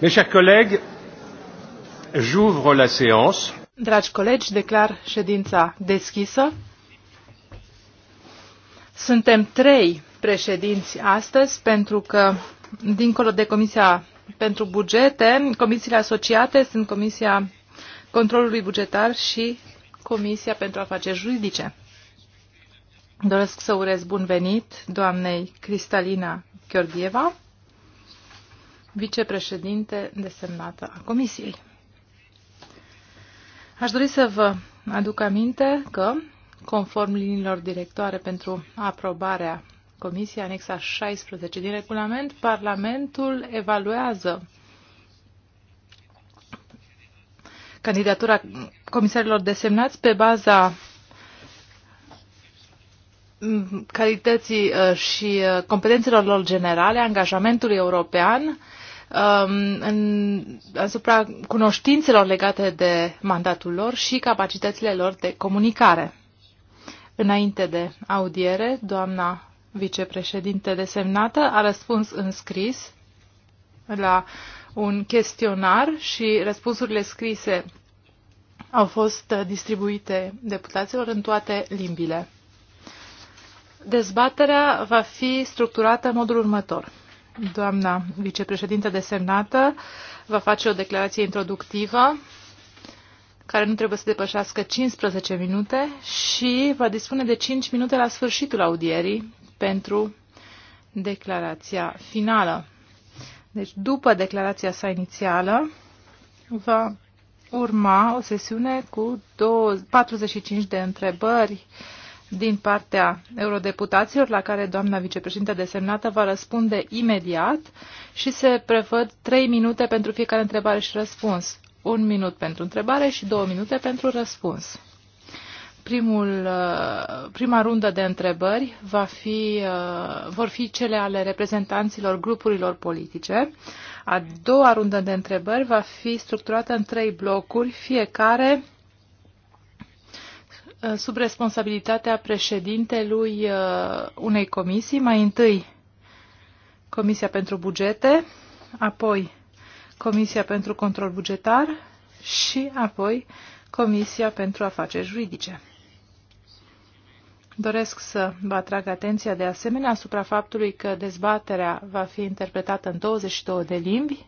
Mes chers collègues, j'ouvre la séance. Dragi colegi, declar ședința deschisă. Suntem trei președinți astăzi pentru că, dincolo de Comisia pentru Bugete, comisiile asociate sunt Comisia Controlului Bugetar și Comisia pentru Afaceri Juridice. Doresc să urez bun venit doamnei Cristalina Gheorgheva, vicepreședinte desemnată a Comisiei. Aș dori să vă aduc aminte că, conform liniilor directoare pentru aprobarea Comisiei anexa 16 din regulament, Parlamentul evaluează candidatura comisarilor desemnați pe baza mm, calității uh, și uh, competențelor lor generale, angajamentului european um, în, asupra cunoștințelor legate de mandatul lor și capacitățile lor de comunicare. Înainte de audiere, doamna vicepreședinte desemnată a răspuns în scris la un chestionar și răspunsurile scrise au fost distribuite deputaților în toate limbile. Dezbaterea va fi structurată în modul următor. Doamna vicepreședintă desemnată va face o declarație introductivă care nu trebuie să depășească 15 minute și va dispune de 5 minute la sfârșitul audierii pentru declarația finală. Deci, după declarația sa inițială, va urma o sesiune cu 45 de întrebări din partea eurodeputaților, la care doamna vicepreședinte desemnată va răspunde imediat și se prevăd 3 minute pentru fiecare întrebare și răspuns. Un minut pentru întrebare și două minute pentru răspuns. Primul, uh, prima rundă de întrebări va fi, uh, vor fi cele ale reprezentanților grupurilor politice. A doua rundă de întrebări va fi structurată în trei blocuri, fiecare Uh, sub responsabilitatea președintelui uh, unei comisii, mai întâi Comisia pentru Bugete, apoi Comisia pentru Control Bugetar și apoi Comisia pentru Afaceri Juridice. Doresc să vă atrag atenția de asemenea asupra faptului că dezbaterea va fi interpretată în 22 de limbi.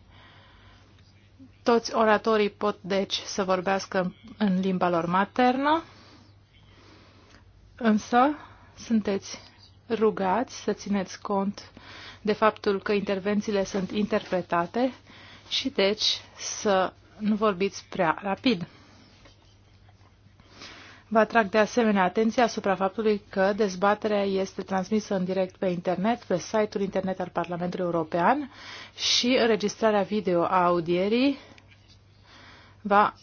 Toți oratorii pot, deci, să vorbească în limba lor maternă. Însă, sunteți rugați să țineți cont de faptul că intervențiile sunt interpretate și deci să nu vorbiți prea rapid. Vă atrag de asemenea atenția asupra faptului că dezbaterea este transmisă în direct pe internet, pe site-ul internet al Parlamentului European și înregistrarea video a audierii va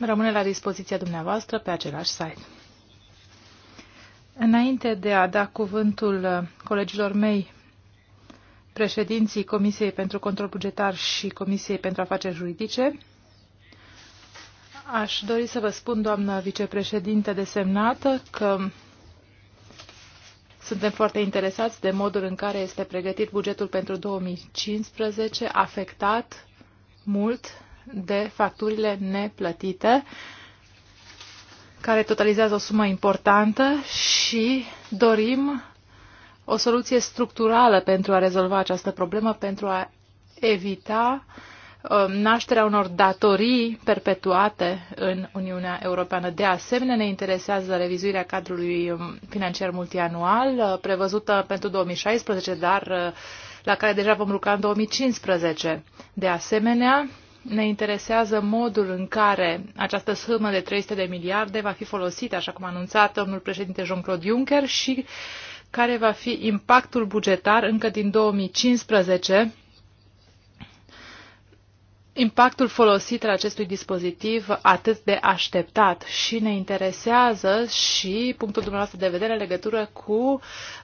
rămâne la dispoziția dumneavoastră pe același site. Înainte de a da cuvântul uh, colegilor mei, președinții Comisiei pentru Control Bugetar și Comisiei pentru Afaceri Juridice, aș dori să vă spun, doamnă vicepreședinte desemnată, că suntem foarte interesați de modul în care este pregătit bugetul pentru 2015, afectat mult de facturile neplătite care totalizează o sumă importantă și dorim o soluție structurală pentru a rezolva această problemă, pentru a evita uh, nașterea unor datorii perpetuate în Uniunea Europeană. De asemenea, ne interesează revizuirea cadrului um, financiar multianual, uh, prevăzută pentru 2016, dar uh, la care deja vom lucra în 2015. De asemenea, ne interesează modul în care această sumă de 300 de miliarde va fi folosită, așa cum a anunțat domnul președinte Jean-Claude Juncker, și care va fi impactul bugetar încă din 2015 impactul folosit al acestui dispozitiv atât de așteptat și ne interesează și punctul dumneavoastră de vedere în legătură cu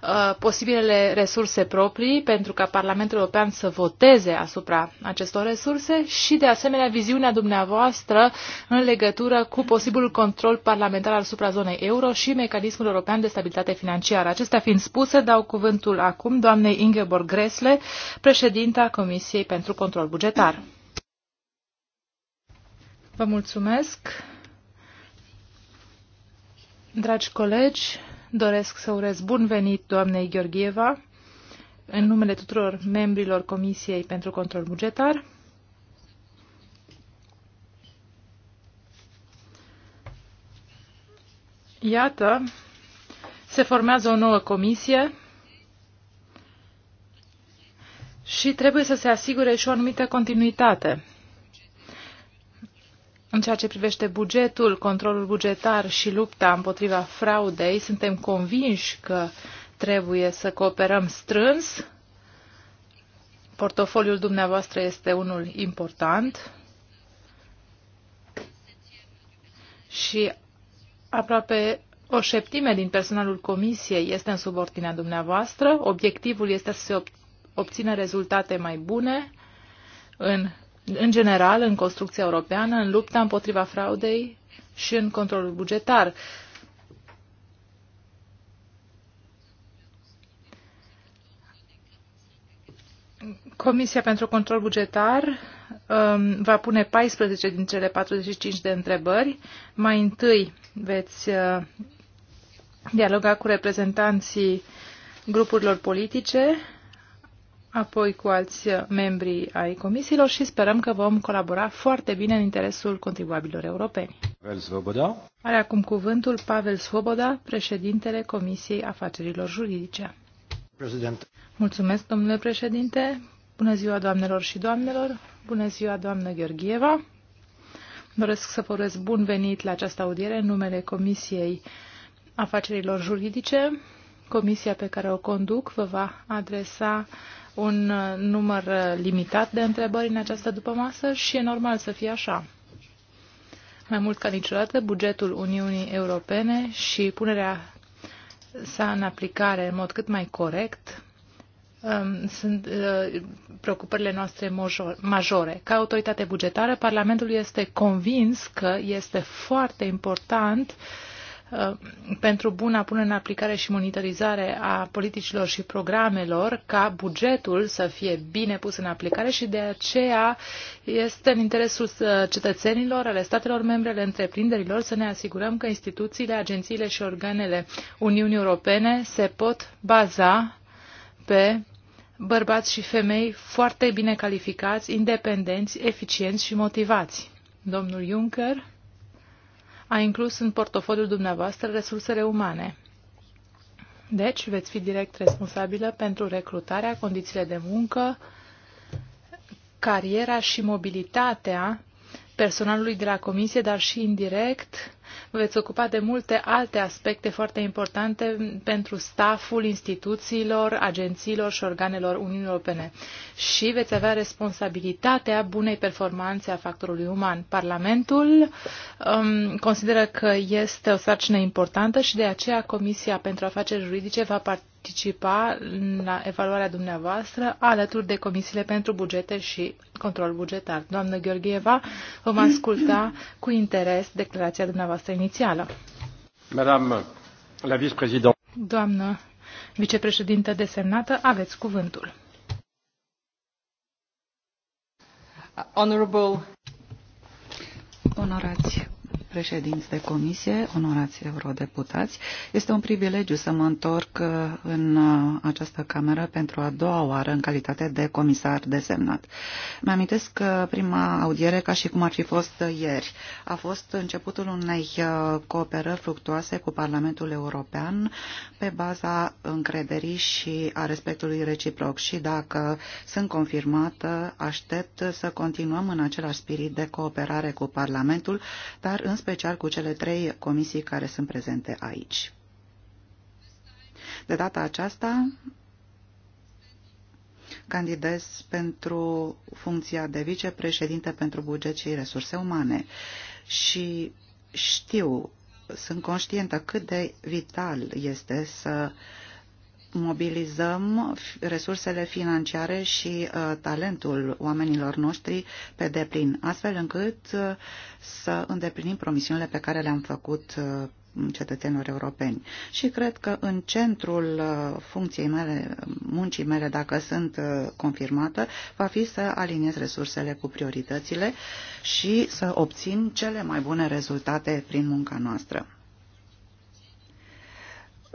uh, posibilele resurse proprii pentru ca Parlamentul European să voteze asupra acestor resurse și de asemenea viziunea dumneavoastră în legătură cu posibilul control parlamentar asupra zonei euro și mecanismul european de stabilitate financiară. Acestea fiind spuse, dau cuvântul acum doamnei Ingeborg Gresle, președinta Comisiei pentru Control Bugetar. Vă mulțumesc. Dragi colegi, doresc să urez bun venit doamnei Gheorgheva în numele tuturor membrilor Comisiei pentru Control Bugetar. Iată, se formează o nouă comisie și trebuie să se asigure și o anumită continuitate. În ceea ce privește bugetul, controlul bugetar și lupta împotriva fraudei, suntem convinși că trebuie să cooperăm strâns. Portofoliul dumneavoastră este unul important și aproape o șeptime din personalul comisiei este în subordinea dumneavoastră. Obiectivul este să se obțină rezultate mai bune în în general, în construcția europeană, în lupta împotriva fraudei și în controlul bugetar. Comisia pentru control bugetar um, va pune 14 din cele 45 de întrebări. Mai întâi veți uh, dialoga cu reprezentanții grupurilor politice apoi cu alți membri ai comisiilor și sperăm că vom colabora foarte bine în interesul contribuabilor europeni. Pavel Svoboda. Are acum cuvântul Pavel Svoboda, președintele Comisiei Afacerilor Juridice. President. Mulțumesc, domnule președinte. Bună ziua, doamnelor și doamnelor. Bună ziua, doamnă Gheorgheva. Doresc să vă urez bun venit la această audiere în numele Comisiei Afacerilor Juridice. Comisia pe care o conduc vă va adresa un uh, număr uh, limitat de întrebări în această dupămasă și e normal să fie așa. Mai mult ca niciodată, bugetul Uniunii Europene și punerea sa în aplicare în mod cât mai corect um, sunt uh, preocupările noastre majore. Ca autoritate bugetară, Parlamentul este convins că este foarte important uh, Uh, pentru buna punere în aplicare și monitorizare a politicilor și programelor ca bugetul să fie bine pus în aplicare și de aceea este în interesul uh, cetățenilor, ale statelor membre, ale întreprinderilor să ne asigurăm că instituțiile, agențiile și organele Uniunii Europene se pot baza pe bărbați și femei foarte bine calificați, independenți, eficienți și motivați. Domnul Juncker a inclus în portofoliul dumneavoastră resursele umane. Deci, veți fi direct responsabilă pentru recrutarea, condițiile de muncă, cariera și mobilitatea personalului de la comisie, dar și indirect. Vă veți ocupa de multe alte aspecte foarte importante pentru staful instituțiilor, agențiilor și organelor Uniunii Europene. Și veți avea responsabilitatea bunei performanțe a factorului uman. Parlamentul um, consideră că este o sarcină importantă și de aceea Comisia pentru Afaceri Juridice va participa participa la evaluarea dumneavoastră alături de comisiile pentru bugete și control bugetar. Doamnă Gheorgheva, vom asculta cu interes declarația dumneavoastră inițială. Madame la vicepreședintă. Doamnă vicepreședintă desemnată, aveți cuvântul. Honorable. Onorați președinți de comisie, onorați eurodeputați, este un privilegiu să mă întorc uh, în uh, această cameră pentru a doua oară în calitate de comisar desemnat. Mi-amintesc că uh, prima audiere, ca și cum ar fi fost ieri, a fost începutul unei cooperări fructuoase cu Parlamentul European pe baza încrederii și a respectului reciproc și dacă sunt confirmată, aștept să continuăm în același spirit de cooperare cu Parlamentul, dar în special cu cele trei comisii care sunt prezente aici. De data aceasta candidez pentru funcția de vicepreședinte pentru buget și resurse umane și știu, sunt conștientă cât de vital este să uh, mobilizăm resursele financiare și uh, talentul oamenilor noștri pe deplin, astfel încât uh, să îndeplinim promisiunile pe care le-am făcut uh, cetățenilor europeni. Și cred că în centrul uh, funcției mele, muncii mele, dacă sunt uh, confirmată, va fi să aliniez resursele cu prioritățile și să obțin cele mai bune rezultate prin munca noastră.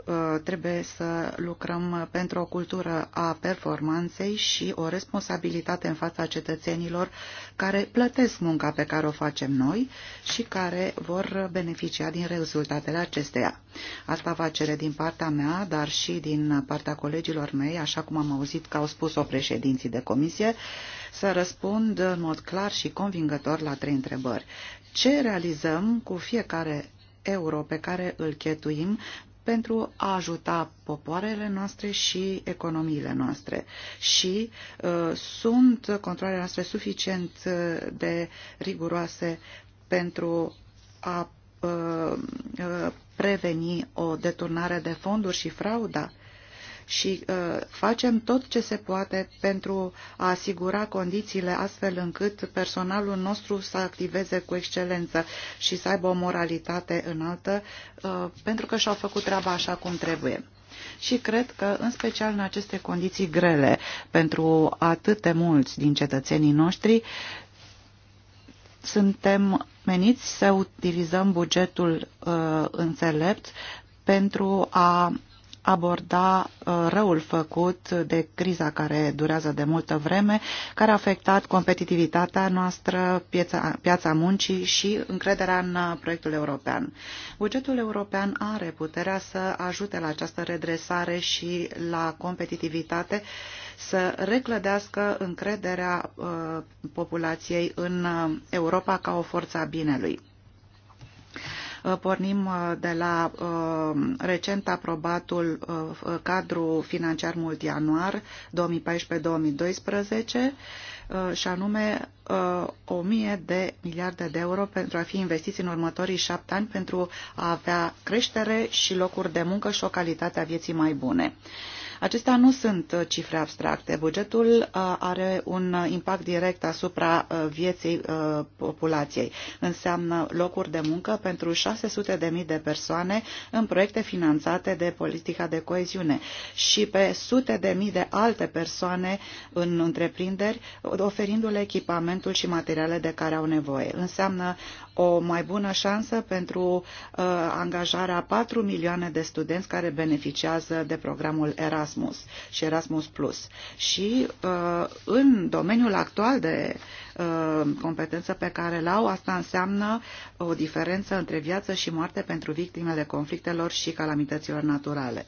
Uh, trebuie să lucrăm pentru o cultură a performanței și o responsabilitate în fața cetățenilor care plătesc munca pe care o facem noi și care vor beneficia din rezultatele acesteia. Asta va cere din partea mea, dar și din partea colegilor mei, așa cum am auzit că au spus-o președinții de comisie, să răspund în mod clar și convingător la trei întrebări. Ce realizăm cu fiecare euro pe care îl chetuim pentru a ajuta popoarele noastre și economiile noastre. Și uh, sunt controlele noastre suficient uh, de riguroase pentru a uh, uh, preveni o deturnare de fonduri și frauda și uh, facem tot ce se poate pentru a asigura condițiile astfel încât personalul nostru să activeze cu excelență și să aibă o moralitate înaltă uh, pentru că și-au făcut treaba așa cum trebuie și cred că, în special în aceste condiții grele pentru atât de mulți din cetățenii noștri, suntem meniți să utilizăm bugetul uh, înțelept pentru a aborda uh, răul făcut de criza care durează de multă vreme, care a afectat competitivitatea noastră, piața, piața muncii și încrederea în uh, proiectul european. Bugetul european are puterea să ajute la această redresare și la competitivitate, să reclădească încrederea uh, populației în uh, Europa ca o forță a binelui. Uh, pornim uh, de la uh, recent aprobatul cadru financiar multianuar 2014-2012 și anume 1000 de miliarde de euro pentru a fi investiți în următorii șapte ani pentru a avea creștere și locuri de muncă și o calitate a vieții mai bune. Acestea nu sunt uh, cifre abstracte. Bugetul uh, are un uh, impact direct asupra vieții populației. Înseamnă locuri de muncă pentru 600.000 de persoane în proiecte finanțate de politica de coeziune și pe sute de mii de alte persoane în întreprinderi, oferindu-le echipamentul și materiale de care au nevoie. Înseamnă o mai bună șansă pentru uh, angajarea 4 milioane de studenți care beneficiază de programul Erasmus și Erasmus Plus. Și uh, în domeniul actual de uh, competență pe care l-au, asta înseamnă o diferență între viață și moarte pentru victimele conflictelor și calamităților naturale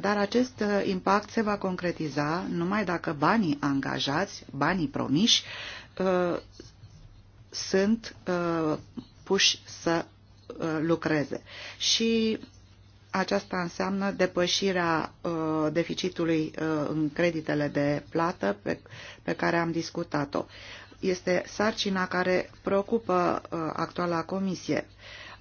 dar acest impact se va concretiza numai dacă banii angajați, banii promiși, sunt uh, puși să uh, lucreze. Și aceasta înseamnă depășirea uh, deficitului uh, în creditele de plată pe, pe care am discutat-o. Este sarcina care preocupă uh, actuala comisie. Uh,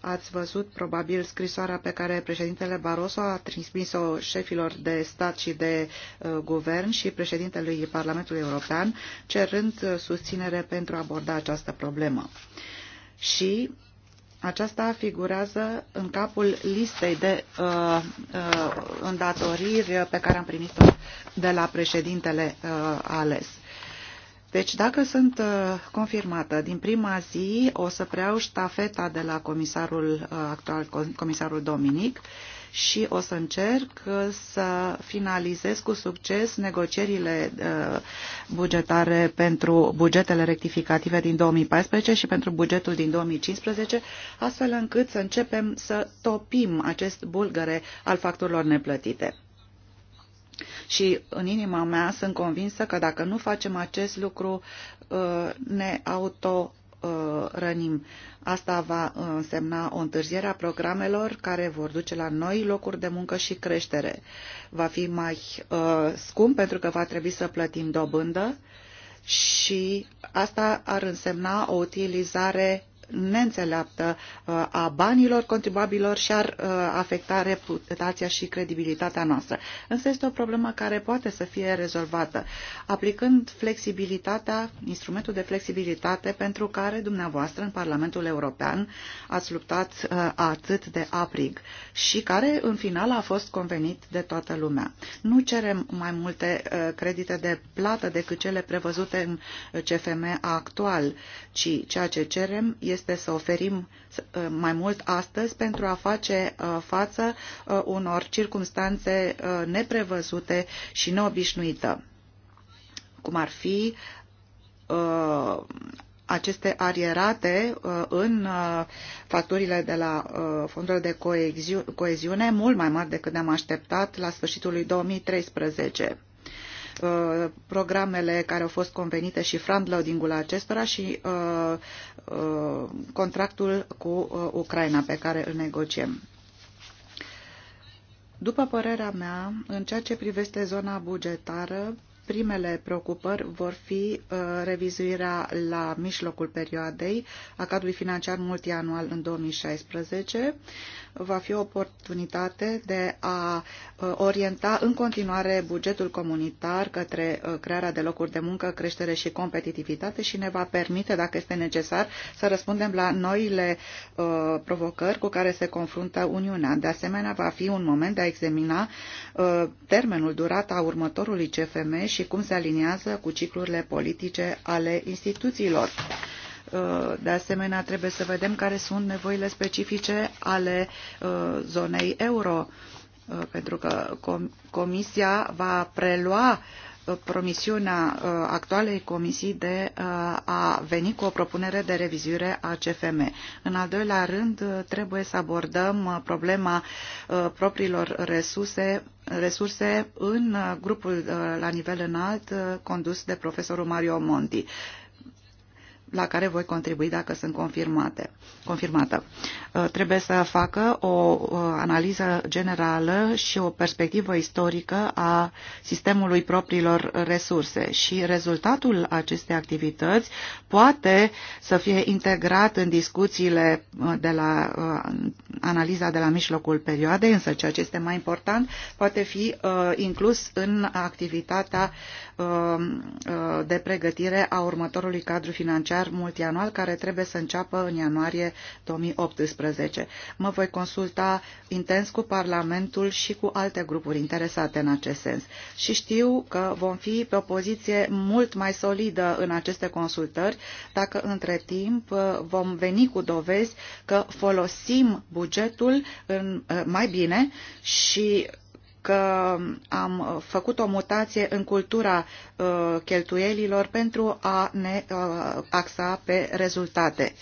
Ați văzut probabil scrisoarea pe care președintele Barroso a transmis-o șefilor de stat și de uh, guvern și președintelui Parlamentului European, cerând uh, susținere pentru a aborda această problemă. Și aceasta figurează în capul listei de uh, uh, îndatoriri pe care am primit-o de la președintele uh, ales. Deci dacă sunt uh, confirmată din prima zi, o să preau ștafeta de la comisarul uh, actual, comisarul Dominic, și o să încerc uh, să finalizez cu succes negocierile bugetare pentru bugetele rectificative din 2014 și pentru bugetul din 2015, astfel încât să începem să topim acest bulgăre al facturilor neplătite. Și în inima mea sunt convinsă că dacă nu facem acest lucru, uh, ne auto rănim. Asta va uh, însemna o întârziere a programelor care vor duce la noi locuri de muncă și creștere. Va fi mai uh, scump pentru că va trebui să plătim dobândă și asta ar însemna o utilizare neînțeleaptă uh, a banilor contribuabilor și ar uh, afecta reputația și credibilitatea noastră. Însă este o problemă care poate să fie rezolvată aplicând flexibilitatea, instrumentul de flexibilitate pentru care dumneavoastră în Parlamentul European ați luptat uh, atât de aprig și care în final a fost convenit de toată lumea. Nu cerem mai multe credite de plată decât cele prevăzute în CFM actual, ci ceea ce cerem este este să oferim uh, mai mult astăzi pentru a face uh, față uh, unor circunstanțe neprevăzute și neobișnuită, cum ar fi aceste arierate în facturile de la fondurile de coeziune mult mai mari decât ne-am așteptat la sfârșitul lui 2013. Uh, programele care au fost convenite și frontloading-ul acestora și uh, uh, contractul cu uh, Ucraina pe care îl negociem. După părerea mea, în ceea ce privește zona bugetară, primele preocupări vor fi uh, revizuirea la mijlocul perioadei a cadrului financiar multianual în 2016, va fi o oportunitate de a uh, orienta în continuare bugetul comunitar către uh, crearea de locuri de muncă, creștere și competitivitate și ne va permite, dacă este necesar, să răspundem la noile uh, provocări cu care se confruntă Uniunea. De asemenea, va fi un moment de a examina termenul, durata următorului CFM și cum se aliniază cu ciclurile politice ale instituțiilor. Uh, de asemenea, trebuie să vedem care sunt nevoile specifice ale uh, zonei euro, uh, pentru că Comisia va prelua promisiunea actualei comisii de a veni cu o propunere de revizuire a CFM. În al doilea rând, trebuie să abordăm problema propriilor resurse, resurse în grupul la nivel înalt condus de profesorul Mario Monti la care voi contribui dacă sunt confirmate, confirmată. Uh, trebuie să facă o uh, analiză generală și o perspectivă istorică a sistemului propriilor resurse și rezultatul acestei activități poate să fie integrat în discuțiile uh, de la analiza de la mijlocul perioadei, însă ceea ce este mai important poate fi inclus în activitatea uh, Um, uh, de pregătire a următorului cadru financiar multianual care trebuie să înceapă în ianuarie 2018. Mă voi consulta intens cu Parlamentul și cu alte grupuri interesate în acest sens. Și știu că vom fi pe o poziție mult mai solidă în aceste consultări dacă între timp uh, vom veni cu dovezi că folosim bugetul în, uh, mai bine și că am făcut o mutație în cultura uh, cheltuielilor pentru a ne uh, axa pe rezultate.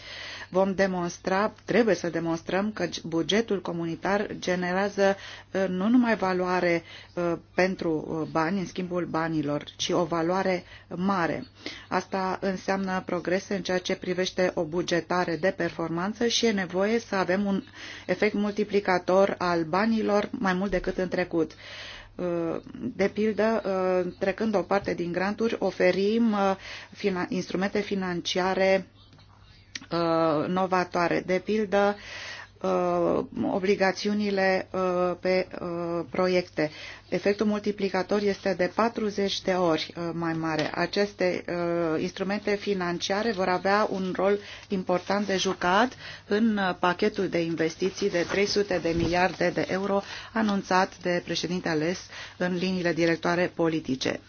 Vom demonstra, trebuie să demonstrăm că bugetul comunitar generează uh, nu numai valoare uh, pentru uh, bani, în schimbul banilor, ci o valoare mare. Asta înseamnă progrese în ceea ce privește o bugetare de performanță și e nevoie să avem un efect multiplicator al banilor mai mult decât în trecut de pildă, trecând o parte din granturi, oferim instrumente financiare Uh, novatoare, de pildă uh, obligațiunile uh, pe proiecte. Efectul multiplicator este de 40 de ori mai mare. Aceste instrumente financiare vor avea un rol important de jucat în pachetul de investiții de 300 de miliarde de euro anunțat de președinte ales în liniile directoare politice.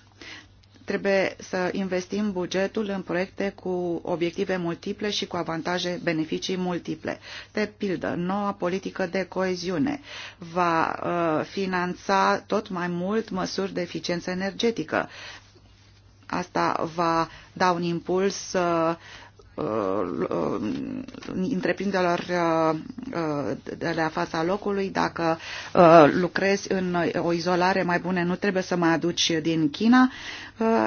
Trebuie să investim bugetul în proiecte cu obiective multiple și cu avantaje, beneficii multiple. De pildă, noua politică de coeziune va uh, finanța tot mai mult măsuri de eficiență energetică. Asta va da un impuls uh, Uh, uh, întreprinderilor uh, de la fața locului, dacă lucrezi în o izolare mai bună, nu trebuie să mai aduci din China.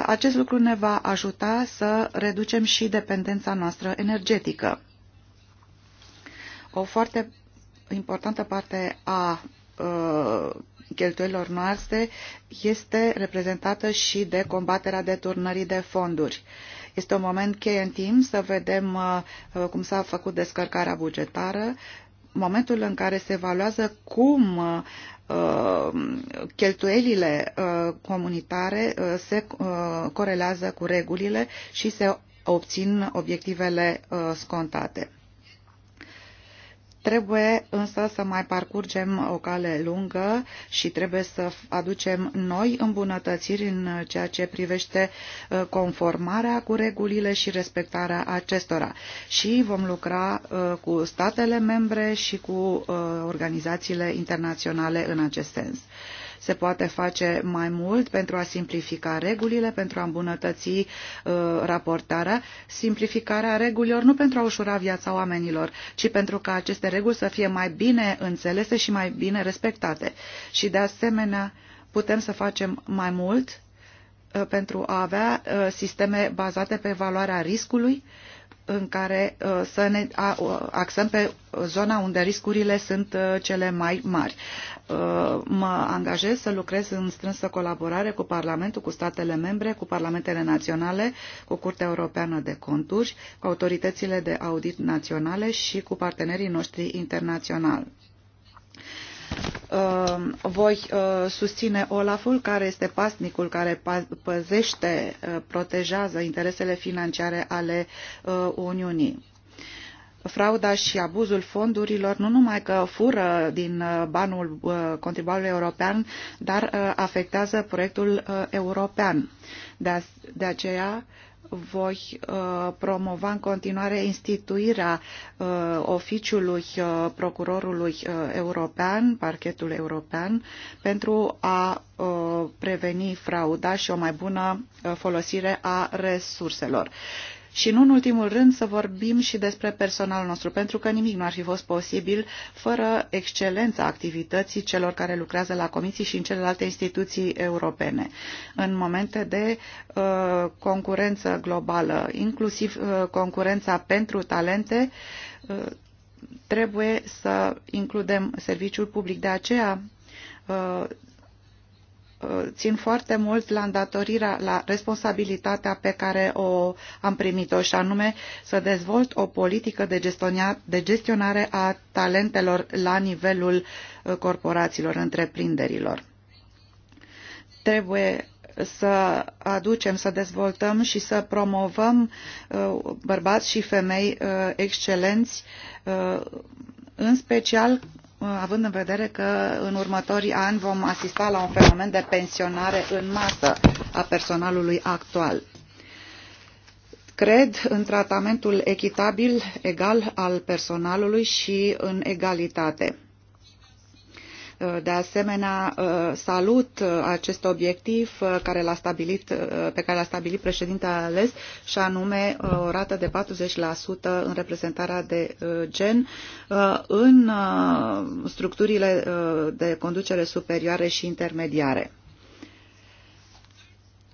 Acest lucru ne va ajuta să reducem și dependența noastră energetică. O foarte importantă parte a cheltuielor noastre este reprezentată și de combaterea deturnării de fonduri. Uh, este un moment cheie în timp să vedem uh, cum s-a făcut descărcarea bugetară, momentul în care se evaluează cum uh, cheltuielile uh, comunitare se corelează cu regulile și se obțin obiectivele scontate. Trebuie însă să mai parcurgem o cale lungă și trebuie să aducem noi îmbunătățiri în ceea ce privește uh, conformarea cu regulile și respectarea acestora. Și vom lucra uh, cu statele membre și cu uh, organizațiile internaționale în acest sens. Se poate face mai mult pentru a simplifica regulile, pentru a îmbunătăți uh, raportarea, simplificarea regulilor nu pentru a ușura viața oamenilor, ci pentru ca aceste reguli să fie mai bine înțelese și mai bine respectate. Și de asemenea putem să facem mai mult uh, pentru a avea uh, sisteme bazate pe evaluarea riscului în care uh, să ne uh, axăm pe zona unde riscurile sunt uh, cele mai mari. Mă angajez să lucrez în strânsă colaborare cu Parlamentul, cu statele membre, cu parlamentele naționale, cu Curtea Europeană de Conturi, cu autoritățile de audit naționale și cu partenerii noștri internaționali. Uh, voi uh, susține Olaful, care este pasnicul care păzește, uh, protejează interesele financiare ale Uniunii. Frauda și abuzul fondurilor nu numai că fură din banul contribuabilului european, dar afectează proiectul european. De, aceea, voi uh, promova în continuare instituirea uh, oficiului uh, procurorului european, parchetul european, pentru a preveni frauda și o mai bună folosire a resurselor. Și nu în ultimul rând să vorbim și despre personalul nostru, pentru că nimic nu ar fi fost posibil fără excelența activității celor care lucrează la comisii și în celelalte instituții europene. În momente de uh, concurență globală, inclusiv uh, concurența pentru talente, uh, trebuie să includem serviciul public. De aceea uh, țin foarte mult la îndatorirea, la responsabilitatea pe care o am primit-o și anume să dezvolt o politică de, de gestionare a talentelor la nivelul uh, corporațiilor, întreprinderilor. Trebuie să aducem, să dezvoltăm și să promovăm uh, bărbați și femei uh, excelenți, în special Uh, având în vedere că în următorii ani vom asista la un fenomen de pensionare în masă a personalului actual. Cred în tratamentul echitabil, egal al personalului și în egalitate. Uh, de asemenea, uh, salut uh, acest obiectiv care l-a stabilit, pe care l-a stabilit președintele ales și anume o rată de 40% în reprezentarea de gen în structurile de conducere superioare și intermediare.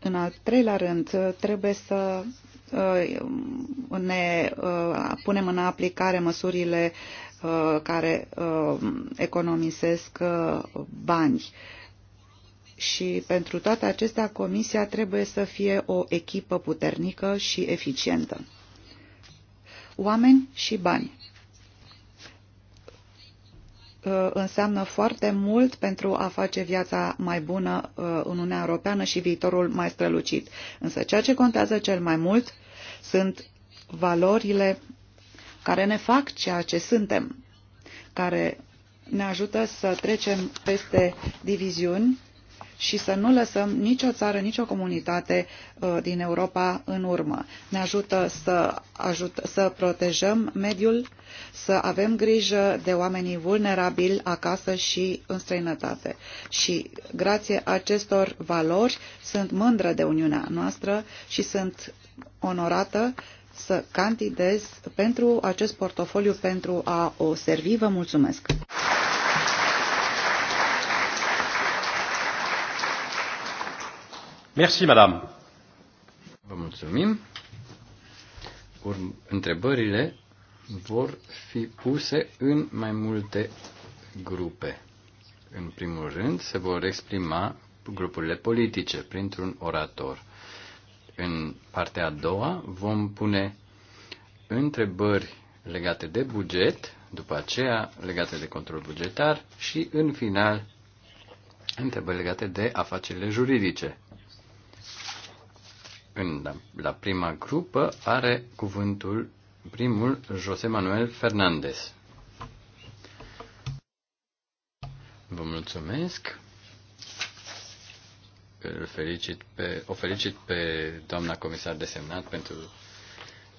În al treilea rând, trebuie să ne punem în aplicare măsurile Uh, care uh, economisesc uh, bani. Și pentru toate acestea, Comisia trebuie să fie o echipă puternică și eficientă. Oameni și bani înseamnă foarte mult pentru a face viața mai bună în Uniunea Europeană și viitorul mai strălucit. Însă ceea ce contează cel mai mult sunt valorile care ne fac ceea ce suntem, care ne ajută să trecem peste diviziuni și să nu lăsăm nicio țară, nicio comunitate uh, din Europa în urmă. Ne ajută să, ajut, să protejăm mediul, să avem grijă de oamenii vulnerabili acasă și în străinătate. Și grație acestor valori sunt mândră de Uniunea noastră și sunt onorată să candidez pentru acest portofoliu pentru a o servi. Vă mulțumesc! Merci, madame. Vă mulțumim. Urm întrebările vor fi puse în mai multe grupe. În primul rând, se vor exprima grupurile politice printr-un orator. În partea a doua vom pune întrebări legate de buget, după aceea legate de control bugetar și, în final, întrebări legate de afacerile juridice. În, la, la prima grupă are cuvântul primul José Manuel Fernández. Vă mulțumesc îl felicit pe, o felicit pe doamna comisar desemnat pentru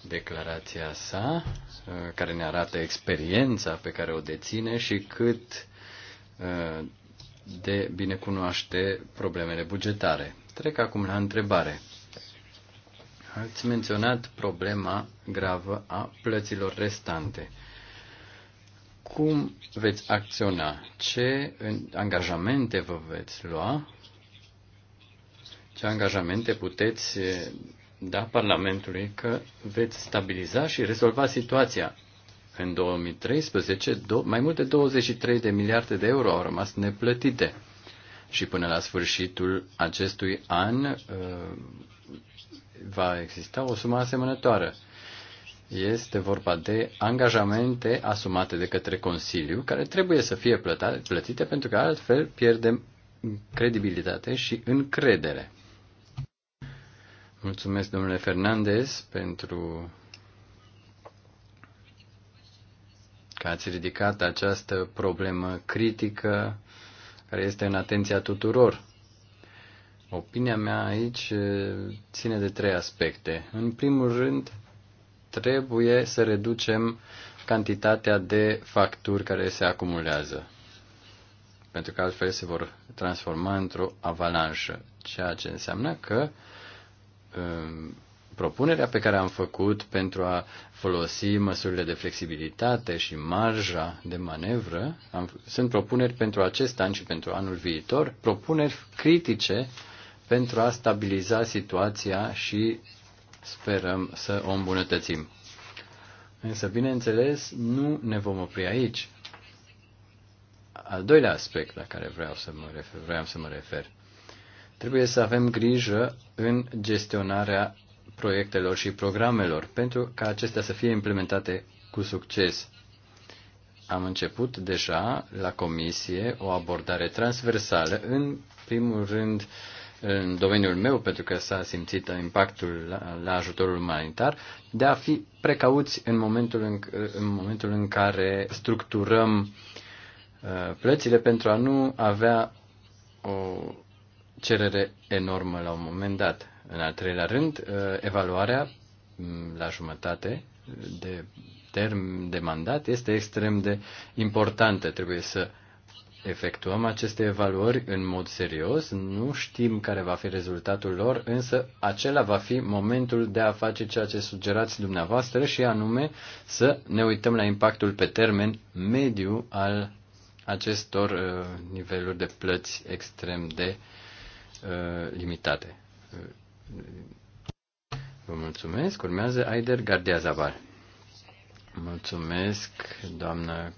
declarația sa, uh, care ne arată experiența pe care o deține și cât uh, de bine cunoaște problemele bugetare. Trec acum la întrebare. Ați menționat problema gravă a plăților restante. Cum veți acționa? Ce angajamente vă veți lua ce angajamente puteți eh, da Parlamentului că veți stabiliza și rezolva situația. În 2013, mai mult de 23 de miliarde de euro au rămas neplătite și până la sfârșitul acestui an eh, va exista o sumă asemănătoară. Este vorba de angajamente asumate de către Consiliu, care trebuie să fie plătite pentru că altfel pierdem credibilitate și încredere. Mulțumesc, domnule Fernandez, pentru că ați ridicat această problemă critică care este în atenția tuturor. Opinia mea aici ține de trei aspecte. În primul rând, trebuie să reducem cantitatea de facturi care se acumulează, pentru că altfel se vor transforma într-o avalanșă, ceea ce înseamnă că uh, Um, propunerea pe care am făcut pentru a folosi măsurile de flexibilitate și marja de manevră am, sunt propuneri pentru acest an și pentru anul viitor, propuneri critice pentru a stabiliza situația și sperăm să o îmbunătățim. Însă, bineînțeles, nu ne vom opri aici. Al doilea aspect la care vreau să mă refer, vreau să mă refer Trebuie să avem grijă în gestionarea proiectelor și programelor pentru ca acestea să fie implementate cu succes. Am început deja la comisie o abordare transversală, în primul rând în domeniul meu, pentru că s-a simțit impactul la, la ajutorul umanitar, de a fi precauți în momentul în, în, momentul în care structurăm uh, plățile pentru a nu avea o cerere enormă la un moment dat. În al treilea rând, uh, evaluarea mm, la jumătate de term de mandat este extrem de importantă. Trebuie să efectuăm aceste evaluări în mod serios, nu știm care va fi rezultatul lor, însă acela va fi momentul de a face ceea ce sugerați dumneavoastră și anume să ne uităm la impactul pe termen mediu al acestor uh, niveluri de plăți extrem de uh, Uh, limitate. Uh, vă mulțumesc. Urmează Aider Gardia Zabar. Mulțumesc, doamnă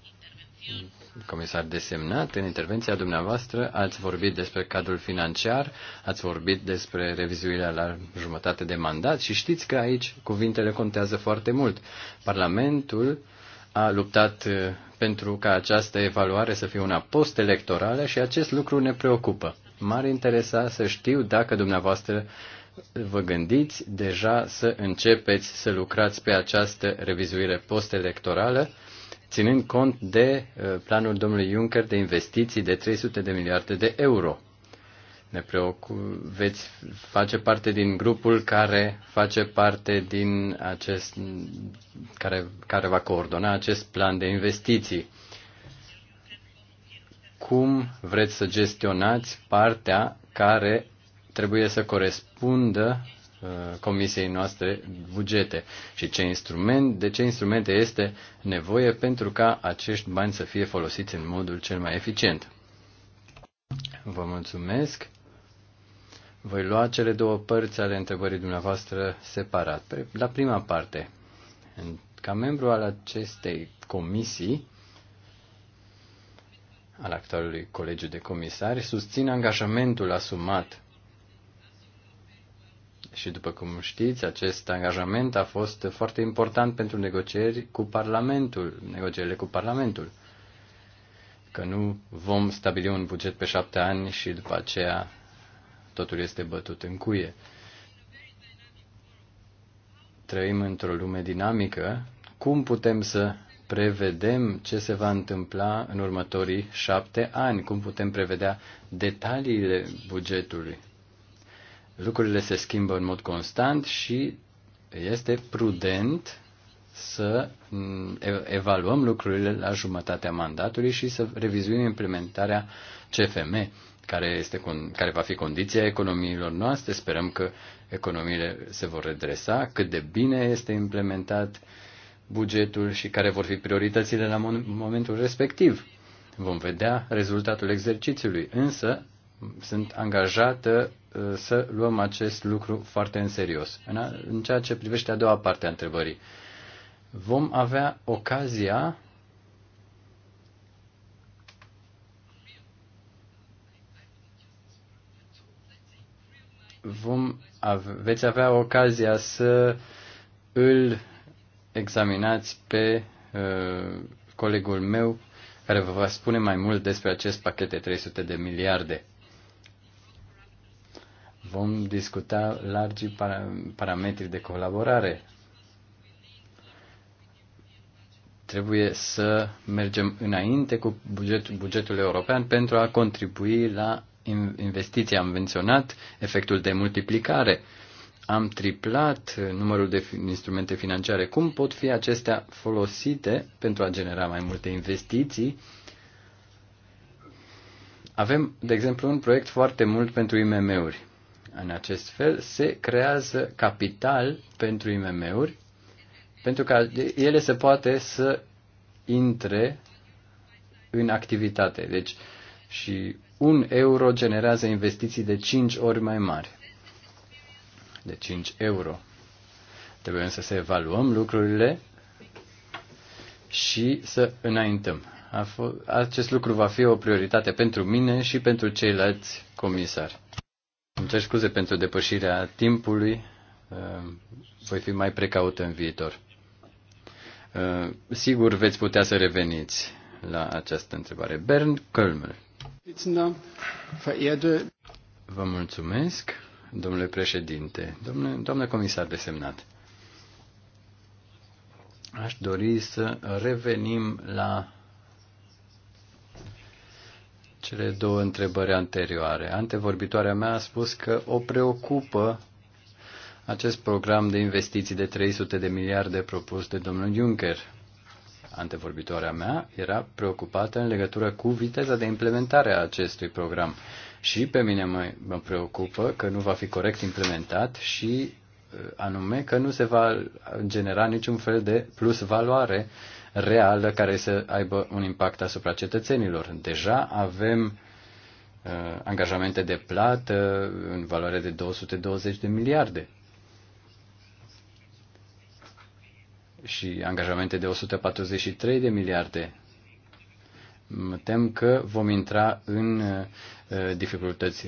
comisar desemnat. În intervenția dumneavoastră ați vorbit despre cadrul financiar, ați vorbit despre revizuirea la jumătate de mandat și știți că aici cuvintele contează foarte mult. Parlamentul a luptat uh, pentru ca această evaluare să fie una post-electorală și acest lucru ne preocupă. M-ar interesa să știu dacă dumneavoastră vă gândiți deja să începeți să lucrați pe această revizuire postelectorală, ținând cont de uh, planul domnului Juncker de investiții de 300 de miliarde de euro. Ne preocu- veți face parte din grupul care face parte din acest care, care va coordona acest plan de investiții cum vreți să gestionați partea care trebuie să corespundă uh, comisiei noastre bugete și ce instrument, de ce instrumente este nevoie pentru ca acești bani să fie folosiți în modul cel mai eficient. Vă mulțumesc. Voi lua cele două părți ale întrebării dumneavoastră separat. La prima parte, ca membru al acestei comisii, al actualului colegiu de comisari susțin angajamentul asumat. Și după cum știți, acest angajament a fost foarte important pentru negocieri cu Parlamentul, negocierile cu Parlamentul. Că nu vom stabili un buget pe șapte ani și după aceea totul este bătut în cuie. Trăim într-o lume dinamică. Cum putem să prevedem ce se va întâmpla în următorii șapte ani, cum putem prevedea detaliile bugetului. Lucrurile se schimbă în mod constant și este prudent să mm, evaluăm lucrurile la jumătatea mandatului și să revizuim implementarea CFM, care, este, care va fi condiția economiilor noastre. Sperăm că economiile se vor redresa, cât de bine este implementat uh, bugetul și care vor fi prioritățile la momentul respectiv. Vom vedea rezultatul exercițiului, însă sunt angajată uh, să luăm acest lucru foarte în serios. În ceea ce privește a doua parte a întrebării, vom avea ocazia vom ave, veți avea ocazia să îl examinați pe uh, colegul meu care vă va spune mai mult despre acest pachet de 300 de miliarde. Vom discuta largi parametri de colaborare. Trebuie să mergem înainte cu bugetul, bugetul european pentru a contribui la investiția. Am menționat efectul de multiplicare. Uh, am triplat uh, numărul de instrumente financiare. Cum pot fi acestea folosite pentru a genera mai multe investiții? Avem, de exemplu, un proiect foarte mult pentru IMM-uri. În acest fel se creează capital pentru IMM-uri pentru ca ele se poate să intre în activitate. Deci și un euro generează investiții de 5 ori mai mari de 5 euro. Trebuie însă să evaluăm lucrurile și să înaintăm. Acest lucru va fi o prioritate pentru mine și pentru ceilalți comisari. Îmi cer scuze pentru depășirea timpului. Ehm, voi fi mai precaut în viitor. Ehm, sigur veți putea să reveniți la această întrebare. Bernd Kölmel. Vă mulțumesc domnule președinte, domnule, domnule comisar desemnat. Aș dori să revenim la cele două întrebări anterioare. Antevorbitoarea mea a spus că o preocupă acest program de investiții de 300 de miliarde propus de domnul Juncker. Antevorbitoarea mea era preocupată în legătură cu viteza de implementare a acestui program și pe mine mă, mă preocupă că nu va fi corect implementat și uh, anume că nu se va genera niciun fel de plus valoare reală care să aibă un impact asupra cetățenilor. Deja avem uh, angajamente de plată în valoare de 220 de miliarde și angajamente de 143 de miliarde mă tem că vom intra în uh, dificultăți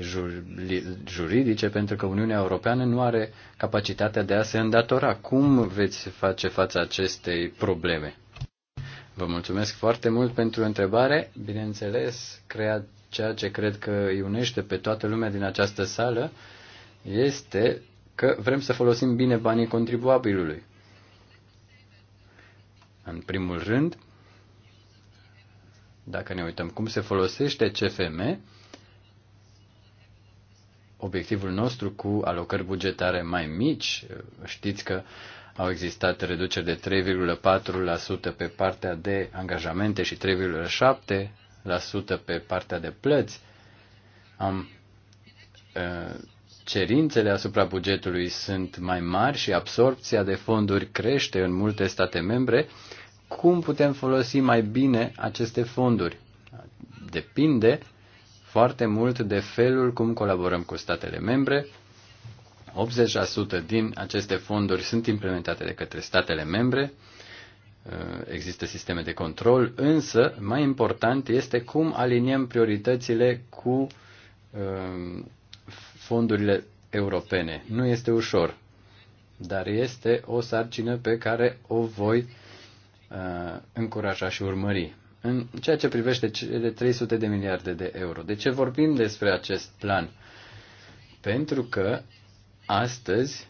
juridice pentru că Uniunea Europeană nu are capacitatea de a se îndatora. Cum veți face față acestei probleme? Vă mulțumesc foarte mult pentru întrebare. Bineînțeles, crea ceea ce cred că îi unește pe toată lumea din această sală este că vrem să folosim bine banii contribuabilului. În primul rând, dacă ne uităm cum se folosește CFM, obiectivul nostru cu alocări bugetare mai mici, știți că au existat reduceri de 3,4% pe partea de angajamente și 3,7% pe partea de plăți. Am, ă, cerințele asupra bugetului sunt mai mari și absorpția de fonduri crește în multe state membre cum putem folosi mai bine aceste fonduri. Depinde foarte mult de felul cum colaborăm cu statele membre. 80% din aceste fonduri sunt implementate de către statele membre. Uh, există sisteme de control, însă mai important este cum aliniem prioritățile cu uh, fondurile europene. Nu este ușor, dar este o sarcină pe care o voi Uh, încuraja și urmări. În ceea ce privește cele 300 de miliarde de euro, de ce vorbim despre acest plan? Pentru că astăzi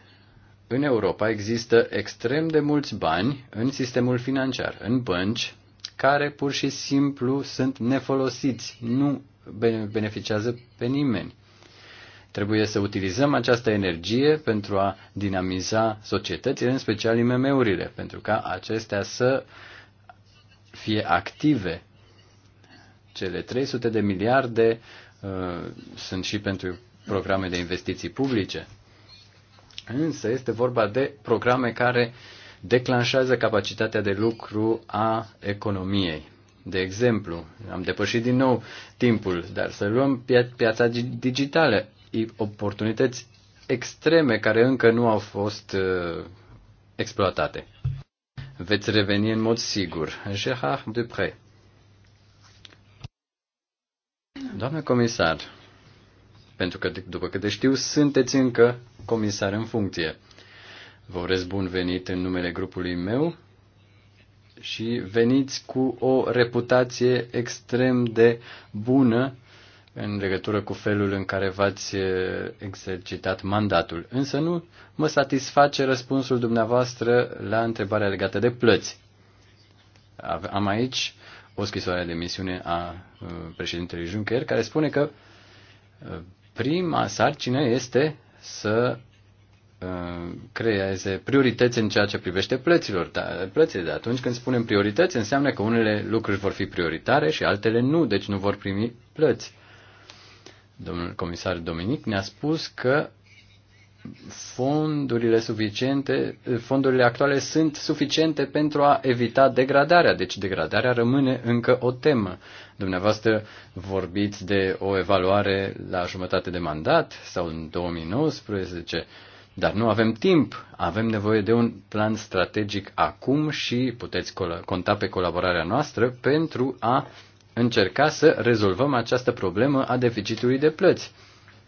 în Europa există extrem de mulți bani în sistemul financiar, în bănci, care pur și simplu sunt nefolosiți, nu beneficiază pe nimeni. Trebuie să utilizăm această energie pentru a dinamiza societățile, în special IMM-urile, pentru ca acestea să fie active. Cele 300 de miliarde uh, sunt și pentru programe de investiții publice. Însă este vorba de programe care declanșează capacitatea de lucru a economiei. De exemplu, am depășit din nou timpul, dar să luăm pia- piața digitală oportunități extreme care încă nu au fost uh, exploatate. Veți reveni în mod sigur. Gérard Dupré. Doamne comisar, pentru că, după câte știu, sunteți încă comisar în funcție. Vă urez bun venit în numele grupului meu și veniți cu o reputație extrem de bună în legătură cu felul în care v-ați exercitat mandatul. Însă nu mă satisface răspunsul dumneavoastră la întrebarea legată de plăți. Am aici o scrisoare de misiune a președintelui Juncker care spune că prima sarcină este să creeze priorități în ceea ce privește plăților, da, plățile. De atunci când spunem priorități, înseamnă că unele lucruri vor fi prioritare și altele nu, deci nu vor primi plăți domnul comisar Dominic, ne-a spus că fondurile suficiente, fondurile actuale sunt suficiente pentru a evita degradarea. Deci degradarea rămâne încă o temă. Dumneavoastră vorbiți de o evaluare la jumătate de mandat sau în 2019, dar nu avem timp. Avem nevoie de un plan strategic acum și puteți conta pe colaborarea noastră pentru a încerca să rezolvăm această problemă a deficitului de plăți.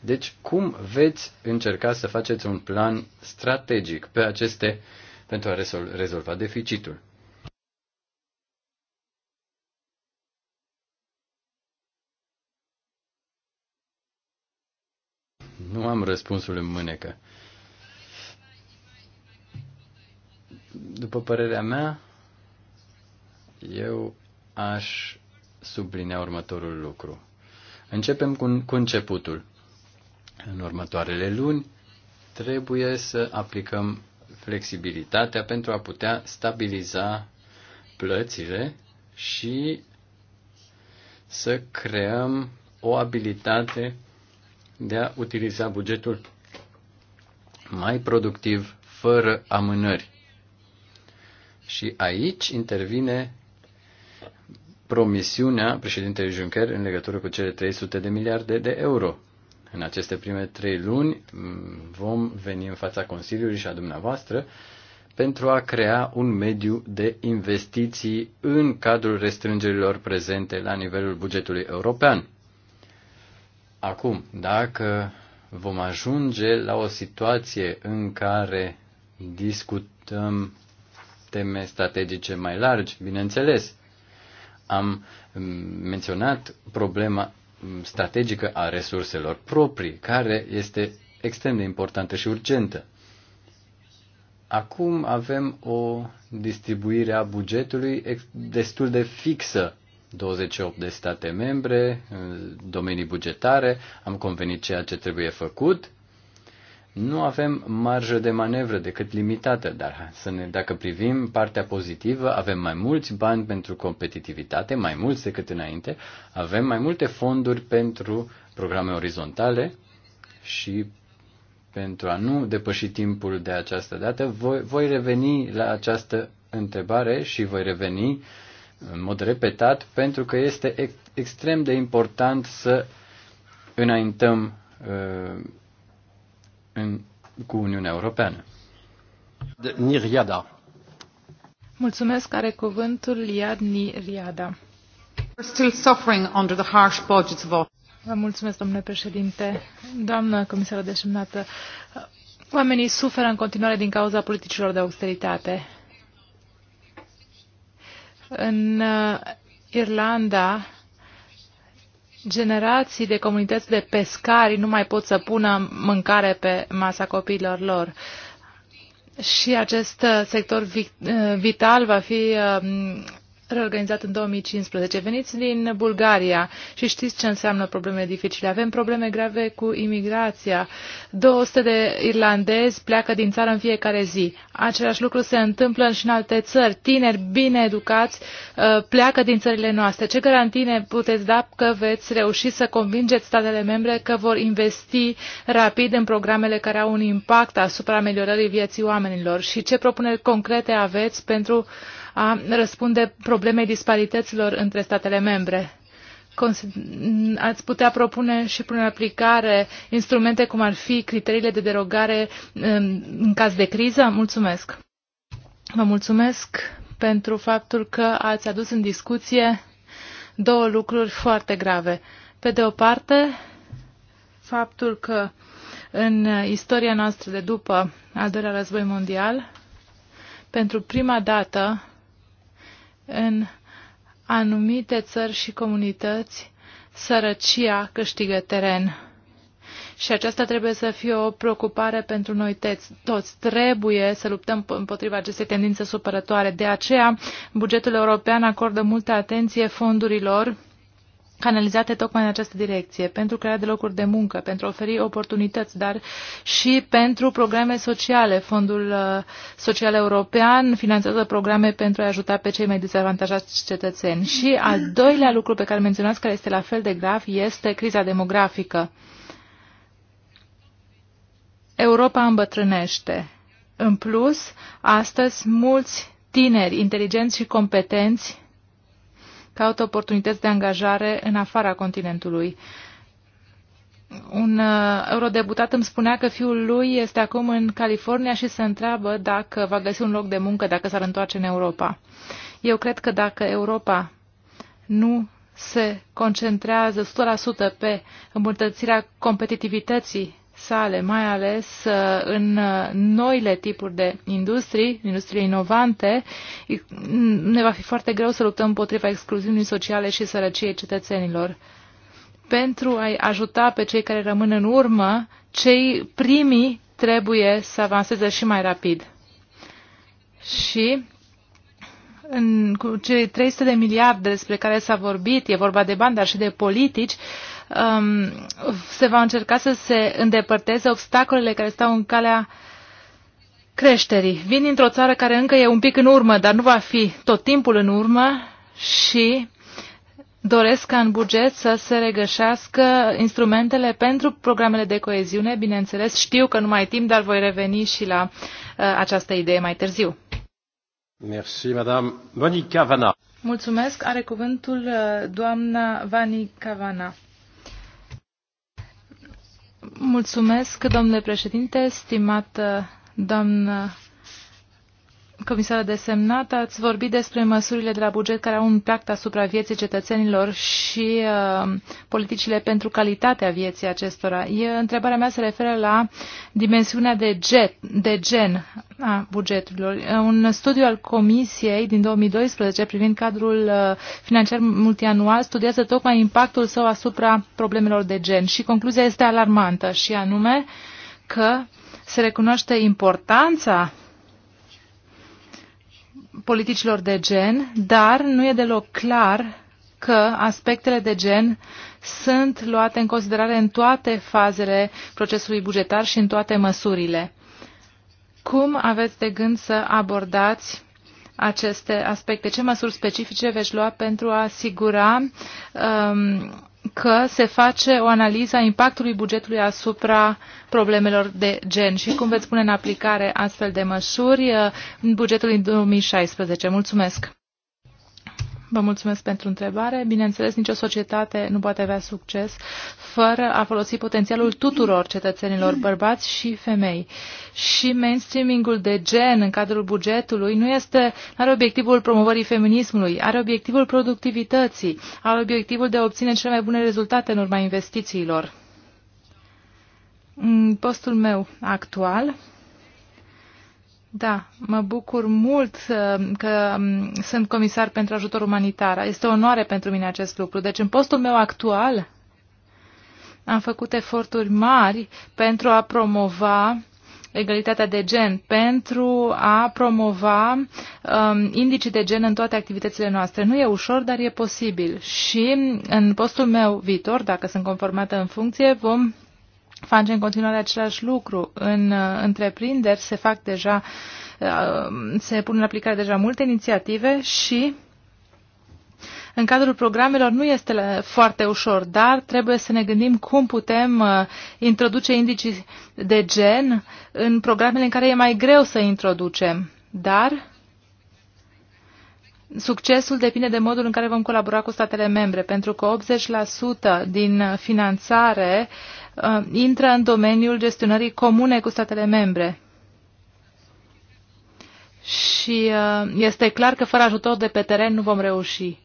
Deci, cum veți încerca să faceți un plan strategic pe aceste pentru a rezolva deficitul? Nu am răspunsul în mânecă. După părerea mea, eu aș sublinea următorul lucru. Începem cu, cu începutul. În următoarele luni trebuie să aplicăm flexibilitatea pentru a putea stabiliza plățile și să creăm o abilitate de a utiliza bugetul mai productiv, fără amânări. Și aici intervine promisiunea președintelui Juncker în legătură cu cele 300 de miliarde de euro. În aceste prime trei luni mm, vom veni în fața Consiliului și a dumneavoastră pentru a crea un mediu de investiții în cadrul restrângerilor prezente la nivelul bugetului european. Acum, dacă vom ajunge la o situație în care discutăm teme strategice mai largi, bineînțeles, am menționat problema strategică a resurselor proprii, care este extrem de importantă și urgentă. Acum avem o distribuire a bugetului destul de fixă 28 de state membre, eh, domenii bugetare, am convenit ceea ce trebuie făcut nu avem marjă de manevră decât limitată, dar să ne, dacă privim partea pozitivă, avem mai mulți bani pentru competitivitate, mai mulți decât înainte, avem mai multe fonduri pentru programe orizontale și pentru a nu depăși timpul de această dată, voi, voi reveni la această întrebare și voi reveni în mod repetat pentru că este ex, extrem de important să înaintăm uh, în, cu Uniunea Europeană. Niriada. Mulțumesc, are cuvântul Liad Niriada. Still suffering under the harsh budgets of Vă mulțumesc, domnule președinte. Doamnă comisară desemnată, oamenii suferă în continuare din cauza politicilor de austeritate. În uh, Irlanda, generații de comunități de pescari nu mai pot să pună mâncare pe masa copiilor lor. Și acest sector vital va fi um, reorganizat în 2015. Veniți din Bulgaria și știți ce înseamnă probleme dificile. Avem probleme grave cu imigrația. 200 de irlandezi pleacă din țară în fiecare zi. Același lucru se întâmplă și în alte țări. Tineri bine educați uh, pleacă din țările noastre. Ce garantine puteți da că veți reuși să convingeți statele membre că vor investi rapid în programele care au un impact asupra ameliorării vieții oamenilor? Și ce propuneri concrete aveți pentru uh, a răspunde problemei disparităților între statele membre. Ați putea propune și prin aplicare instrumente cum ar fi criteriile de derogare um, în caz de criză? Mulțumesc! Vă mulțumesc pentru faptul că ați adus în discuție două lucruri foarte grave. Pe de o parte, faptul că în istoria noastră de după al doilea război mondial, pentru prima dată în anumite țări și comunități, sărăcia câștigă teren. Și aceasta trebuie să fie o preocupare pentru noi toți. Trebuie să luptăm împotriva acestei tendințe supărătoare. De aceea, bugetul european acordă multă atenție fondurilor canalizate tocmai în această direcție, pentru crearea de locuri de muncă, pentru a oferi oportunități, dar și pentru programe sociale. Fondul uh, Social European finanțează programe pentru a ajuta pe cei mai dezavantajați cetățeni. Și al doilea lucru pe care menționați, care este la fel de grav, este criza demografică. Europa îmbătrânește. În plus, astăzi mulți tineri inteligenți și competenți caută oportunități de angajare în afara continentului. Un uh, eurodeputat îmi spunea că fiul lui este acum în California și se întreabă dacă va găsi un loc de muncă dacă s-ar întoarce în Europa. Eu cred că dacă Europa nu se concentrează 100% pe îmbunătățirea competitivității sale, mai ales uh, în uh, noile tipuri de industrii, industrie inovante, ne va fi foarte greu să luptăm împotriva excluziunii sociale și sărăciei cetățenilor. Pentru a-i ajuta pe cei care rămân în urmă, cei primii trebuie să avanseze și mai rapid. Și în, cu cei 300 de miliarde despre care s-a vorbit, e vorba de bani, dar și de politici, uh, um, se va încerca să se îndepărteze obstacolele care stau în calea creșterii. Vin dintr-o țară care încă e un pic în urmă, dar nu va fi tot timpul în urmă și doresc ca în buget să se regășească instrumentele pentru programele de coeziune. Bineînțeles, știu că nu mai timp, dar voi reveni și la uh, această idee mai târziu. Merci, madame Monica Vana. Mulțumesc. Are cuvântul uh, doamna Vani Cavana. Mulțumesc, domnule președinte, stimată doamnă comisară desemnat, ați vorbit despre măsurile de la buget care au un impact asupra vieții cetățenilor și uh, politicile pentru calitatea vieții acestora. E, întrebarea mea se referă la dimensiunea de, jet, de gen a bugetului. Uh, un studiu al Comisiei din 2012 privind cadrul uh, financiar multianual studiază tocmai impactul său asupra problemelor de gen și concluzia este alarmantă și anume că se recunoaște importanța politicilor de gen, dar nu e deloc clar că aspectele de gen sunt luate în considerare în toate fazele procesului bugetar și în toate măsurile. Cum aveți de gând să abordați aceste aspecte? Ce măsuri specifice veți lua pentru a asigura um, că se face o analiză a impactului bugetului asupra problemelor de gen și cum veți pune în aplicare astfel de măsuri uh, în bugetul din 2016. Mulțumesc! Vă mulțumesc pentru întrebare. Bineînțeles, nicio societate nu poate avea succes fără a folosi potențialul tuturor cetățenilor, bărbați și femei. Și mainstreamingul de gen în cadrul bugetului nu este, are obiectivul promovării feminismului, are obiectivul productivității, are obiectivul de a obține cele mai bune rezultate în urma investițiilor. În postul meu actual, da, mă bucur mult uh, că um, sunt comisar pentru ajutor umanitar. Este o onoare pentru mine acest lucru. Deci, în postul meu actual, am făcut eforturi mari pentru a promova egalitatea de gen, pentru a promova um, indicii de gen în toate activitățile noastre. Nu e ușor, dar e posibil. Și în postul meu viitor, dacă sunt conformată în funcție, vom face în continuare același lucru. În uh, întreprinderi se fac deja, uh, se pun în aplicare deja multe inițiative și în cadrul programelor nu este foarte ușor, dar trebuie să ne gândim cum putem uh, introduce indicii de gen în programele în care e mai greu să introducem. Dar succesul depinde de modul în care vom colabora cu statele membre, pentru că 80% din finanțare uh, uh, intră în domeniul gestionării comune cu statele membre. Și uh, este clar că fără ajutor de pe teren nu vom reuși.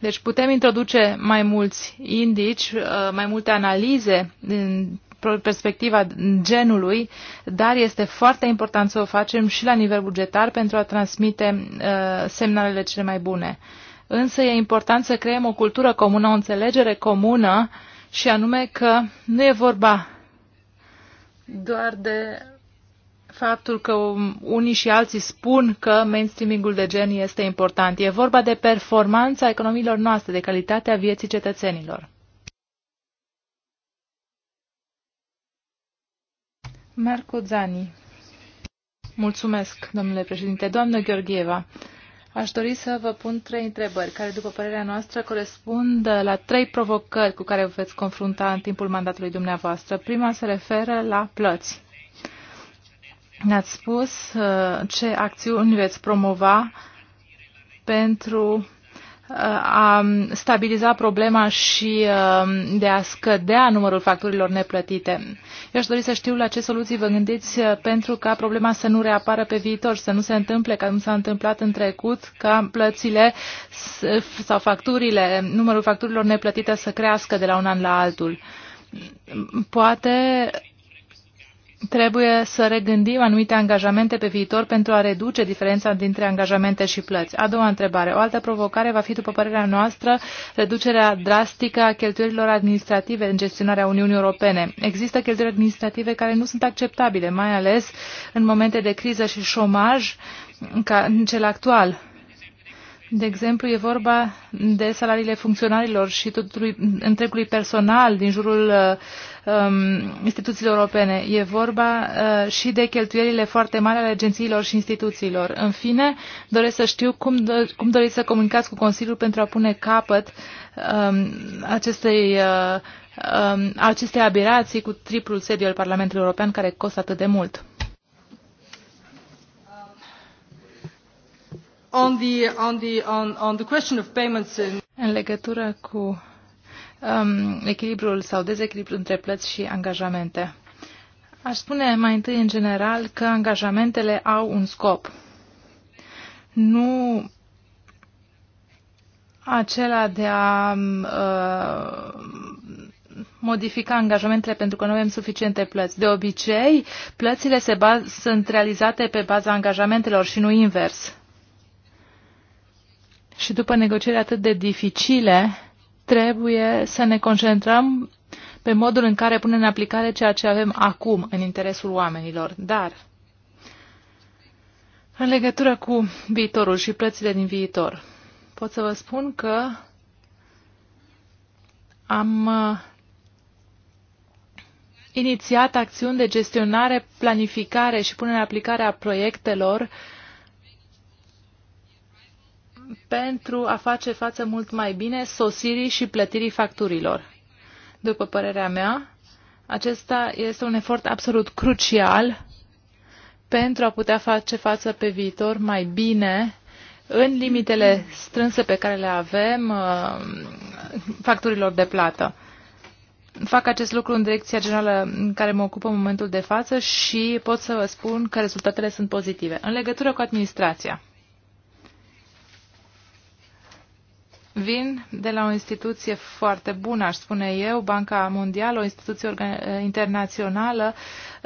Deci putem introduce mai mulți indici, uh, mai multe analize în perspectiva genului, dar este foarte important să o facem și la nivel bugetar pentru a transmite uh, semnalele cele mai bune. Însă e important să creăm o cultură comună, o înțelegere comună uh, și anume că nu e vorba doar de faptul că unii și alții spun că mainstreamingul de gen este important. E vorba de performanța economiilor noastre, de calitatea vieții cetățenilor. Marco Zani. Mulțumesc, domnule președinte. Doamnă Gheorgheva, Aș dori să vă pun trei întrebări, care, după părerea noastră, corespund la trei provocări cu care vă veți confrunta în timpul mandatului dumneavoastră. Prima se referă la plăți. Ne-ați spus uh, ce acțiuni veți promova pentru a stabiliza problema și um, de a scădea numărul facturilor neplătite. Eu aș dori să știu la ce soluții vă gândiți uh, pentru ca problema să nu reapară pe viitor, să nu se întâmple ca nu s-a întâmplat în trecut, ca plățile sau facturile, numărul facturilor neplătite să crească de la un an la altul. Poate trebuie să regândim anumite angajamente pe viitor pentru a reduce diferența dintre angajamente și plăți. A doua întrebare. O altă provocare va fi, după părerea noastră, reducerea drastică a cheltuielilor administrative în gestionarea Uniunii Europene. Există cheltuieli administrative care nu sunt acceptabile, mai ales în momente de criză și șomaj, ca în cel actual de exemplu, e vorba de salariile funcționarilor și tuturui, întregului personal din jurul uh, um, instituțiilor europene. E vorba uh, și de cheltuielile foarte mari ale agențiilor și instituțiilor. În fine, doresc să știu cum, do cum doriți să comunicați cu Consiliul pentru a pune capăt um, acestei, uh, um, acestei aberații cu triplul sediu al Parlamentului European care costă atât de mult. În legătură cu um, echilibrul sau dezechilibrul între plăți și angajamente. Aș spune mai întâi în general că angajamentele au un scop. Nu acela de a um, uh, modifica angajamentele pentru că nu avem suficiente plăți. De obicei, plățile se baz- sunt realizate pe baza angajamentelor și nu invers și după negocieri atât de dificile, trebuie să ne concentrăm pe modul în care punem în aplicare ceea ce avem acum în interesul oamenilor. Dar, în legătură cu viitorul și plățile din viitor, pot să vă spun că am uh, inițiat acțiuni de gestionare, planificare și punere în aplicare a proiectelor uh, pentru a face față mult mai bine sosirii și plătirii facturilor. După părerea mea, acesta este un efort absolut crucial pentru a putea face față pe viitor mai bine în limitele strânse pe care le avem uh, facturilor de plată. Fac acest lucru în direcția generală în care mă ocupă în momentul de față și pot să vă spun că rezultatele sunt pozitive. În legătură cu administrația, Vin de la o instituție foarte bună, aș spune eu, Banca Mondială, o instituție internațională,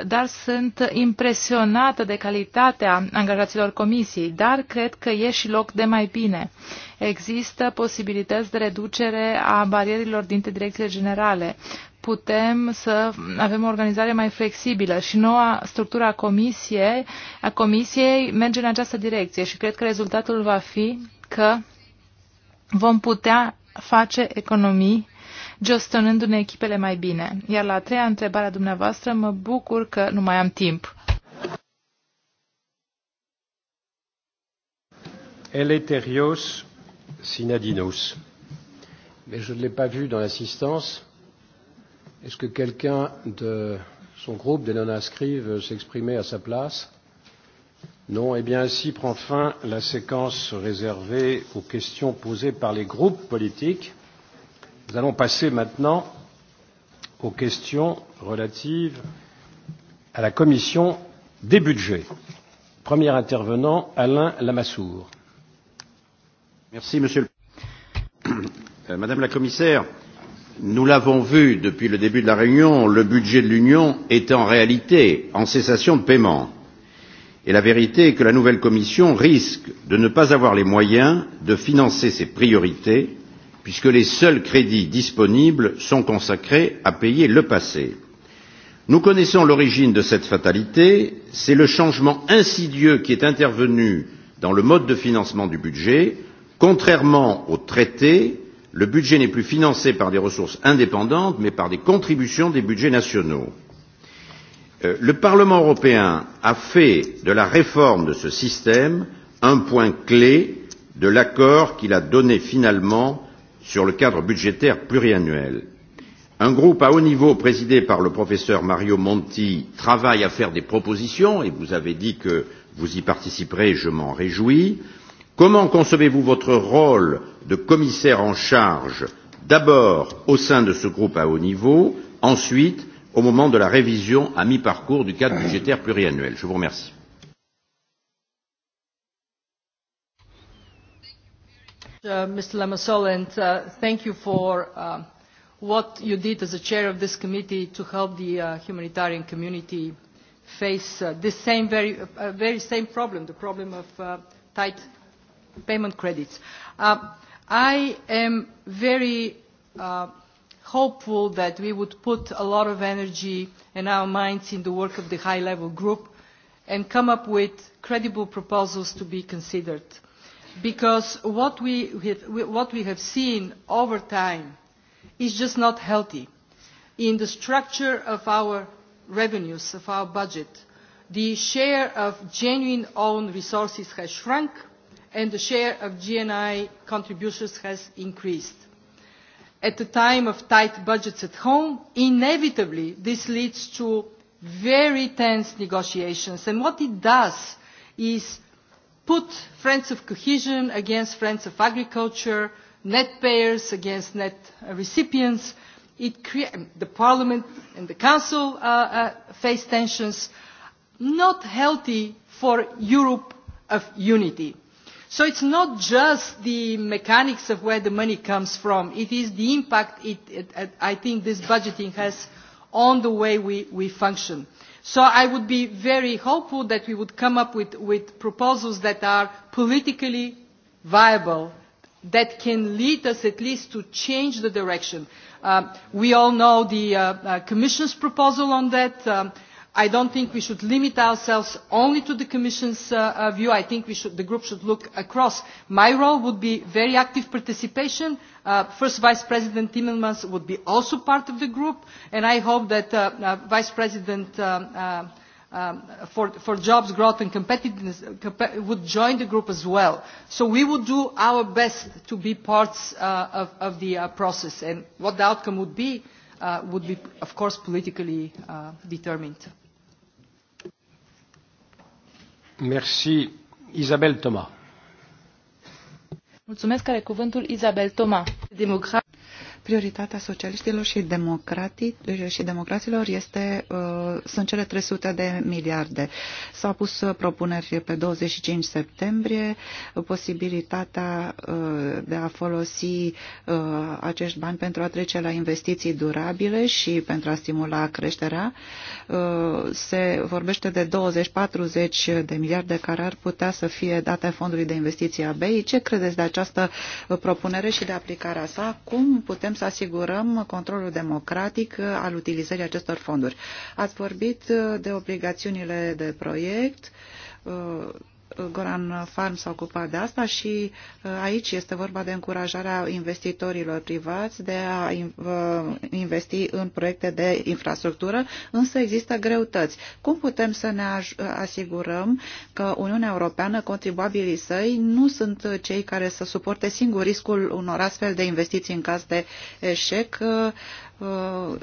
dar sunt impresionată de calitatea angajaților comisiei, dar cred că e și loc de mai bine. Există posibilități de reducere a barierilor dintre direcțiile generale. Putem să avem o organizare mai flexibilă și noua structură a comisiei, a comisiei merge în această direcție și cred că rezultatul va fi că vom putea face economii gestionându-ne echipele mai bine. Iar la a treia întrebare a dumneavoastră, mă bucur că nu mai am timp. Eleterios Sinadinos. Mais je ne l'ai pas vu dans l'assistance. Est-ce que quelqu'un de son groupe, des non-inscrits, veut s'exprimer à sa place Non, eh bien ainsi prend fin la séquence réservée aux questions posées par les groupes politiques. Nous allons passer maintenant aux questions relatives à la commission des budgets. Premier intervenant, Alain Lamassoure. Merci, Monsieur le euh, Madame la Commissaire, nous l'avons vu depuis le début de la réunion, le budget de l'Union est en réalité en cessation de paiement et la vérité est que la nouvelle commission risque de ne pas avoir les moyens de financer ses priorités puisque les seuls crédits disponibles sont consacrés à payer le passé. Nous connaissons l'origine de cette fatalité, c'est le changement insidieux qui est intervenu dans le mode de financement du budget. Contrairement au traité, le budget n'est plus financé par des ressources indépendantes mais par des contributions des budgets nationaux. Euh, le Parlement européen a fait de la réforme de ce système un point clé de l'accord qu'il a donné finalement sur le cadre budgétaire pluriannuel. Un groupe à haut niveau présidé par le professeur Mario Monti travaille à faire des propositions et vous avez dit que vous y participerez, je m'en réjouis. Comment concevez-vous votre rôle de commissaire en charge d'abord au sein de ce groupe à haut niveau, ensuite au moment de la révision à mi-parcours du cadre budgétaire pluriannuel. Je vous remercie. Uh, Mr. Lamassoure, and uh, thank you for uh, what you did as a chair of this committee to help the uh, humanitarian community face uh, this same very, uh, very same problem, the problem of uh, tight payment credits. Uh, I am very uh, hopeful that we would put a lot of energy and our minds in the work of the high level group and come up with credible proposals to be considered. Because what we, have, what we have seen over time is just not healthy. In the structure of our revenues, of our budget, the share of genuine own resources has shrunk and the share of GNI contributions has increased at a time of tight budgets at home, inevitably this leads to very tense negotiations. And what it does is put friends of cohesion against friends of agriculture, net payers against net recipients. It the Parliament and the Council uh, uh, face tensions not healthy for Europe of unity. So it's not just the mechanics of where the money comes from. It is the impact it, it, it, I think this budgeting has on the way we, we function. So I would be very hopeful that we would come up with, with proposals that are politically viable, that can lead us at least to change the direction. Uh, we all know the uh, uh, Commission's proposal on that. Um, i do not think we should limit ourselves only to the commission's uh, uh, view i think the group should look across. my role would be very active participation uh, first vice president timmermans would be also part of the group and i hope that vice president um, um, for, jobs growth and competitiveness would join the group as well. so we would do our best to be part of, of the process and what the outcome would be would be of course politically determined. Mulțumesc, care cuvântul Isabel Toma. Prioritatea socialiștilor și, și democraților este, uh, sunt cele 300 de miliarde. S-au pus uh, propuneri pe 25 septembrie, uh, posibilitatea de a folosi acești bani pentru a trece la investiții durabile și pentru a stimula creșterea. Se vorbește de 20-40 de miliarde care ar putea să fie date fondului de investiții a BEI. Ce credeți de această propunere și de aplicarea sa? Cum putem putem să asigurăm controlul democratic al utilizării acestor fonduri. Ați vorbit de obligațiunile de proiect, Goran Farm s-a ocupat de asta și uh, aici este vorba de încurajarea investitorilor privați de a investi în proiecte de infrastructură, însă există greutăți. Cum putem să ne asigurăm că Uniunea Europeană, contribuabilii săi, nu sunt cei care să suporte singur riscul unor astfel de investiții în caz de eșec? Uh, uh,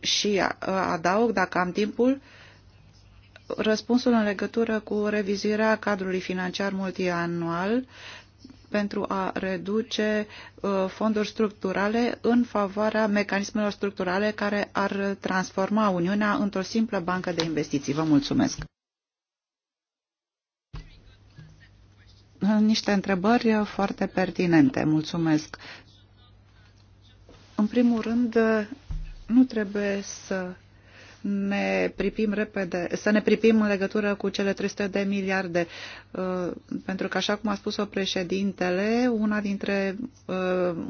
și adaug, dacă am timpul, răspunsul în legătură cu revizuirea cadrului financiar multianual pentru a reduce uh, fonduri structurale în favoarea mecanismelor structurale care ar transforma Uniunea într-o simplă bancă de investiții. Vă mulțumesc! Niște întrebări foarte pertinente. Mulțumesc! În primul rând, nu trebuie să ne pripim repede, să ne pripim în legătură cu cele 300 de miliarde. Uh, pentru că, așa cum a spus-o președintele, una dintre, uh,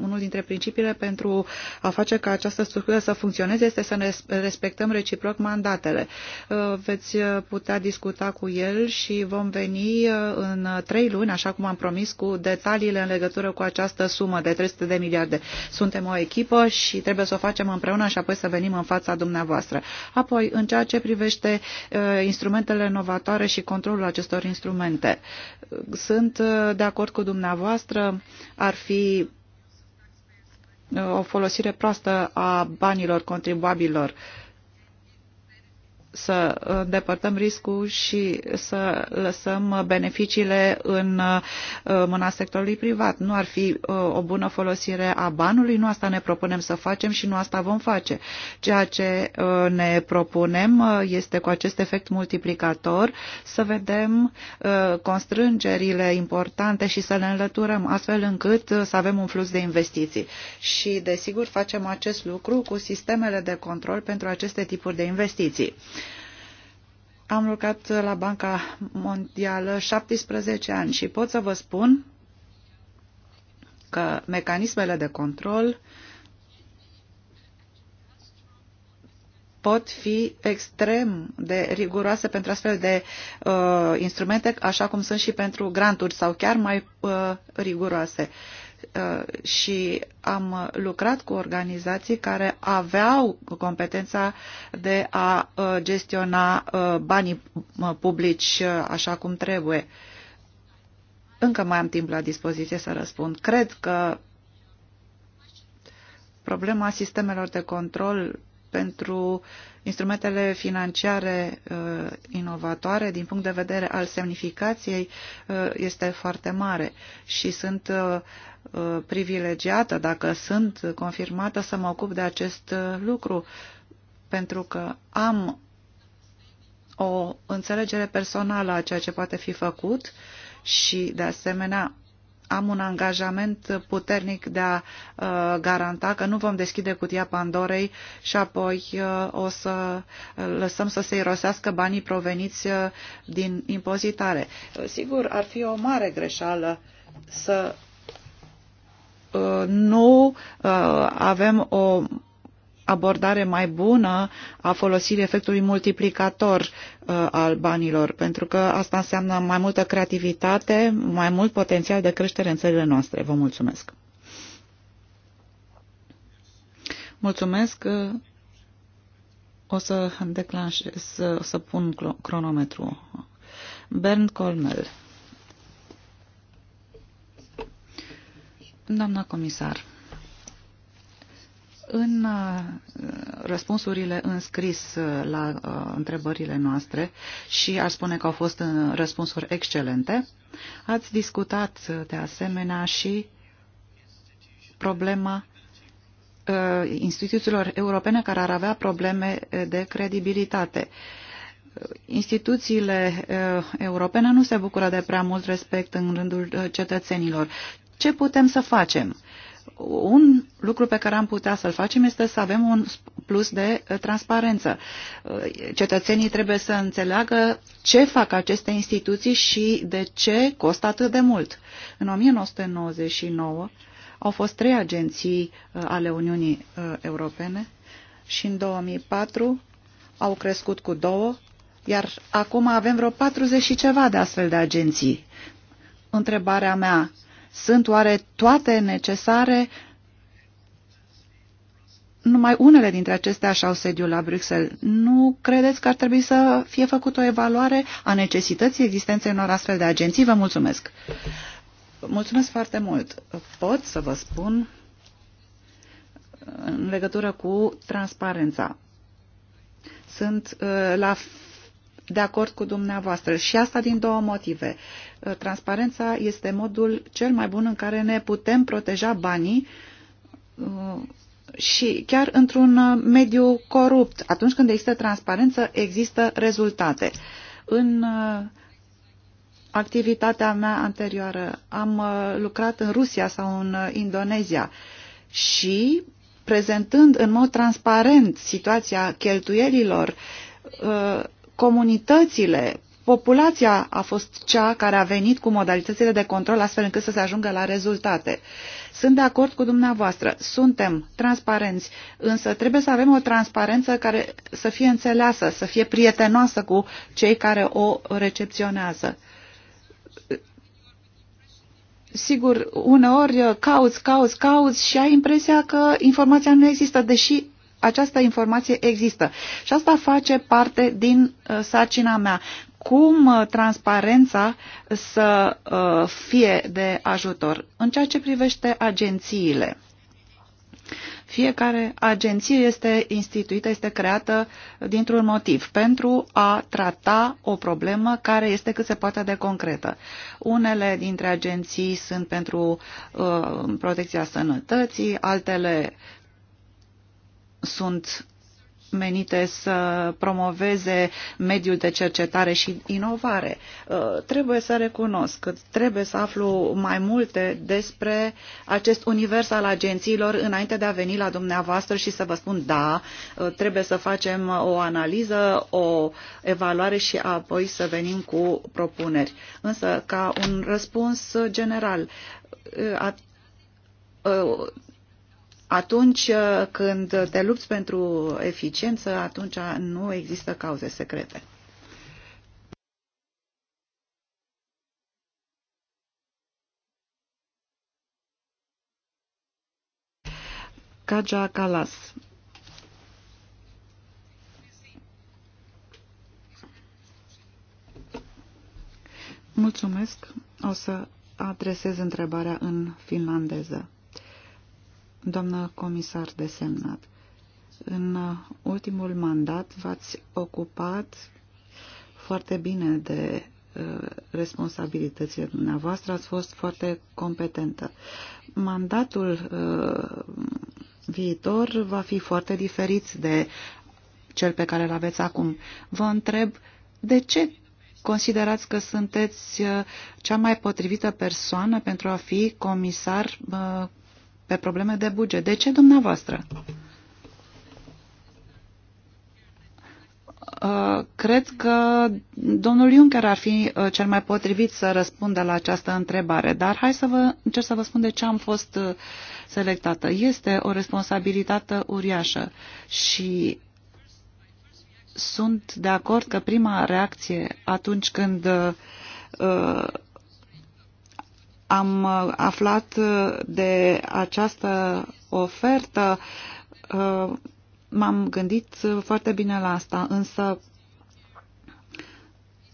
unul dintre principiile pentru a face ca această structură să funcționeze este să ne respectăm reciproc mandatele. Uh, veți putea discuta cu el și vom veni în trei luni, așa cum am promis, cu detaliile în legătură cu această sumă de 300 de miliarde. Suntem o echipă și trebuie să o facem împreună și apoi să venim în fața dumneavoastră. Apoi, în ceea ce privește uh, instrumentele inovatoare și controlul acestor instrumente, sunt uh, de acord cu dumneavoastră, ar fi uh, o folosire proastă a banilor contribuabilor să îndepărtăm uh, riscul și să lăsăm beneficiile în uh, mâna sectorului privat. Nu ar fi uh, o bună folosire a banului, nu asta ne propunem să facem și nu asta vom face. Ceea ce ne propunem este cu acest efect multiplicator să vedem constrângerile importante și să le înlăturăm astfel încât să avem un flux de investiții. Și desigur facem acest lucru cu sistemele de control pentru aceste tipuri de investiții. Am lucrat la Banca Mondială 17 ani și pot să vă spun că mecanismele de control pot fi extrem de riguroase pentru astfel de uh, instrumente, așa cum sunt și pentru granturi sau chiar mai uh, riguroase. Uh, Uh, și am lucrat cu organizații care aveau competența de a uh, gestiona uh, banii publici așa cum trebuie. Încă mai am timp la dispoziție să răspund. Cred că problema sistemelor de control pentru instrumentele financiare uh, inovatoare din punct de vedere al semnificației uh, este foarte mare și sunt uh, privilegiată, dacă sunt confirmată, să mă ocup de acest lucru pentru că am o înțelegere personală a ceea ce poate fi făcut și, de asemenea, am un angajament puternic de a uh, garanta că nu vom deschide cutia Pandorei și apoi uh, o să uh, lăsăm să se irosească banii proveniți din impozitare. Sigur, ar fi o mare greșeală să nu avem o abordare mai bună a folosirii efectului multiplicator uh, al banilor, pentru că asta înseamnă mai multă creativitate, mai mult potențial de creștere în țările noastre. Vă mulțumesc! Mulțumesc! O să declanșez, să, să pun cronometru. Bernd Colmel. Doamna comisar, în uh, răspunsurile înscris uh, la uh, întrebările noastre și aș spune că au fost răspunsuri excelente, ați discutat de asemenea și problema instituțiilor europene care ar avea probleme de credibilitate. Instituțiile europene nu se bucură de prea mult respect în rândul cetățenilor. Ce putem să facem? Uh, un lucru pe care am putea să-l facem este să avem un plus de uh, transparență. Uh, cetățenii trebuie să înțeleagă ce fac aceste instituții și de ce costă atât de mult. În 1999 au fost trei agenții uh, ale Uniunii Europene și în 2004 au crescut cu două, iar acum avem vreo 40 și ceva de astfel de agenții. Întrebarea mea sunt oare toate necesare? Numai unele dintre acestea și-au sediul la Bruxelles. Nu credeți că ar trebui să fie făcută o evaluare a necesității existenței unor astfel de agenții? Vă mulțumesc! Mulțumesc foarte mult! Pot să vă spun în legătură cu transparența. Sunt uh, la de acord cu dumneavoastră și asta din două motive. Uh, transparența este modul cel mai bun în care ne putem proteja banii uh, și chiar într-un uh, mediu corupt. Atunci când există transparență, există rezultate. În activitatea mea anterioară am lucrat în Rusia sau în Indonezia și prezentând în mod transparent situația cheltuielilor, comunitățile populația a fost cea care a venit cu modalitățile de control astfel încât să se ajungă la rezultate. Sunt de acord cu dumneavoastră, suntem transparenți, însă trebuie să avem o transparență care să fie înțeleasă, să fie prietenoasă cu cei care o recepționează. Sigur, uneori cauți, cauți, cauți și ai impresia că informația nu există, deși această informație există. Și asta face parte din uh, sarcina mea cum uh, transparența să uh, fie de ajutor. În ceea ce privește agențiile, fiecare agenție este instituită, este creată dintr-un motiv, pentru a trata o problemă care este cât se poate de concretă. Unele dintre agenții sunt pentru uh, protecția sănătății, altele sunt menite să promoveze mediul de cercetare și inovare. Uh, trebuie să recunosc că trebuie să aflu mai multe despre acest univers al agențiilor înainte de a veni la dumneavoastră și să vă spun da, uh, trebuie să facem o analiză, o evaluare și apoi să venim cu propuneri. Însă, ca un răspuns general, uh, atunci uh, când te lupți pentru eficiență, atunci nu există cauze secrete. Kaja Kalas Mulțumesc. O să adresez întrebarea în finlandeză doamnă comisar desemnat. În ultimul mandat v-ați ocupat foarte bine de uh, responsabilitățile dumneavoastră, ați fost foarte competentă. Mandatul uh, viitor va fi foarte diferit de cel pe care îl aveți acum. Vă întreb de ce considerați că sunteți uh, cea mai potrivită persoană pentru a fi comisar pe probleme de buget. De ce dumneavoastră? Uh, cred că domnul Juncker ar fi uh, cel mai potrivit să răspundă la această întrebare, dar hai să vă încerc să vă spun de ce am fost uh, selectată. Este o responsabilitate uriașă și sunt de acord că prima reacție atunci când uh, am uh, aflat uh, de această ofertă, uh, m-am gândit foarte bine la asta, însă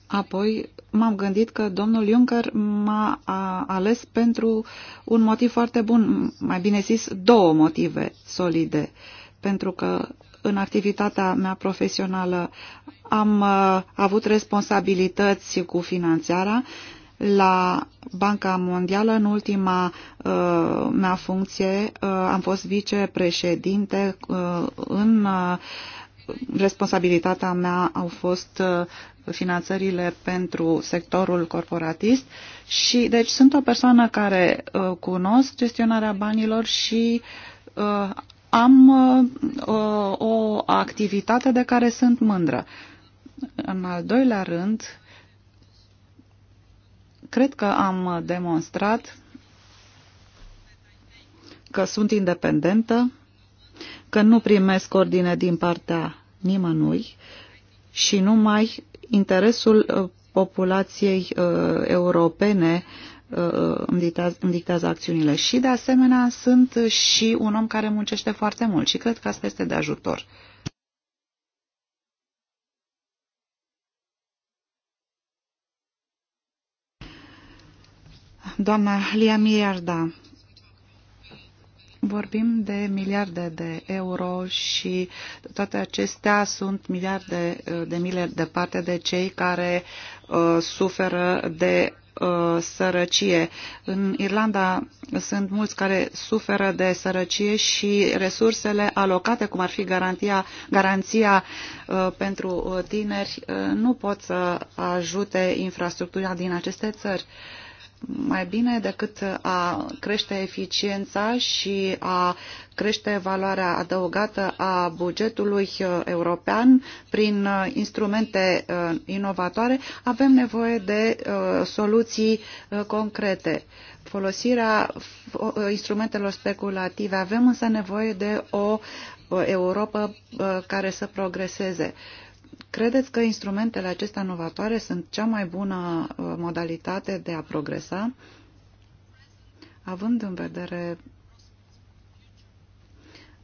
apoi m-am gândit că domnul Juncker m-a ales pentru un motiv foarte bun, mai bine zis două motive solide, pentru că în activitatea mea profesională am avut responsabilități cu finanțarea la Banca Mondială. În ultima uh, mea funcție uh, am fost vicepreședinte. Uh, în uh, responsabilitatea mea au fost uh, finanțările pentru sectorul corporatist și deci sunt o persoană care uh, cunosc gestionarea banilor și uh, am uh, o activitate de care sunt mândră. În al doilea rând, Cred că am demonstrat că sunt independentă, că nu primesc ordine din partea nimănui și numai interesul uh, populației uh, europene uh, uh îmi, dictează, îmi dictează acțiunile. Și, de asemenea, sunt și un om care muncește foarte mult și cred că asta este de ajutor. doamna Lia Miliarda. Vorbim de miliarde de euro și toate acestea sunt miliarde uh, de mile departe de cei care uh, suferă de uh, sărăcie. În Irlanda sunt mulți care suferă de sărăcie și resursele alocate, cum ar fi garantia, garanția uh, pentru uh, tineri, uh, nu pot să ajute infrastructura din aceste țări. Uh, mai bine decât a crește eficiența și a crește valoarea adăugată a bugetului european prin uh, instrumente uh, inovatoare, avem nevoie de uh, soluții concrete. Folosirea instrumentelor speculative, avem însă nevoie de o Europa care să progreseze. Credeți că instrumentele acestea novatoare sunt cea mai bună uh, modalitate de a progresa, având în vedere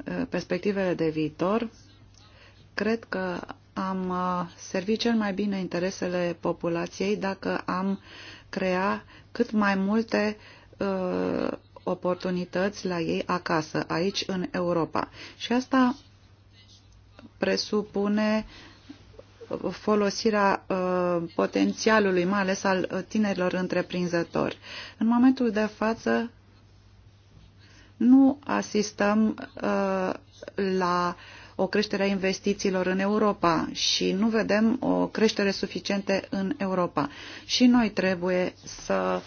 uh, perspectivele de viitor, cred că am uh, servit cel mai bine interesele populației dacă am crea cât mai multe uh, oportunități la ei acasă, aici în Europa. Și asta presupune uh, folosirea uh, potențialului, mai ales al uh, tinerilor întreprinzători. În momentul de față nu asistăm uh, la o creștere a investițiilor în Europa și nu vedem o creștere suficientă în Europa. Și noi trebuie să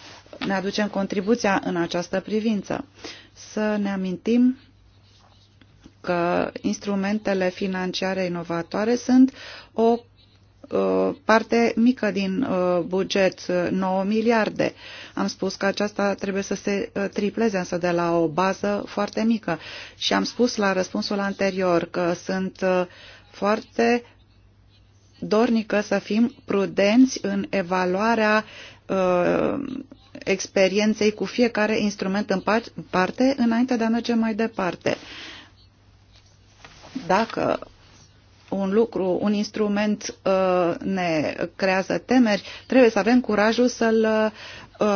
ne aducem contribuția în această privință. Să ne amintim că instrumentele financiare inovatoare sunt o Uh, parte mică din uh, buget, 9 uh, miliarde. Am spus că aceasta trebuie să se tripleze, însă de la o bază foarte mică. Și am spus la răspunsul anterior că sunt foarte dornică să fim prudenți în evaluarea experienței cu fiecare instrument în parte înainte de a merge mai departe. Dacă un lucru, un instrument uh, ne creează temeri, trebuie să avem curajul să-l uh,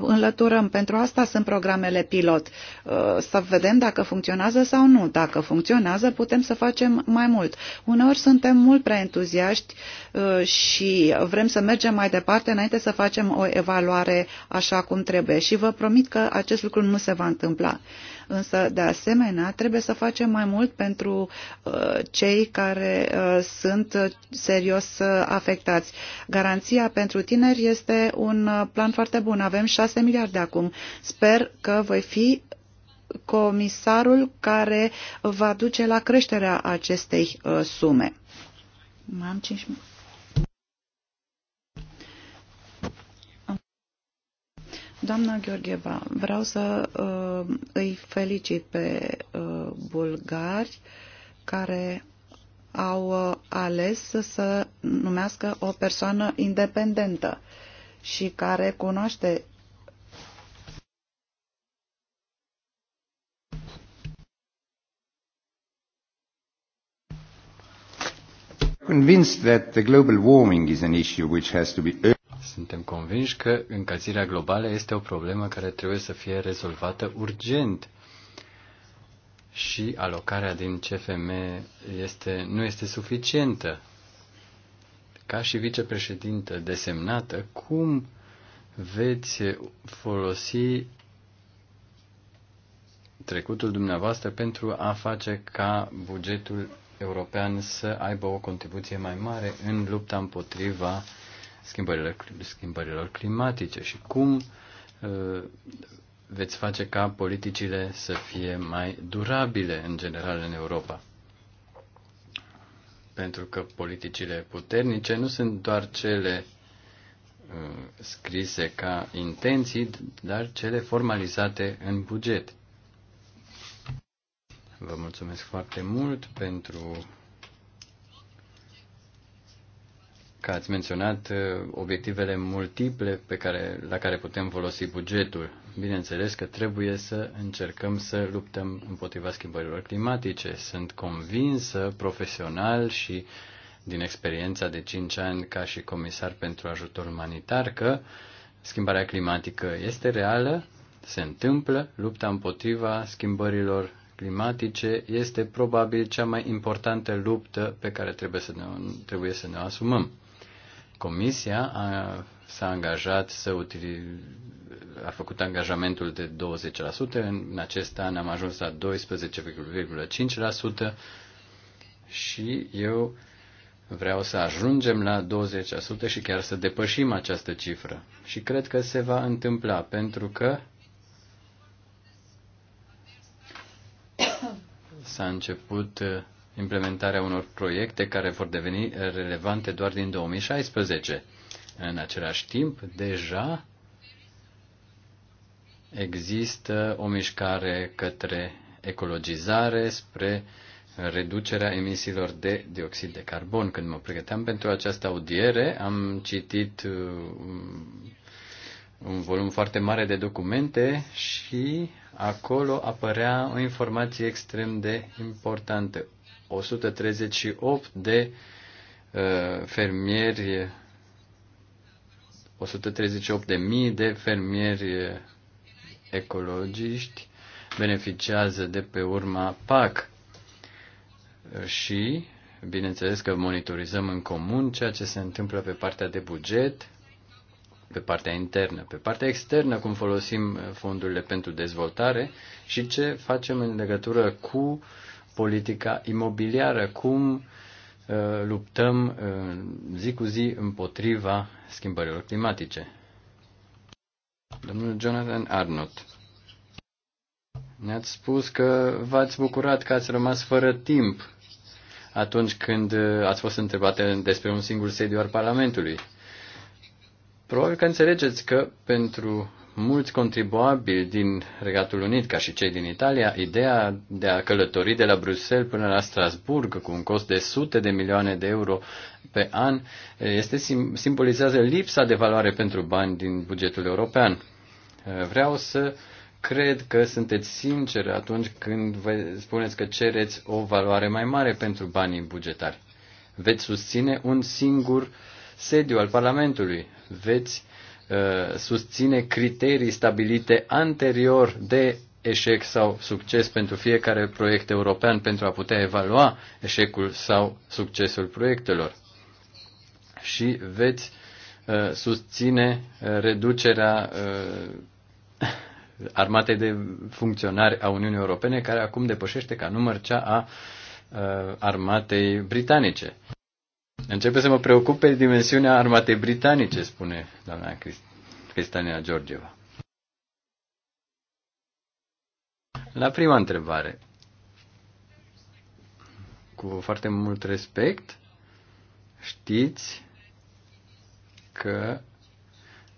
înlăturăm. Pentru asta sunt programele pilot. Uh, să vedem dacă funcționează sau nu. Dacă funcționează, putem să facem mai mult. Uneori suntem mult prea entuziaști și vrem să mergem mai departe înainte să facem o evaluare așa cum trebuie. Și vă promit că acest lucru nu se va întâmpla însă de asemenea trebuie să facem mai mult pentru uh, cei care uh, sunt uh, serios afectați. Garanția pentru tineri este un plan foarte bun. Avem 6 miliarde acum. Sper că voi fi comisarul care va duce la creșterea acestei sume. Mai am 5 minute. Doamna Gheorgheva, vreau să uh, îi felicit pe uh, bulgari care au uh, ales să, să numească o persoană independentă și care cunoaște convinced that the global warming is an issue which has to be suntem convinși că încălzirea globală este o problemă care trebuie să fie rezolvată urgent și alocarea din CFM este, nu este suficientă. Ca și vicepreședintă desemnată, cum veți folosi trecutul dumneavoastră pentru a face ca bugetul european să aibă o contribuție mai mare în lupta împotriva schimbările, schimbărilor climatice și cum uh, veți face ca politicile să fie mai durabile în general în Europa. Pentru că politicile puternice nu sunt doar cele uh, scrise ca intenții, dar cele formalizate în buget. Vă mulțumesc foarte mult pentru că ați menționat uh, obiectivele multiple pe care, la care putem folosi bugetul. Bineînțeles că trebuie să încercăm să luptăm împotriva schimbărilor climatice. Sunt convinsă profesional și din experiența de 5 ani ca și comisar pentru ajutor umanitar că schimbarea climatică este reală, se întâmplă, lupta împotriva schimbărilor climatice este probabil cea mai importantă luptă pe care trebuie să ne, trebuie să ne asumăm. Comisia a, s-a angajat să utili, a făcut angajamentul de 20%, în acest an am ajuns la 12,5% și eu vreau să ajungem la 20% și chiar să depășim această cifră. Și cred că se va întâmpla, pentru că s-a început implementarea unor proiecte care vor deveni relevante doar din 2016. În același timp, deja există o mișcare către ecologizare, spre reducerea emisiilor de dioxid de carbon. Când mă pregăteam pentru această audiere, am citit uh, un volum foarte mare de documente și acolo apărea o informație extrem de importantă. 138 de uh, fermieri 138.000 de fermieri ecologiști beneficiază de pe urma PAC și, bineînțeles că monitorizăm în comun ceea ce se întâmplă pe partea de buget, pe partea internă, pe partea externă, cum folosim fondurile pentru dezvoltare și ce facem în legătură cu politica imobiliară, cum uh, luptăm uh, zi cu zi împotriva schimbărilor climatice. Domnul Jonathan Arnott, ne-ați spus că v-ați bucurat că ați rămas fără timp atunci când uh, ați fost întrebate despre un singur sediu al Parlamentului. Probabil că înțelegeți că pentru mulți contribuabili din Regatul Unit, ca și cei din Italia, ideea de a călători de la Bruxelles până la Strasburg cu un cost de sute de milioane de euro pe an este, simbolizează lipsa de valoare pentru bani din bugetul european. Vreau să cred că sunteți sinceri atunci când vă spuneți că cereți o valoare mai mare pentru banii bugetari. Veți susține un singur sediu al Parlamentului. Veți uh, Uh, susține criterii stabilite anterior de eșec sau succes pentru fiecare proiect european pentru a putea evalua eșecul sau succesul proiectelor. Și veți uh, susține uh, reducerea uh, armatei de funcționari a Uniunii Europene, care acum depășește ca număr cea a uh, armatei britanice. Începe să mă preocupe dimensiunea armatei britanice, spune doamna Cristalina Georgieva. La prima întrebare, cu foarte mult respect, știți că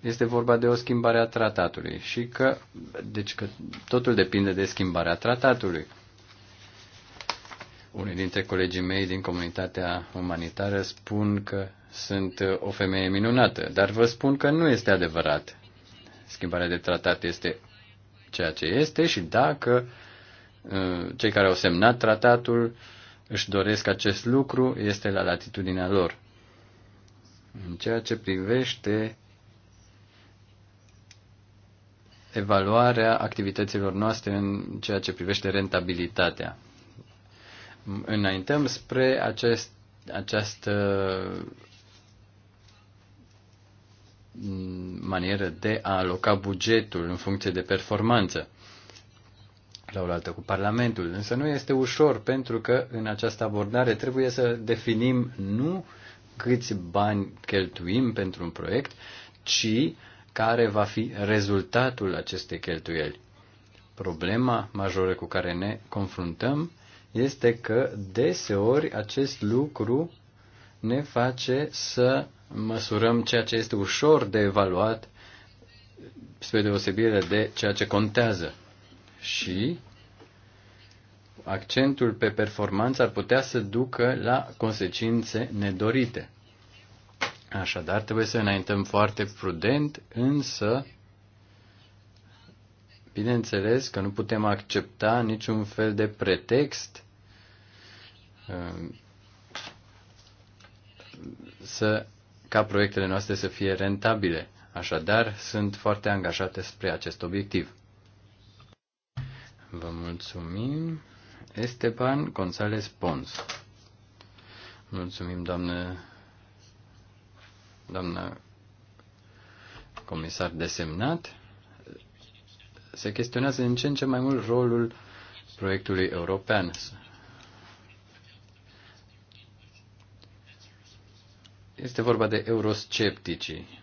este vorba de o schimbare a tratatului și că, deci că totul depinde de schimbarea tratatului. Unii dintre colegii mei din comunitatea umanitară spun că sunt o femeie minunată, dar vă spun că nu este adevărat. Schimbarea de tratat este ceea ce este și dacă uh, cei care au semnat tratatul își doresc acest lucru, este la latitudinea lor. În ceea ce privește evaluarea activităților noastre în ceea ce privește rentabilitatea înaintăm spre acest, această manieră de a aloca bugetul în funcție de performanță la oaltă cu Parlamentul. Însă nu este ușor pentru că în această abordare trebuie să definim nu câți bani cheltuim pentru un proiect, ci care va fi rezultatul acestei cheltuieli. Problema majoră cu care ne confruntăm este că deseori acest lucru ne face să măsurăm ceea ce este ușor de evaluat spre deosebire de ceea ce contează. Și accentul pe performanță ar putea să ducă la consecințe nedorite. Așadar, trebuie să înaintăm foarte prudent, însă Bineînțeles că nu putem accepta niciun fel de pretext uh, să, ca proiectele noastre să fie rentabile. Așadar, sunt foarte angajate spre acest obiectiv. Vă mulțumim. Esteban González Pons. Mulțumim, doamnă, doamnă comisar desemnat se chestionează în ce în ce mai mult rolul proiectului european. Este vorba de euroscepticii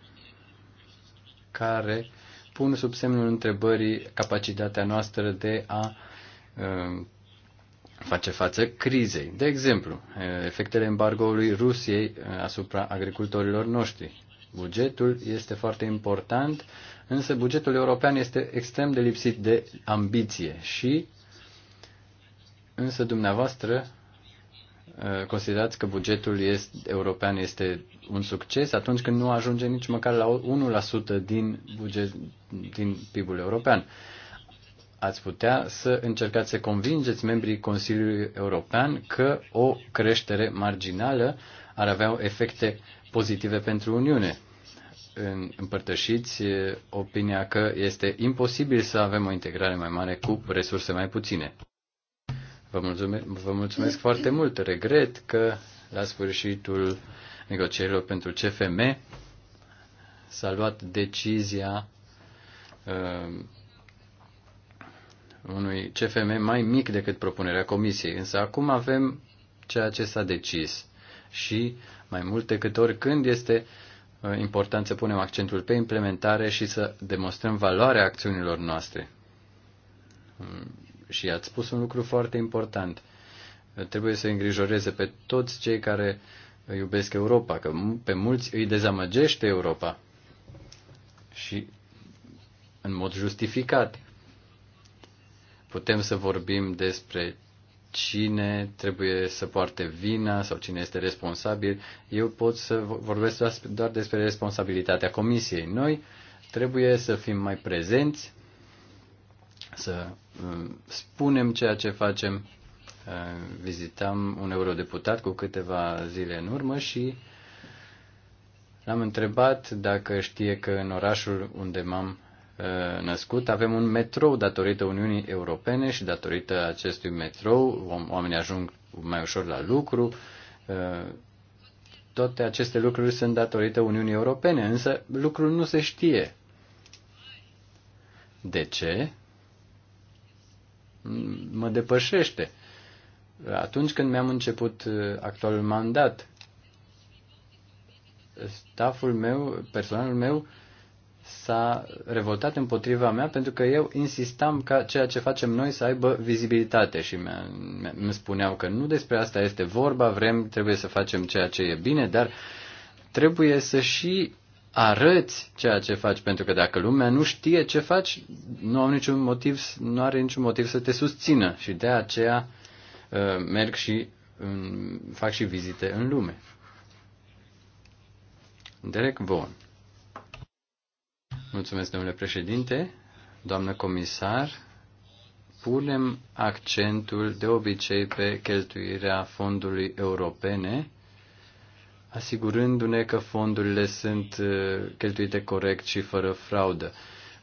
care pun sub semnul întrebării capacitatea noastră de a um, face față crizei. De exemplu, uh, efectele embargoului Rusiei uh, asupra agricultorilor noștri. Bugetul este foarte important, însă bugetul european este extrem de lipsit de ambiție și însă dumneavoastră uh, considerați că bugetul este, european este un succes atunci când nu ajunge nici măcar la 1% din, buget, din PIB-ul european. Ați putea să încercați să convingeți membrii Consiliului European că o creștere marginală ar avea efecte pozitive pentru Uniune. Împărtășiți opinia că este imposibil să avem o integrare mai mare cu resurse mai puține. Vă mulțumesc, vă mulțumesc foarte mult. Regret că la sfârșitul negocierilor pentru CFM s-a luat decizia uh, unui CFM mai mic decât propunerea Comisiei. Însă acum avem ceea ce s-a decis și mai mult decât oricând este uh, important să punem accentul pe implementare și să demonstrăm valoarea acțiunilor noastre. Mm, și ați spus un lucru foarte important. Uh, trebuie să îngrijoreze pe toți cei care uh, iubesc Europa, că pe mulți îi dezamăgește Europa. Și în mod justificat. Putem să vorbim despre cine trebuie să poarte vina sau cine este responsabil. Eu pot să vorbesc doar despre responsabilitatea comisiei. Noi trebuie să fim mai prezenți, să um, spunem ceea ce facem. Uh, Vizitam un eurodeputat cu câteva zile în urmă și l-am întrebat dacă știe că în orașul unde m-am Uh, născut, avem un metrou datorită Uniunii Europene și datorită acestui metrou oamenii ajung mai ușor la lucru. Uh, toate aceste lucruri sunt datorită Uniunii Europene, însă lucrul nu se știe. De ce? Mă depășește. Atunci când mi-am început uh, actualul mandat, staful meu, personalul meu, uh, s-a revoltat împotriva mea pentru că eu insistam ca ceea ce facem noi să aibă vizibilitate și îmi spuneau că nu despre asta este vorba, vrem, trebuie să facem ceea ce e bine, dar trebuie să și arăți ceea ce faci, pentru că dacă lumea nu știe ce faci, nu, au niciun motiv, nu are niciun motiv să te susțină și de aceea uh, merg și um, fac și vizite în lume. Derek Vaughan. Mulțumesc, domnule președinte, doamnă comisar. Punem accentul de obicei pe cheltuirea fondului europene, asigurându-ne că fondurile sunt uh, cheltuite corect și fără fraudă.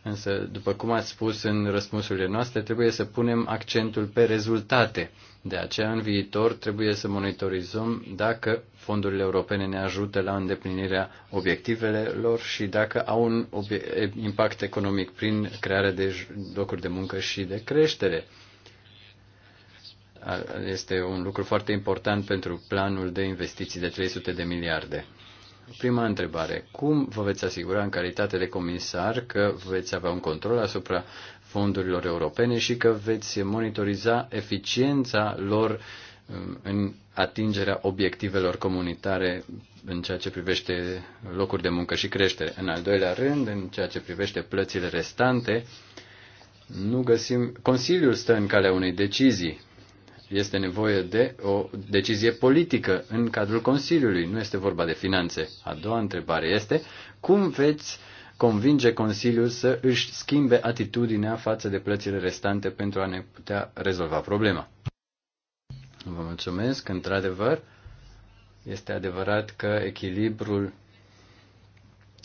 Însă, după cum ați spus în răspunsurile noastre, trebuie să punem accentul pe rezultate. De aceea, în viitor, trebuie să monitorizăm dacă fondurile europene ne ajută la îndeplinirea obiectivelor și dacă au un impact economic prin crearea de locuri de muncă și de creștere. Este un lucru foarte important pentru planul de investiții de 300 de miliarde. Prima întrebare. Cum vă veți asigura în calitate de comisar că veți avea un control asupra fondurilor europene și că veți monitoriza eficiența lor um, în atingerea obiectivelor comunitare în ceea ce privește locuri de muncă și creștere. În al doilea rând, în ceea ce privește plățile restante, nu găsim. Consiliul stă în calea unei decizii. Este nevoie de o decizie politică în cadrul Consiliului, nu este vorba de finanțe. A doua întrebare este cum veți uh, convinge Consiliul să își schimbe atitudinea față de plățile restante pentru a ne putea rezolva problema. Vă mulțumesc, într-adevăr. Este adevărat că echilibrul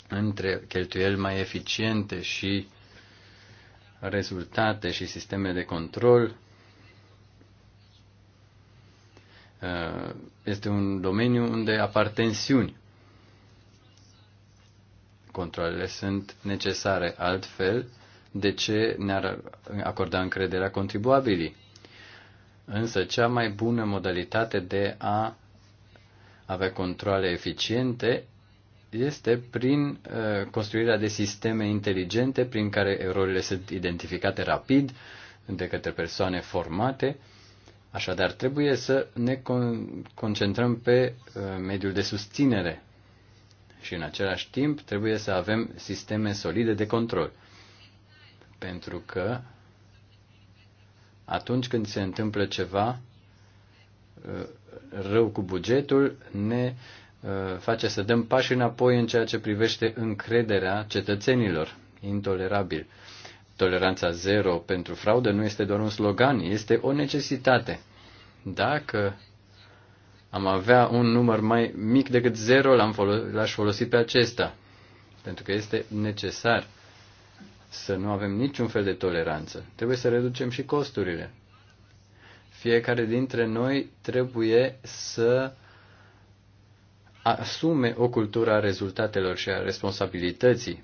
între cheltuieli mai eficiente și rezultate și sisteme de control uh, este un domeniu unde apar tensiuni. Controlele sunt necesare, altfel de ce ne-ar acorda încrederea contribuabilii? Însă cea mai bună modalitate de a avea controle eficiente este prin uh, construirea de sisteme inteligente prin care erorile sunt identificate rapid de către persoane formate. Așadar, trebuie să ne con- concentrăm pe uh, mediul de susținere și în același timp trebuie să avem sisteme solide de control. Pentru că atunci când se întâmplă ceva uh, rău cu bugetul, ne uh, face să dăm pași înapoi în ceea ce privește încrederea cetățenilor. Intolerabil. Toleranța zero pentru fraudă nu este doar un slogan, este o necesitate. Dacă am avea un număr mai mic decât zero, l-am folo- folosi folosit pe acesta. Pentru că este necesar să nu avem niciun fel de toleranță. Trebuie să reducem și costurile. Fiecare dintre noi trebuie să asume o cultură a rezultatelor și a responsabilității.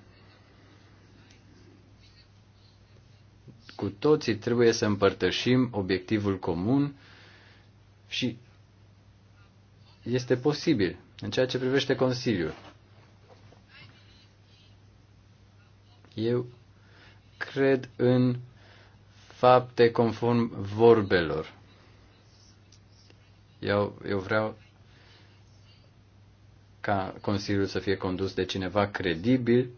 Cu toții trebuie să împărtășim obiectivul comun și este posibil în ceea ce privește Consiliul. Eu cred în fapte conform vorbelor. Eu, eu vreau ca Consiliul să fie condus de cineva credibil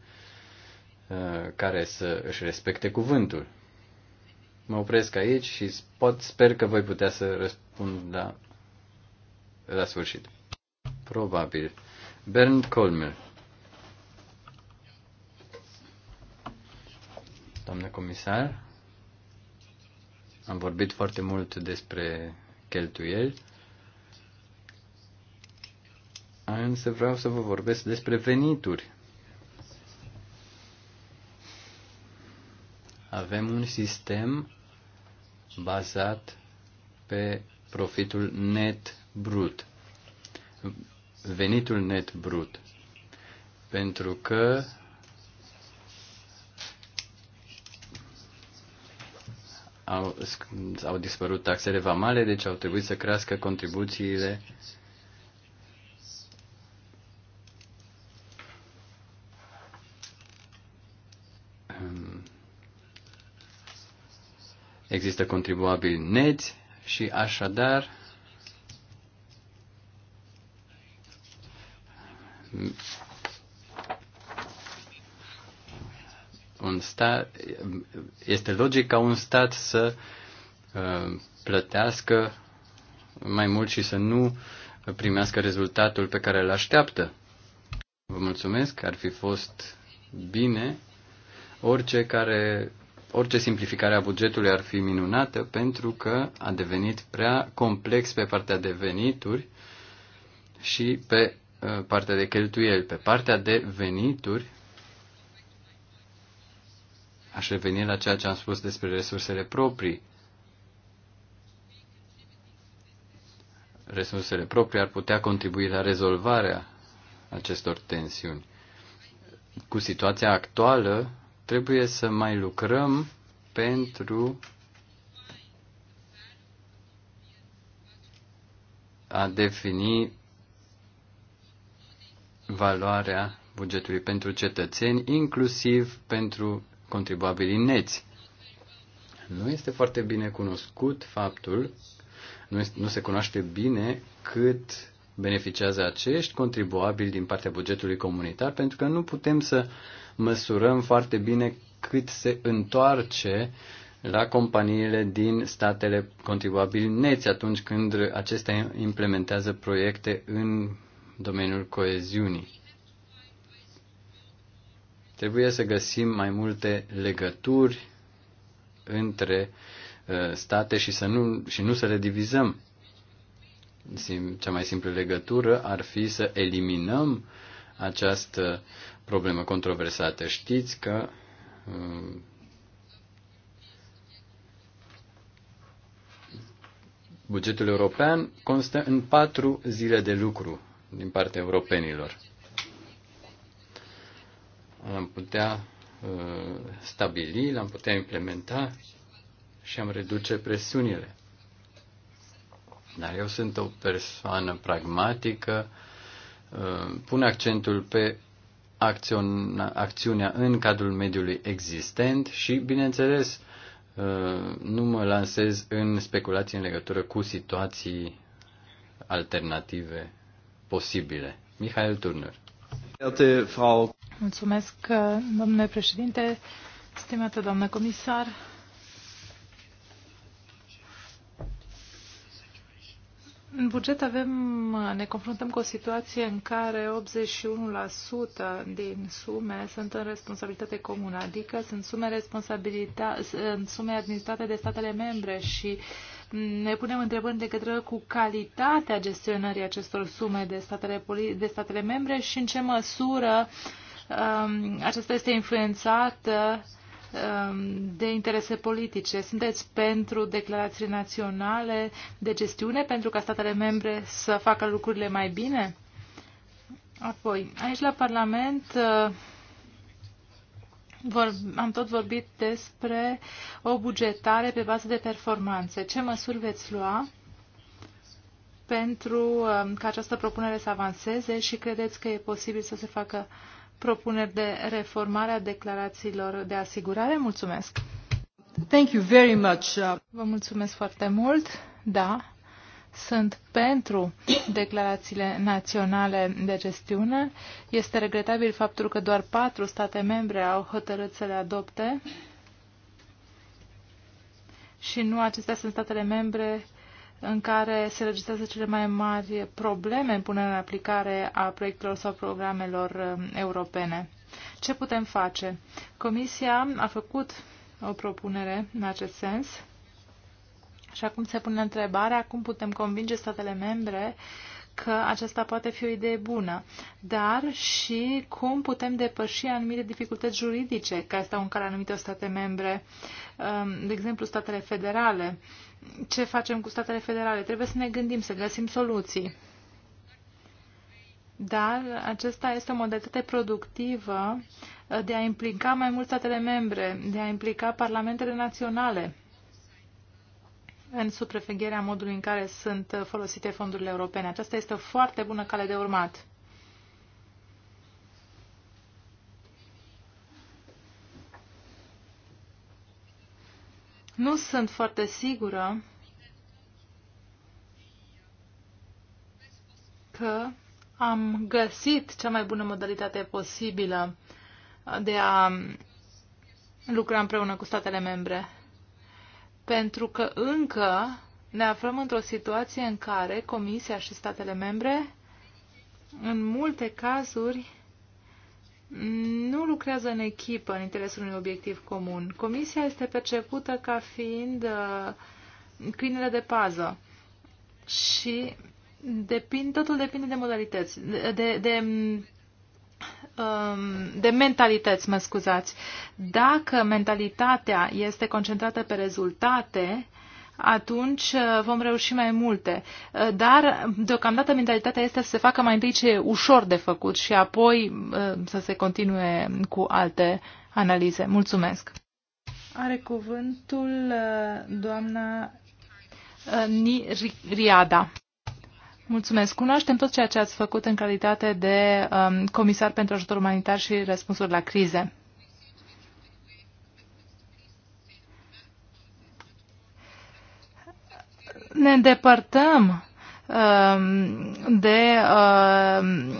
uh, care să își respecte cuvântul. Mă opresc aici și pot, sper că voi putea să răspund la la sfârșit. Probabil. Bernd Kolmer, domnule comisar, am vorbit foarte mult despre cheltuieli, însă vreau să vă vorbesc despre venituri. Avem un sistem bazat pe profitul net brut, venitul net brut, pentru că au, au dispărut taxele vamale, deci au trebuit să crească contribuțiile Există contribuabili neți și așadar stat, este logic ca un stat să uh, plătească mai mult și să nu primească rezultatul pe care îl așteaptă. Vă mulțumesc, ar fi fost bine. Orice, care, orice simplificare a bugetului ar fi minunată pentru că a devenit prea complex pe partea de venituri și pe uh, partea de cheltuieli. Pe partea de venituri Aș reveni la ceea ce am spus despre resursele proprii. Resursele proprii ar putea contribui la rezolvarea acestor tensiuni. Cu situația actuală, trebuie să mai lucrăm pentru a defini valoarea bugetului pentru cetățeni, inclusiv pentru contribuabilii neți. Nu este foarte bine cunoscut faptul, nu, este, nu se cunoaște bine cât beneficiază acești contribuabili din partea bugetului comunitar, pentru că nu putem să măsurăm foarte bine cât se întoarce la companiile din statele contribuabili neți atunci când acestea implementează proiecte în domeniul coeziunii. Trebuie să găsim mai multe legături între uh, state și, să nu, și nu să le divizăm. Cea mai simplă legătură ar fi să eliminăm această problemă controversată. Știți că uh, bugetul european constă în patru zile de lucru din partea europenilor. L-am putea uh, stabili, l-am putea implementa și am reduce presiunile. Dar eu sunt o persoană pragmatică, uh, pun accentul pe acțiunea în cadrul mediului existent și, bineînțeles, uh, nu mă lansez în speculații în legătură cu situații alternative posibile. Mihail Turner. Frau Mulțumesc, domnule președinte, stimată doamnă comisar. În buget avem, ne confruntăm cu o situație în care 81% din sume sunt în responsabilitate comună, adică sunt sume, sunt sume administrate de statele membre și ne punem întrebări de către cu calitatea gestionării acestor sume de statele, de statele membre și în ce măsură uh, Um, aceasta este influențată um, de interese politice. Sunteți pentru declarații naționale de gestiune pentru ca statele membre să facă lucrurile mai bine? Apoi, aici la Parlament uh, vor, am tot vorbit despre o bugetare pe bază de performanțe. Ce măsuri veți lua pentru um, ca această propunere să avanseze și credeți că e posibil să se facă uh, propuneri de reformare a declarațiilor de asigurare? Mulțumesc! Thank you very much. Vă mulțumesc foarte mult. Da, sunt pentru declarațiile naționale de gestiune. Este regretabil faptul că doar patru state membre au hotărât să le adopte și nu acestea sunt statele membre în care se registrează cele mai mari probleme în punerea în aplicare a proiectelor sau programelor um, europene. Ce putem face? Comisia a făcut o propunere în acest sens și acum se pune întrebarea cum putem convinge statele membre uh, că aceasta poate fi o idee bună, dar și cum putem depăși anumite dificultăți juridice care stau în care anumite state membre, um, de exemplu statele federale. Ce facem cu statele federale? Trebuie să ne gândim, să găsim soluții. Dar acesta este o modalitate productivă uh, de a implica mai mult statele membre, de a implica parlamentele naționale în supravegherea modului în care sunt folosite fondurile europene. Aceasta este o foarte bună cale de urmat. Nu sunt foarte sigură că am găsit cea mai bună modalitate posibilă de a lucra împreună cu statele membre pentru că încă ne aflăm într-o situație în care Comisia și statele membre, în multe cazuri, nu lucrează în echipă în interesul unui obiectiv comun. Comisia este percepută ca fiind uh, câinele de pază și depind, totul depinde de modalități, de, de Um, de mentalități, mă scuzați. Dacă mentalitatea este concentrată pe rezultate, atunci uh, vom reuși mai multe. Uh, dar, deocamdată, mentalitatea este să se facă mai întâi ce e ușor de făcut și apoi uh, să se continue cu alte analize. Mulțumesc! Are cuvântul doamna Riada. Mulțumesc. Cunoaștem tot ceea ce ați făcut în calitate de um, comisar pentru ajutor umanitar și răspunsuri la crize. Ne îndepărtăm um, de um,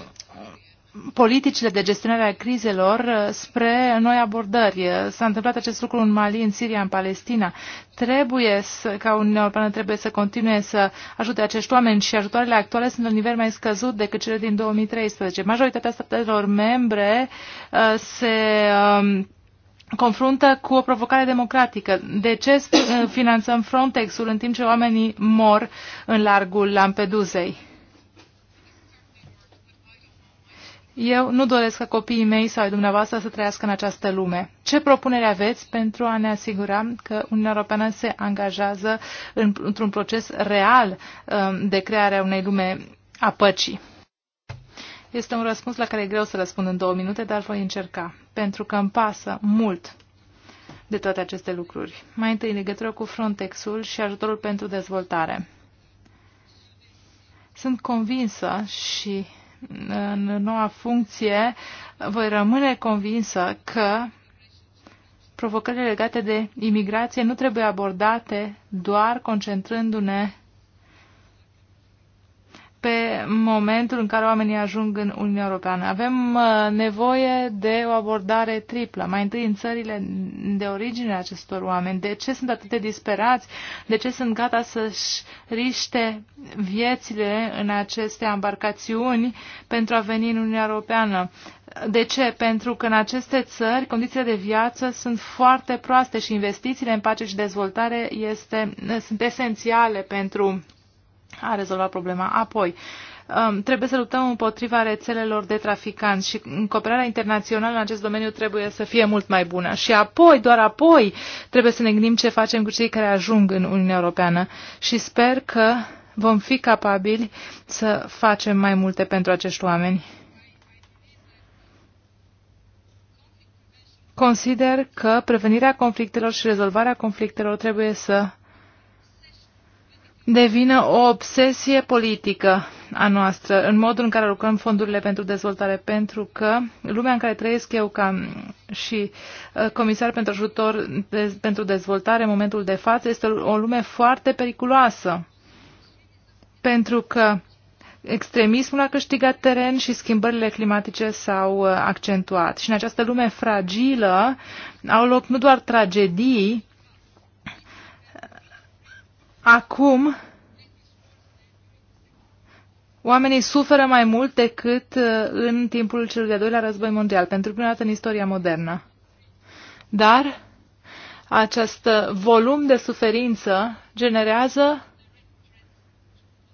politicile de gestionare a crizelor uh, spre noi abordări. Uh, s-a întâmplat acest lucru în Mali, în Siria, în Palestina. Trebuie să, ca Uniunea Europeană trebuie să continue să ajute acești oameni și ajutoarele actuale sunt la nivel mai scăzut decât cele din 2013. Majoritatea statelor membre uh, se um, confruntă cu o provocare democratică. De ce finanțăm Frontex-ul în timp ce oamenii mor în largul Lampedusei? Eu nu doresc ca copiii mei sau ai dumneavoastră să trăiască în această lume. Ce propunere aveți pentru a ne asigura că Uniunea Europeană se angajează în, într-un proces real um, de crearea unei lume a păcii? Este un răspuns la care e greu să răspund în două minute, dar voi încerca, pentru că îmi pasă mult de toate aceste lucruri. Mai întâi, legătură cu Frontex-ul și ajutorul pentru dezvoltare. Sunt convinsă și în noua funcție, voi rămâne convinsă că provocările legate de imigrație nu trebuie abordate doar concentrându-ne pe momentul în care oamenii ajung în Uniunea Europeană. Avem uh, nevoie de o abordare triplă. Mai întâi în țările de origine acestor oameni. De ce sunt atât de disperați? De ce sunt gata să-și riște viețile în aceste embarcațiuni pentru a veni în Uniunea Europeană? De ce? Pentru că în aceste țări condițiile de viață sunt foarte proaste și investițiile în pace și dezvoltare este, sunt esențiale pentru a rezolvat problema. Apoi, um, trebuie să luptăm împotriva rețelelor de traficanți și cooperarea internațională în acest domeniu trebuie să fie mult mai bună. Și apoi, doar apoi, trebuie să ne gândim ce facem cu cei care ajung în Uniunea Europeană și sper că vom fi capabili să facem mai multe pentru acești oameni. Consider că prevenirea conflictelor și rezolvarea conflictelor trebuie să devină o obsesie politică a noastră în modul în care lucrăm fondurile pentru dezvoltare, pentru că lumea în care trăiesc eu ca mm, și uh, comisar pentru ajutor de, pentru dezvoltare în momentul de față este o lume foarte periculoasă, pentru că extremismul a câștigat teren și schimbările climatice s-au uh, accentuat. Și în această lume fragilă au loc nu doar tragedii, Acum, oamenii suferă mai mult decât uh, în timpul celui de-al doilea război mondial, pentru prima dată în istoria modernă. Dar acest volum de suferință generează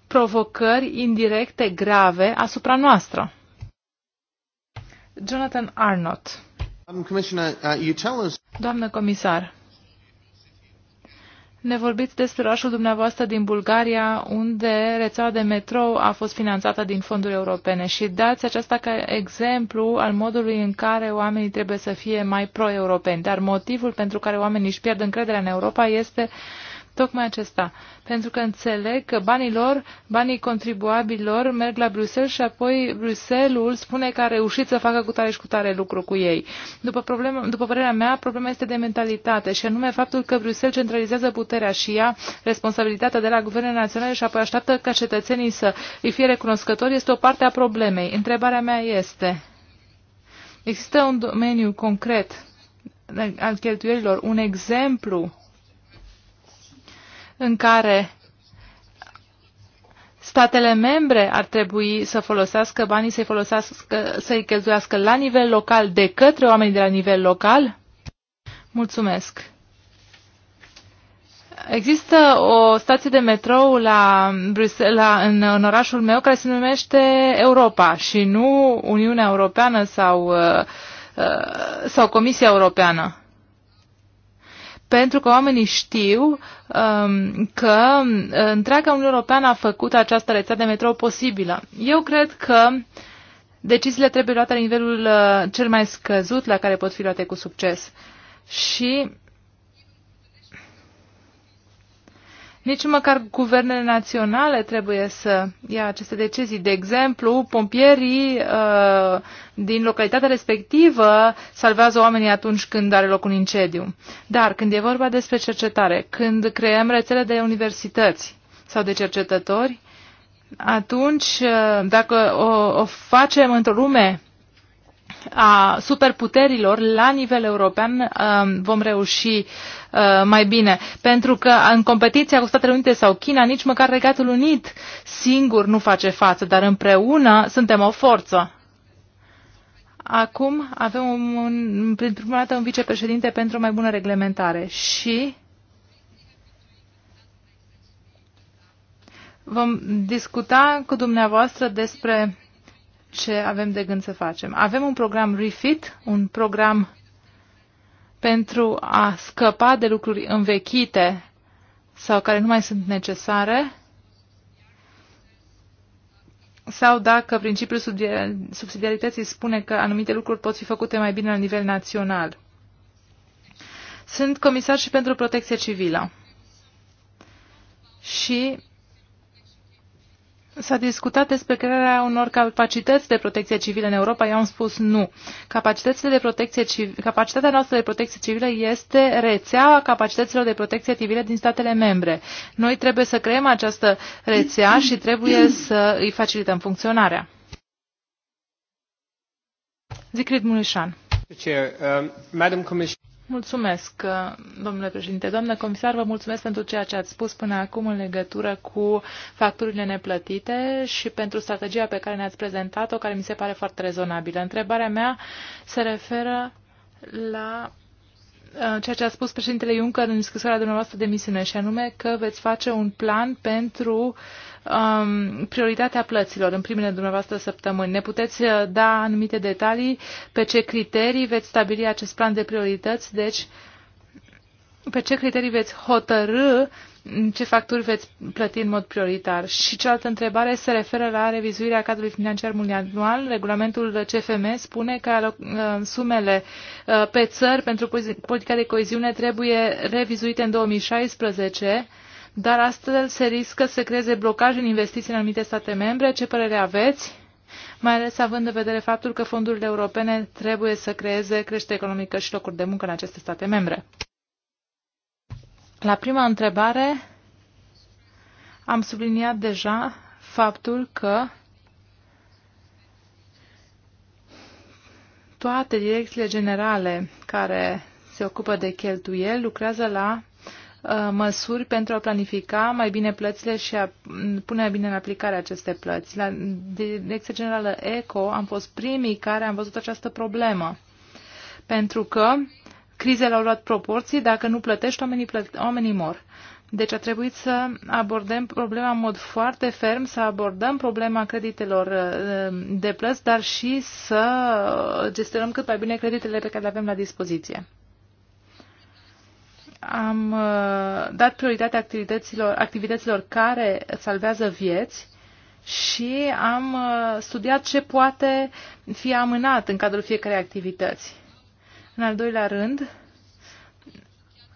provocări indirecte grave asupra noastră. Jonathan Arnott. Um, uh, Doamnă comisar, ne vorbiți despre orașul dumneavoastră din Bulgaria, unde rețeaua de metrou a fost finanțată din fonduri europene și dați aceasta ca exemplu al modului în care oamenii trebuie să fie mai pro-europeni. Dar motivul pentru care oamenii își pierd încrederea în Europa este uh, tocmai acesta. Pentru că înțeleg că banii lor, banii contribuabililor merg la Bruxelles și apoi Bruxelles spune că a reușit să facă cu tare și cu tare lucru cu ei. După, problemă, după părerea mea, problema este de mentalitate și anume faptul că Bruxelles centralizează puterea și ea, responsabilitatea de la guvernele naționale și apoi așteaptă ca cetățenii să îi fie recunoscători este o parte a problemei. Întrebarea mea este, există un domeniu concret al cheltuielilor, un exemplu în care statele membre ar trebui să folosească banii, să-i folosească, să-i cheltuiască la nivel local de către oamenii de la nivel local? Mulțumesc! Există o stație de metrou la la, în, în orașul meu care se numește Europa și nu Uniunea Europeană sau, uh, uh, sau Comisia Europeană pentru că oamenii știu um, că um, întreaga Uniune Europeană a făcut această rețea de metrou posibilă. Eu cred că deciziile trebuie luate la nivelul uh, cel mai scăzut la care pot fi luate cu succes. Și Nici măcar guvernele naționale trebuie să ia aceste decizii. De exemplu, pompierii uh, din localitatea respectivă salvează oamenii atunci când are loc un incendiu. Dar când e vorba despre cercetare, când creăm rețele de universități sau de cercetători, atunci, uh, dacă o, o facem într-o lume a superputerilor la nivel european um, vom reuși uh, mai bine. Pentru că în competiția cu Statele Unite sau China, nici măcar Regatul Unit singur nu face față, dar împreună suntem o forță. Acum avem un, un, prima dată un vicepreședinte pentru o mai bună reglementare și vom discuta cu dumneavoastră despre ce avem de gând să facem. Avem un program refit, un program pentru a scăpa de lucruri învechite sau care nu mai sunt necesare sau dacă principiul subsidiarității spune că anumite lucruri pot fi făcute mai bine la nivel național. Sunt comisar și pentru protecție civilă. Și S-a discutat despre crearea unor capacități de protecție civilă în Europa. Eu am spus nu. Capacitățile de protecție capacitatea noastră de protecție civilă este rețeaua capacităților de protecție civilă din statele membre. Noi trebuie să creăm această rețea și trebuie să îi facilităm funcționarea. Zicrit Mulișan. Um, Mulțumesc, domnule președinte. Doamnă comisar, vă mulțumesc pentru ceea ce ați spus până acum în legătură cu facturile neplătite și pentru strategia pe care ne-ați prezentat-o, care mi se pare foarte rezonabilă. Întrebarea mea se referă la Uh, ceea ce a spus președintele Juncker în scrisoarea dumneavoastră de misiune, și anume că veți face un plan pentru um, prioritatea plăților în primele dumneavoastră săptămâni. Ne puteți uh, da anumite detalii pe ce criterii veți stabili acest plan de priorități, deci uh, pe ce criterii veți hotărâ ce facturi veți plăti în mod prioritar. Și cealaltă întrebare se referă la revizuirea cadrului financiar multianual. Regulamentul CFM spune că uh, sumele uh, pe țări pentru politica de coeziune trebuie revizuite în 2016 dar astfel se riscă să creeze blocaj în investiții în anumite state membre. Ce părere aveți? Mai ales având în vedere faptul că fondurile europene trebuie să creeze creștere economică și locuri de muncă în aceste state membre. La prima întrebare am subliniat deja faptul că toate direcțiile generale care se ocupă de cheltuieli lucrează la uh, măsuri pentru a planifica mai bine plățile și a mm, pune mai bine în aplicare aceste plăți. La Direcția Generală ECO am fost primii care am văzut această problemă, pentru că Crizele au luat proporții, dacă nu plătești, oamenii, plă- oamenii mor. Deci a trebuit să abordăm problema în mod foarte ferm, să abordăm problema creditelor uh, de plăți, dar și să gestionăm cât mai bine creditele pe care le avem la dispoziție. Am uh, dat prioritate activităților, activităților care salvează vieți și am uh, studiat ce poate fi amânat în cadrul fiecarei activități în al doilea rând,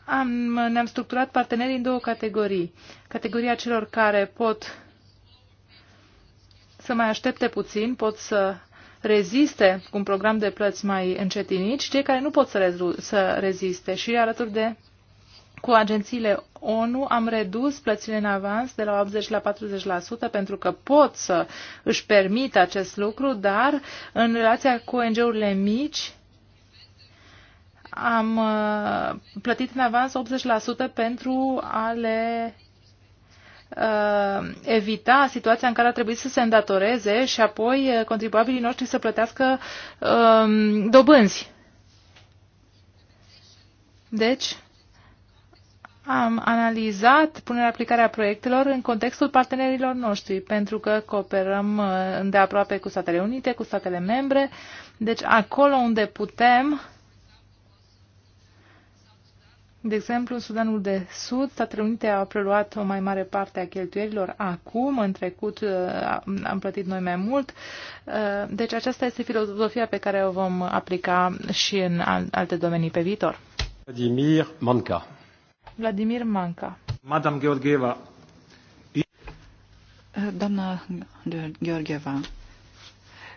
am, ne-am structurat partenerii în două categorii. Categoria celor care pot să mai aștepte puțin, pot să reziste cu un program de plăți mai încetinit și cei care nu pot să, rezu- să reziste. Și alături de cu agențiile ONU am redus plățile în avans de la 80 la 40% pentru că pot să își permit acest lucru, dar în relația cu ONG-urile mici am uh, plătit în avans 80% pentru a le uh, evita situația în care a trebuit să se îndatoreze și apoi uh, contribuabilii noștri să plătească uh, dobânzi. Deci, am analizat punerea aplicarea proiectelor în contextul partenerilor noștri, pentru că cooperăm îndeaproape cu Statele Unite, cu statele membre, deci acolo unde putem de exemplu, în Sudanul de Sud, Statele Unite au preluat o mai mare parte a cheltuielilor acum, în trecut uh, am plătit noi mai mult. Uh, deci aceasta este filozofia pe care o vom aplica și în alte domenii pe viitor. Vladimir Manca. Vladimir Manca. Madame Georgieva. Doamna Georgieva,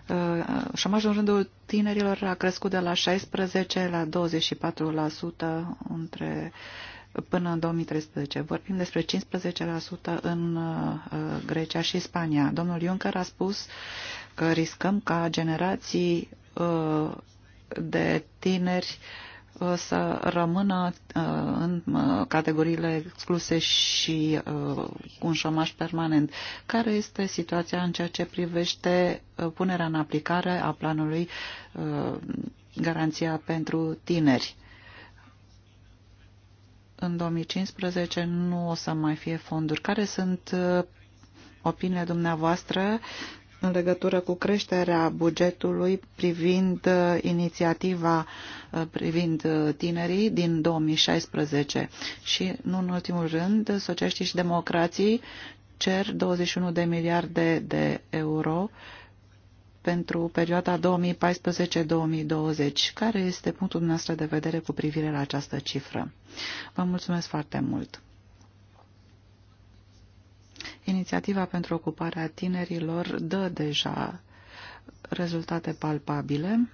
Uh, șomajul în rândul tinerilor a crescut de la 16 la 24% între, până în 2013. Vorbim despre 15% în uh, uh, Grecia și Spania. Domnul Juncker a spus că riscăm ca generații de tineri uh, Uh, să rămână uh, în uh, categoriile excluse și un șomaș permanent. Care este situația în ceea ce privește punerea în aplicare a planului Garanția pentru tineri? În 2015 nu o să mai fie fonduri. Care sunt opiniile dumneavoastră în legătură cu creșterea bugetului privind uh, inițiativa uh, privind uh, tinerii din 2016 și, nu în ultimul rând, socialiștii și democrații cer 21 de miliarde de euro pentru perioada 2014-2020. Care este punctul dumneavoastră de vedere cu privire la această cifră? Vă mulțumesc foarte mult! Inițiativa pentru ocuparea tinerilor dă deja rezultate palpabile.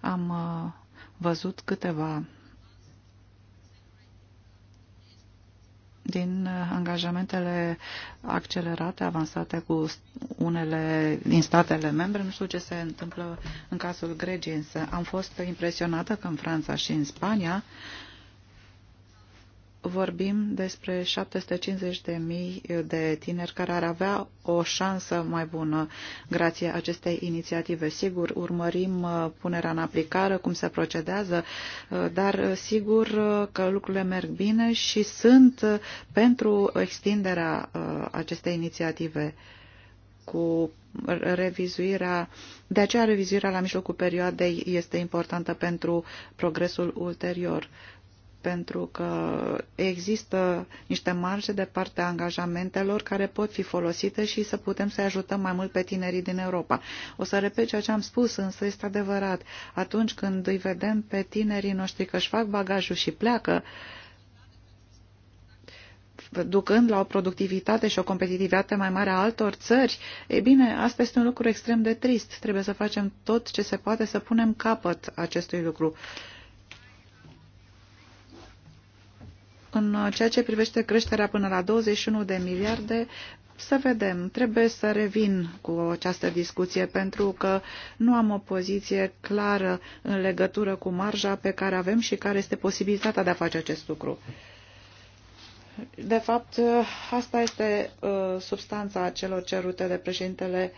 Am uh, văzut câteva din uh, angajamentele accelerate, avansate cu unele din statele membre. Nu știu ce se întâmplă în cazul Greciei, însă am fost impresionată că în Franța și în Spania uh, vorbim despre 750.000 de tineri care ar avea o șansă mai bună grație acestei inițiative. Sigur, urmărim uh, punerea în aplicare, cum se procedează, uh, dar uh, sigur că lucrurile merg bine și sunt pentru extinderea acestei inițiative cu revizuirea, de aceea revizuirea la mijlocul perioadei este importantă pentru progresul ulterior pentru că există niște marge de partea angajamentelor care pot fi folosite și să putem să ajutăm mai mult pe tinerii din Europa. O să repet ceea ce am spus, însă este adevărat. Atunci când îi vedem pe tinerii noștri că își fac bagajul și pleacă, ducând la o productivitate și o competitivitate mai mare a altor țări, e bine, asta este un lucru extrem de trist. Trebuie să facem tot ce se poate să punem capăt acestui lucru. Uh, În ceea ce privește creșterea până la 21 de miliarde, să vedem, trebuie să revin cu această discuție pentru că nu am o poziție clară în legătură cu marja pe care avem și care este posibilitatea de a face acest lucru. De fapt, asta este uh, substanța celor cerute de președintele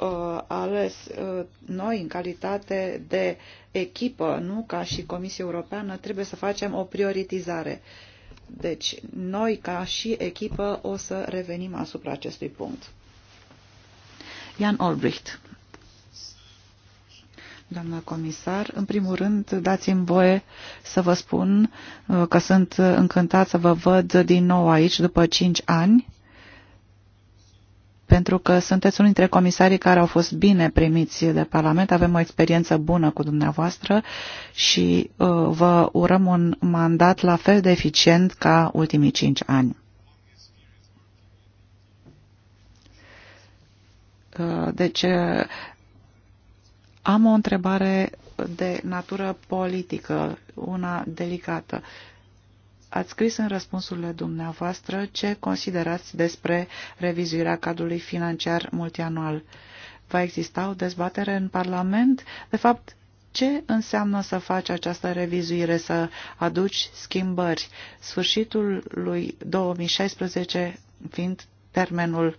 uh, ales uh, noi în calitate de echipă, nu ca și Comisia Europeană, trebuie să facem o prioritizare. Uh, deci, noi, ca și echipă, o să revenim asupra acestui punct. Jan Olbricht. Doamna comisar, în primul rând dați-mi voie să vă spun uh, că sunt încântat să vă văd din nou aici după 5 ani pentru că sunteți unul dintre comisarii care au fost bine primiți de Parlament, avem o experiență bună cu dumneavoastră și uh, vă urăm un mandat la fel de eficient ca ultimii cinci ani. Uh, deci, uh, am o întrebare de natură politică, una delicată. Uh, Ați scris în răspunsurile dumneavoastră ce considerați despre revizuirea cadrului financiar multianual. Va exista o dezbatere în Parlament? De fapt, ce înseamnă să faci această revizuire, să aduci schimbări? Sfârșitul lui 2016 fiind termenul uh,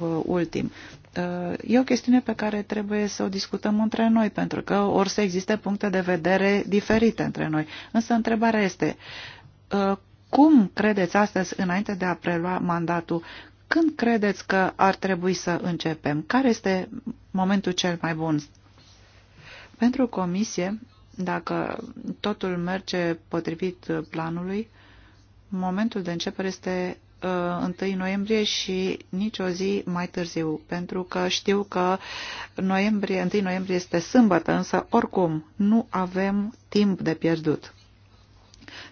Uh, ultim. Uh, e o chestiune pe care trebuie să o discutăm între noi, pentru că or să existe puncte de vedere diferite între noi. Însă întrebarea este, uh, cum credeți astăzi, înainte de a prelua mandatul, când credeți că ar trebui să începem? Care este momentul cel mai bun? Pentru comisie, dacă totul merge potrivit planului, momentul de începere este 1 uh, noiembrie și nici o zi mai târziu, pentru că știu că noiembrie, 1 noiembrie este sâmbătă, însă oricum nu avem timp de pierdut.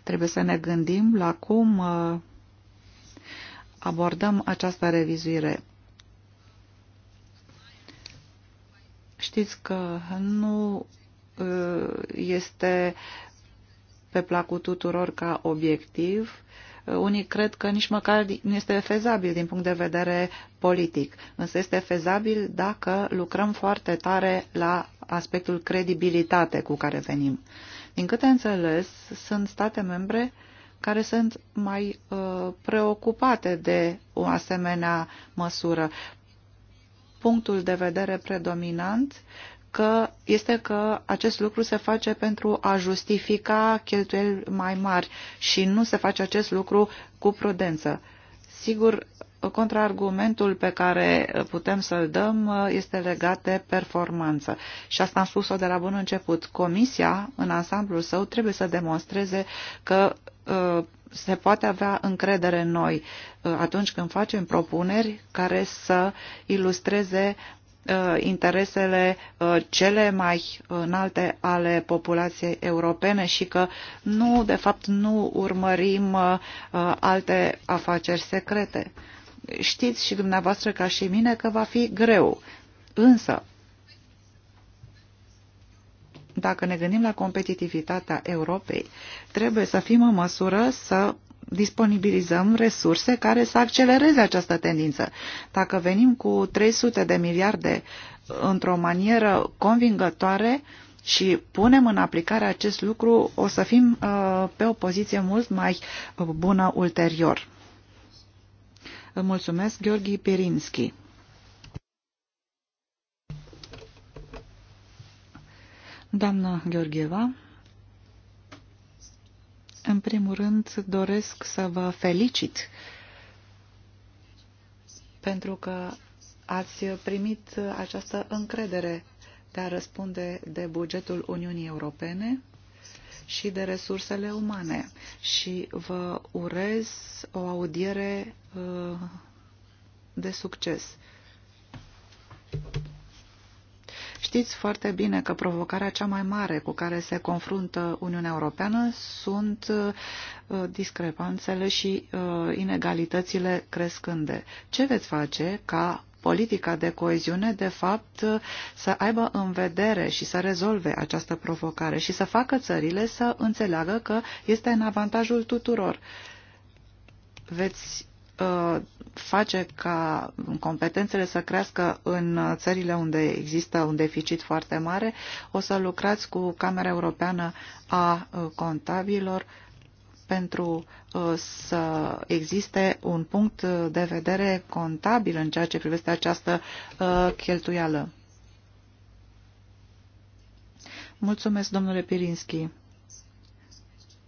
Trebuie să ne gândim la cum uh, abordăm această revizuire. Știți că nu uh, este pe placul tuturor ca obiectiv uh, unii cred că nici măcar nu este fezabil din punct de vedere politic, însă este fezabil dacă lucrăm foarte tare la aspectul credibilitate cu care venim. Din câte înțeles, sunt state membre care sunt mai uh, preocupate de o asemenea măsură. Punctul de vedere predominant uh, că este că acest lucru se face pentru a justifica cheltuieli mai mari și nu se face acest lucru cu prudență. Sigur, contraargumentul pe care putem să-l dăm uh, este legat de performanță. Și asta am spus-o de la bun început. Comisia, în ansamblul său, trebuie să demonstreze că uh, se poate avea încredere în noi uh, atunci când facem propuneri care să ilustreze Uh, interesele uh, cele mai înalte ale populației europene și că nu, de fapt, nu urmărim uh, alte afaceri secrete. Știți și dumneavoastră ca și mine că va fi greu, însă dacă ne gândim la competitivitatea Europei, trebuie să fim în măsură să disponibilizăm resurse care să accelereze această tendință. Dacă venim cu 300 de miliarde într-o manieră convingătoare și punem în aplicare acest lucru, o să fim uh, pe o poziție mult mai uh, bună ulterior. Îl mulțumesc, Gheorghi Pirinski. Doamna Gheorgheva. În primul rând, doresc să vă felicit pentru că ați primit această încredere de a răspunde de bugetul Uniunii Europene și de resursele umane și vă urez o audiere uh, de succes. Știți foarte bine că provocarea cea mai mare cu care se confruntă Uniunea Europeană sunt uh, discrepanțele și uh, inegalitățile crescânde. Ce veți face ca politica de coeziune, de fapt, uh, să aibă în vedere și să rezolve această provocare și să facă țările să înțeleagă că este în avantajul tuturor. Veți Uh, face ca competențele să crească în țările unde există un deficit foarte mare, o să lucrați cu Camera Europeană a uh, Contabilor pentru uh, să existe un punct de vedere contabil în ceea ce privește această cheltuială. Mulțumesc, domnule Pirinski.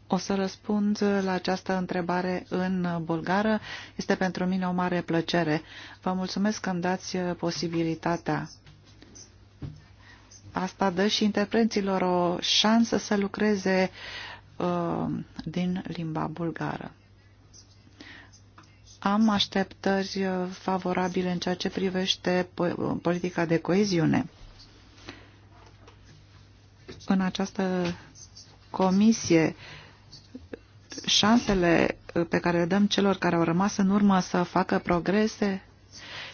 O să răspund la această întrebare în bulgară. Este pentru mine o mare plăcere. Vă mulțumesc că îmi dați uh, posibilitatea. Asta dă și interpreților o șansă să lucreze uh, din limba bulgară. Am așteptări uh, favorabile în ceea ce privește politica de coeziune. În această comisie uh, șansele uh, pe care le dăm celor care au rămas în urmă să facă progrese?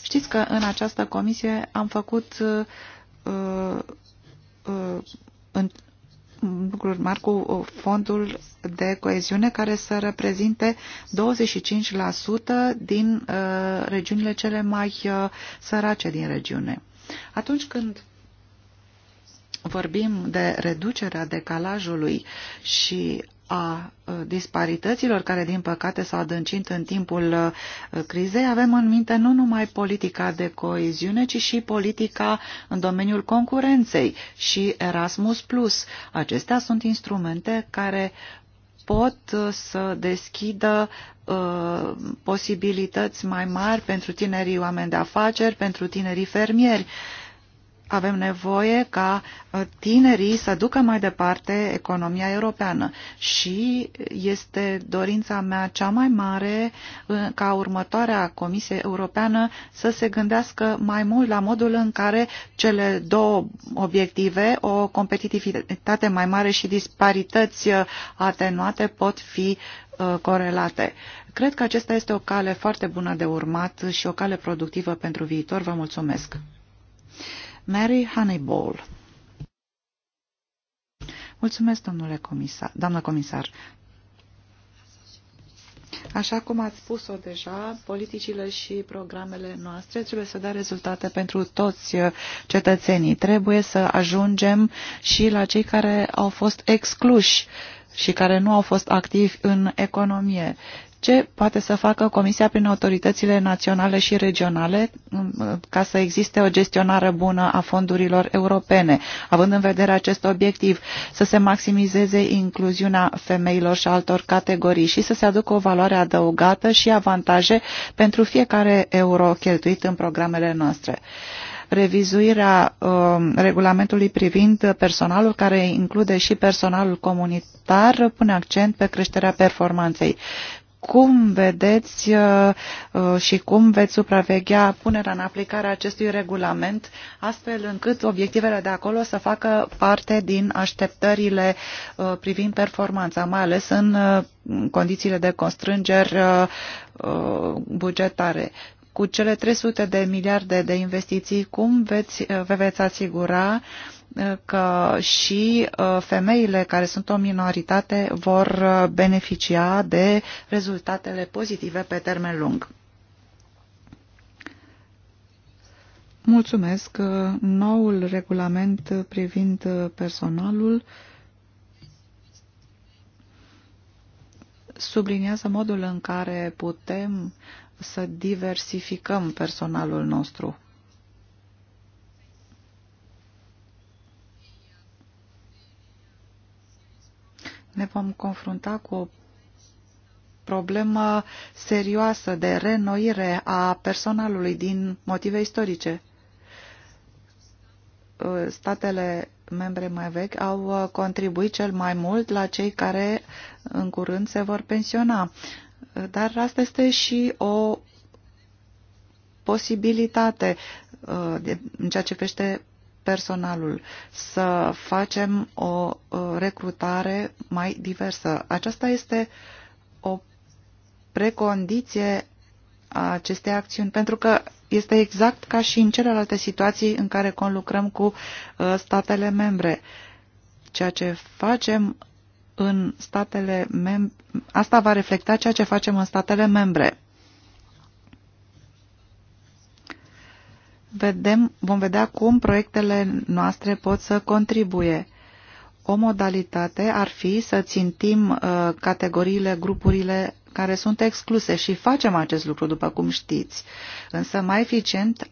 Știți că în această comisie am făcut uh, uh, uh în lucruri mari cu uh, fondul de coeziune care să reprezinte 25% din uh, regiunile cele mai uh, sărace din regiune. Atunci când vorbim de reducerea decalajului și a disparităților care, din păcate, s-au adâncit în timpul crizei, avem în minte nu numai politica de coeziune, ci și politica în domeniul concurenței și Erasmus+. Acestea sunt instrumente care pot să deschidă posibilități mai mari pentru tinerii oameni de afaceri, pentru tinerii fermieri avem nevoie ca uh, tinerii să ducă mai departe economia europeană și este dorința mea cea mai mare uh, ca următoarea Comisie Europeană să se gândească mai mult la modul în care cele două obiective, o competitivitate mai mare și disparități uh, atenuate pot fi corelate. Cred că acesta este o cale foarte bună de urmat și o cale productivă pentru viitor. Vă mulțumesc! Mary Honeyball. Mulțumesc, domnule comisar, doamnă comisar. Așa cum ați spus-o deja, politicile și programele noastre trebuie să dea rezultate pentru toți uh, cetățenii. Trebuie să ajungem și la cei care au fost excluși și care nu au fost activi în economie ce poate să facă Comisia prin autoritățile naționale și regionale um, ca să existe o gestionare bună a fondurilor europene, având în vedere acest obiectiv, să se maximizeze incluziunea femeilor și altor categorii și să se aducă o valoare adăugată și avantaje pentru fiecare euro cheltuit în programele noastre revizuirea uh, regulamentului privind personalul, care include și personalul comunitar, pune accent pe creșterea performanței cum vedeți uh, uh, și cum veți supraveghea punerea în aplicare a acestui regulament, astfel încât obiectivele de acolo să facă parte din așteptările uh, privind performanța, mai ales în condițiile de constrângeri bugetare. Cu cele 300 de miliarde de investiții, cum veți, vă veți asigura că și ă, femeile care sunt o minoritate vor ă, beneficia de rezultatele pozitive pe termen lung. Mulțumesc. Ă, noul regulament privind personalul subliniază modul în care putem să diversificăm personalul nostru. ne vom confrunta cu o problemă serioasă de renoire a personalului din motive istorice. Uh, statele membre mai vechi au uh, contribuit cel mai mult la cei care în curând se vor pensiona. Uh, dar asta este și o posibilitate în ceea ce crește personalul, să facem o recrutare mai diversă. Aceasta este o precondiție a acestei acțiuni, pentru că este exact ca și în celelalte situații în care conlucrăm cu uh, statele membre. Ceea ce facem în statele membre, asta va reflecta ceea ce facem în statele membre. vedem, vom vedea cum proiectele noastre pot să contribuie. O modalitate ar fi să țintim uh, categoriile, grupurile care sunt excluse și facem acest lucru, după cum știți. Însă mai eficient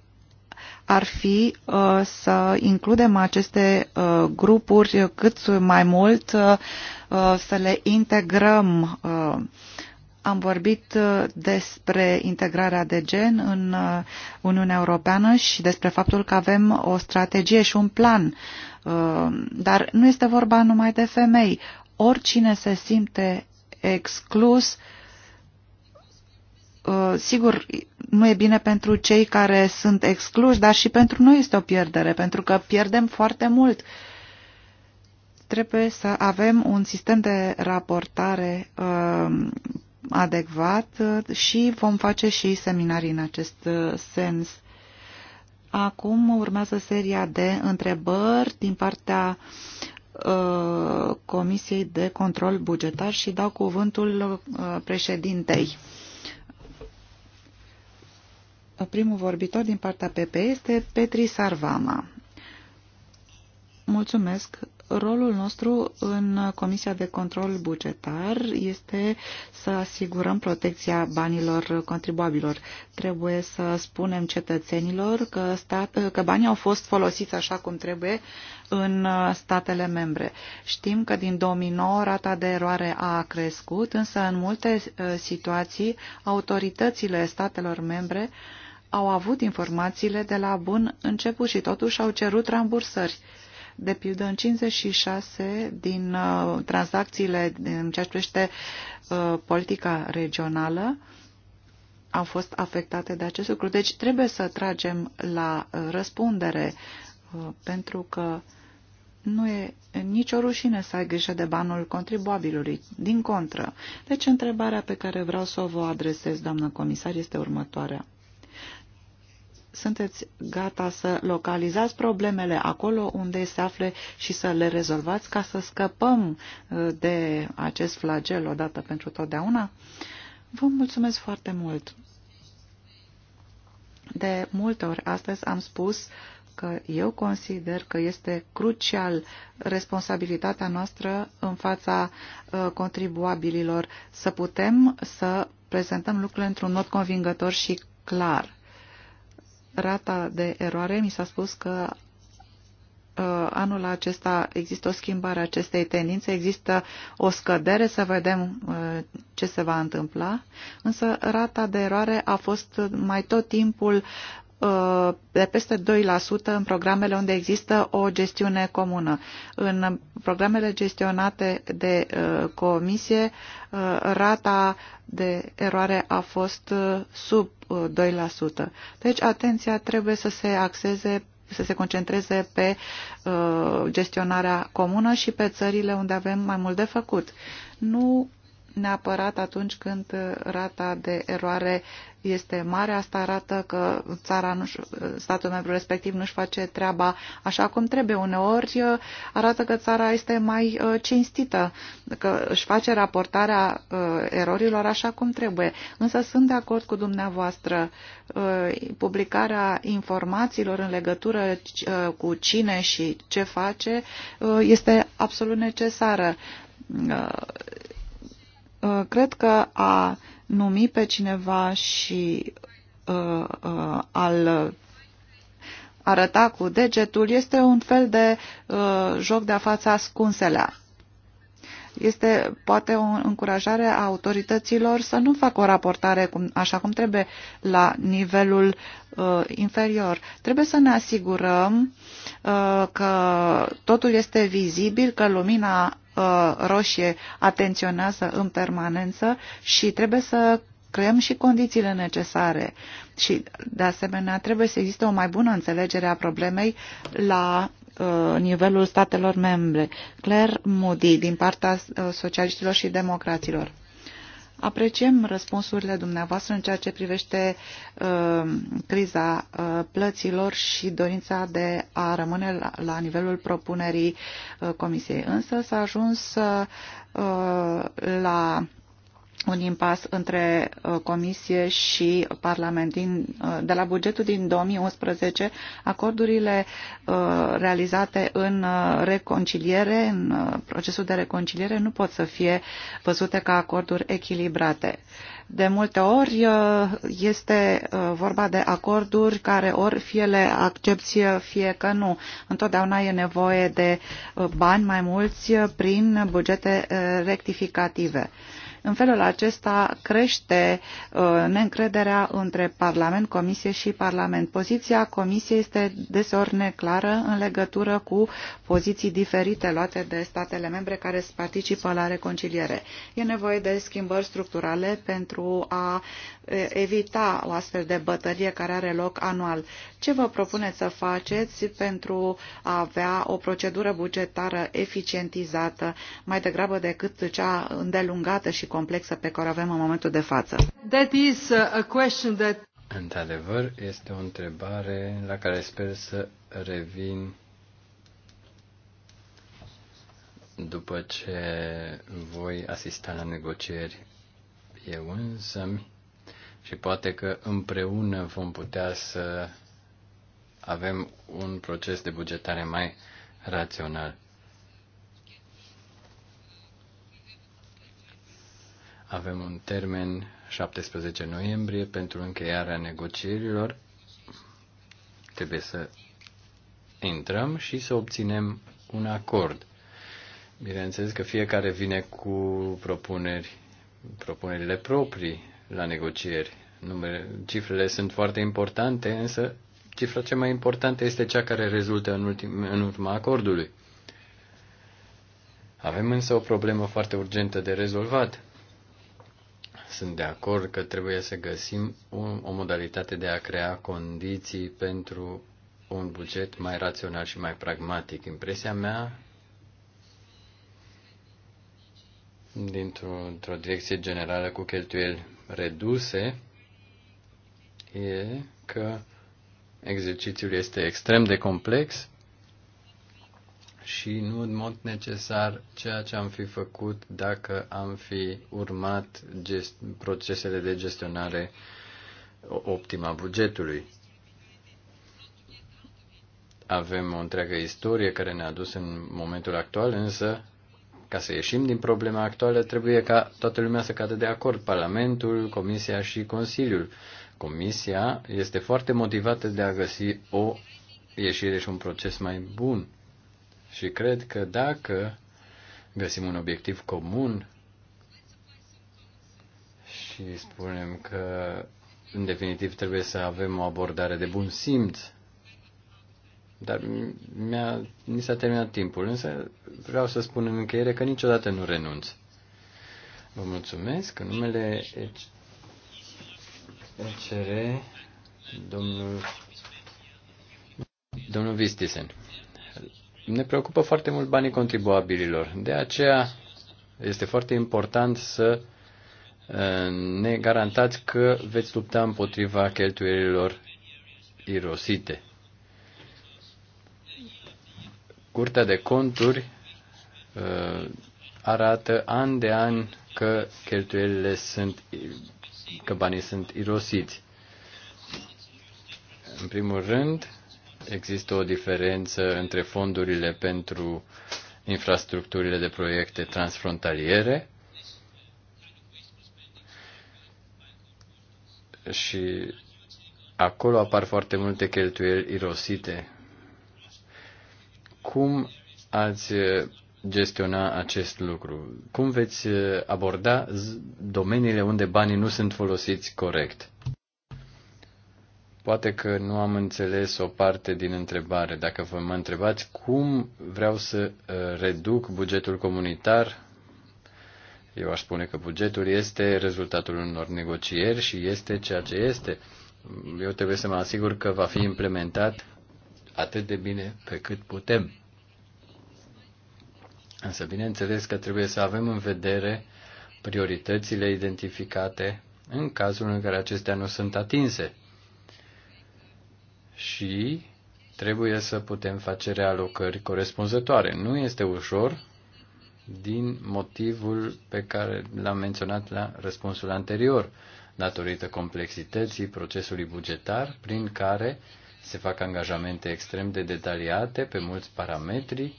ar fi uh, să includem aceste uh, grupuri cât mai mult, uh, să le integrăm uh, am vorbit uh, despre integrarea de gen în uh, Uniunea Europeană și despre faptul că avem o strategie și un plan. Uh, dar nu este vorba numai de femei. Oricine se simte exclus, sigur, nu e bine pentru cei care sunt excluși, dar și pentru noi este o pierdere, pentru că pierdem foarte mult trebuie să avem un sistem de raportare adecvat uh, și vom face și seminarii în acest uh, sens. Acum urmează seria de întrebări din partea uh, Comisiei de Control Bugetar și dau cuvântul președintei. Primul vorbitor din partea PP este Petri Sarvama. Mulțumesc, rolul nostru în Comisia de Control Bugetar este să asigurăm protecția banilor contribuabilor. Trebuie să spunem cetățenilor că, stat, că banii au fost folosiți așa cum trebuie în statele membre. Știm că din 2009 rata de eroare a crescut, însă în multe uh, situații autoritățile statelor membre au avut informațiile de la bun început și totuși au cerut rambursări de pildă, în 56 din uh, tranzacțiile în ceea ce privește uh, politica regională au fost afectate de acest lucru. Deci trebuie să tragem la uh, răspundere uh, pentru că nu e nicio rușine să ai grijă de banul contribuabilului, din contră. Deci întrebarea pe care vreau să o vă adresez, doamnă comisar, este următoarea sunteți gata să localizați problemele acolo unde se afle și să le rezolvați ca să scăpăm uh, de acest flagel odată pentru totdeauna? Vă mulțumesc foarte mult! De multe ori astăzi am spus că eu consider că este crucial responsabilitatea noastră în fața uh, contribuabililor să putem să prezentăm lucrurile într-un mod convingător și clar rata de eroare, mi s-a spus că uh, anul acesta există o schimbare a acestei tendințe, există o scădere, să vedem uh, ce se va întâmpla, însă rata de eroare a fost mai tot timpul Uh, de peste 2% în programele unde există o gestiune comună. În programele gestionate de uh, comisie, uh, rata de eroare a fost sub 2%. Deci atenția trebuie să se axeze să se concentreze pe uh, gestionarea comună și pe țările unde avem mai mult de făcut. Nu neapărat atunci când uh, rata de eroare este mare. Asta arată că țara nu uh, statul membru respectiv nu-și face treaba așa cum trebuie. Uneori uh, arată că țara este mai cinstită, că își face raportarea erorilor așa cum trebuie. Însă sunt de acord cu dumneavoastră. Publicarea informațiilor în legătură cu cine și ce face este absolut necesară Uh, cred că a numi pe cineva și uh, uh, al arăta cu degetul este un fel de joc de-a fața ascunselea este poate o încurajare a autorităților să nu facă o raportare cum, așa cum trebuie la nivelul uh, inferior. Trebuie să ne asigurăm uh, că totul este vizibil, că lumina Uh, roșie atenționează în permanență și trebuie să creăm și condițiile necesare și, de asemenea, trebuie să existe o mai bună înțelegere a problemei la uh, nivelul statelor membre. Claire Moody, din partea uh, socialiștilor și democraților. Apreciem răspunsurile dumneavoastră în ceea ce privește uh, criza uh, plăților și dorința de a rămâne la, la nivelul propunerii uh, Comisiei. Însă s-a ajuns uh, la un impas între uh, Comisie și Parlament. Din, uh, de la bugetul din 2011, acordurile uh, realizate în reconciliere, în procesul de reconciliere, nu pot să fie văzute ca acorduri echilibrate. De multe ori este vorba de acorduri care ori fie le accepți, fie că nu. Întotdeauna e nevoie de bani mai mulți prin bugete rectificative. În felul acesta crește uh, neîncrederea între Parlament, Comisie și Parlament. Poziția Comisiei este deseori neclară în legătură cu poziții diferite luate de statele membre care participă la reconciliere. E nevoie de schimbări structurale pentru a evita o astfel de bătălie care are loc anual. Ce vă propuneți să faceți pentru a avea o procedură bugetară eficientizată mai degrabă decât cea îndelungată și complexă pe care o avem în momentul de față. That is a question that... Într-adevăr, este o întrebare la care sper să revin după ce voi asista la negocieri eu însă și poate că împreună vom putea să avem un proces de bugetare mai rațional. Avem un termen 17 noiembrie pentru încheierea negocierilor. Trebuie să intrăm și să obținem un acord. Bineînțeles că fiecare vine cu propuneri, propunerile proprii la negocieri. Numere, cifrele sunt foarte importante, însă cifra cea mai importantă este cea care rezultă în, ultim, în urma acordului. Avem însă o problemă foarte urgentă de rezolvat sunt de acord că trebuie să găsim un, o modalitate de a crea condiții pentru un buget mai rațional și mai pragmatic. Impresia mea dintr-o într direcție generală cu cheltuieli reduse e că exercițiul este extrem de complex și nu în mod necesar ceea ce am fi făcut dacă am fi urmat gest- procesele de gestionare optimă a bugetului. Avem o întreagă istorie care ne-a dus în momentul actual, însă ca să ieșim din problema actuală, trebuie ca toată lumea să cadă de acord, Parlamentul, Comisia și Consiliul. Comisia este foarte motivată de a găsi o ieșire și un proces mai bun și cred că dacă găsim un obiectiv comun și spunem că, în definitiv, trebuie să avem o abordare de bun simț, dar mi-a, mi s-a terminat timpul, însă vreau să spun în încheiere că niciodată nu renunț. Vă mulțumesc. În numele ECR, domnul, domnul Vistisen ne preocupă foarte mult banii contribuabililor. De aceea este foarte important să uh, ne garantați că veți lupta împotriva cheltuielilor irosite. Curtea de conturi uh, arată an de an că cheltuielile sunt, că banii sunt irosiți. În primul rând, există o diferență între fondurile pentru infrastructurile de proiecte transfrontaliere și acolo apar foarte multe cheltuieli irosite. Cum ați gestiona acest lucru? Cum veți aborda domeniile unde banii nu sunt folosiți corect? Poate că nu am înțeles o parte din întrebare. Dacă vă mă întrebați cum vreau să uh, reduc bugetul comunitar, eu aș spune că bugetul este rezultatul unor negocieri și este ceea ce este. Eu trebuie să mă asigur că va fi implementat atât de bine pe cât putem. Însă, bineînțeles că trebuie să avem în vedere prioritățile identificate în cazul în care acestea nu sunt atinse și trebuie să putem face realocări corespunzătoare. Nu este ușor din motivul pe care l-am menționat la răspunsul anterior, datorită complexității procesului bugetar prin care se fac angajamente extrem de detaliate pe mulți parametri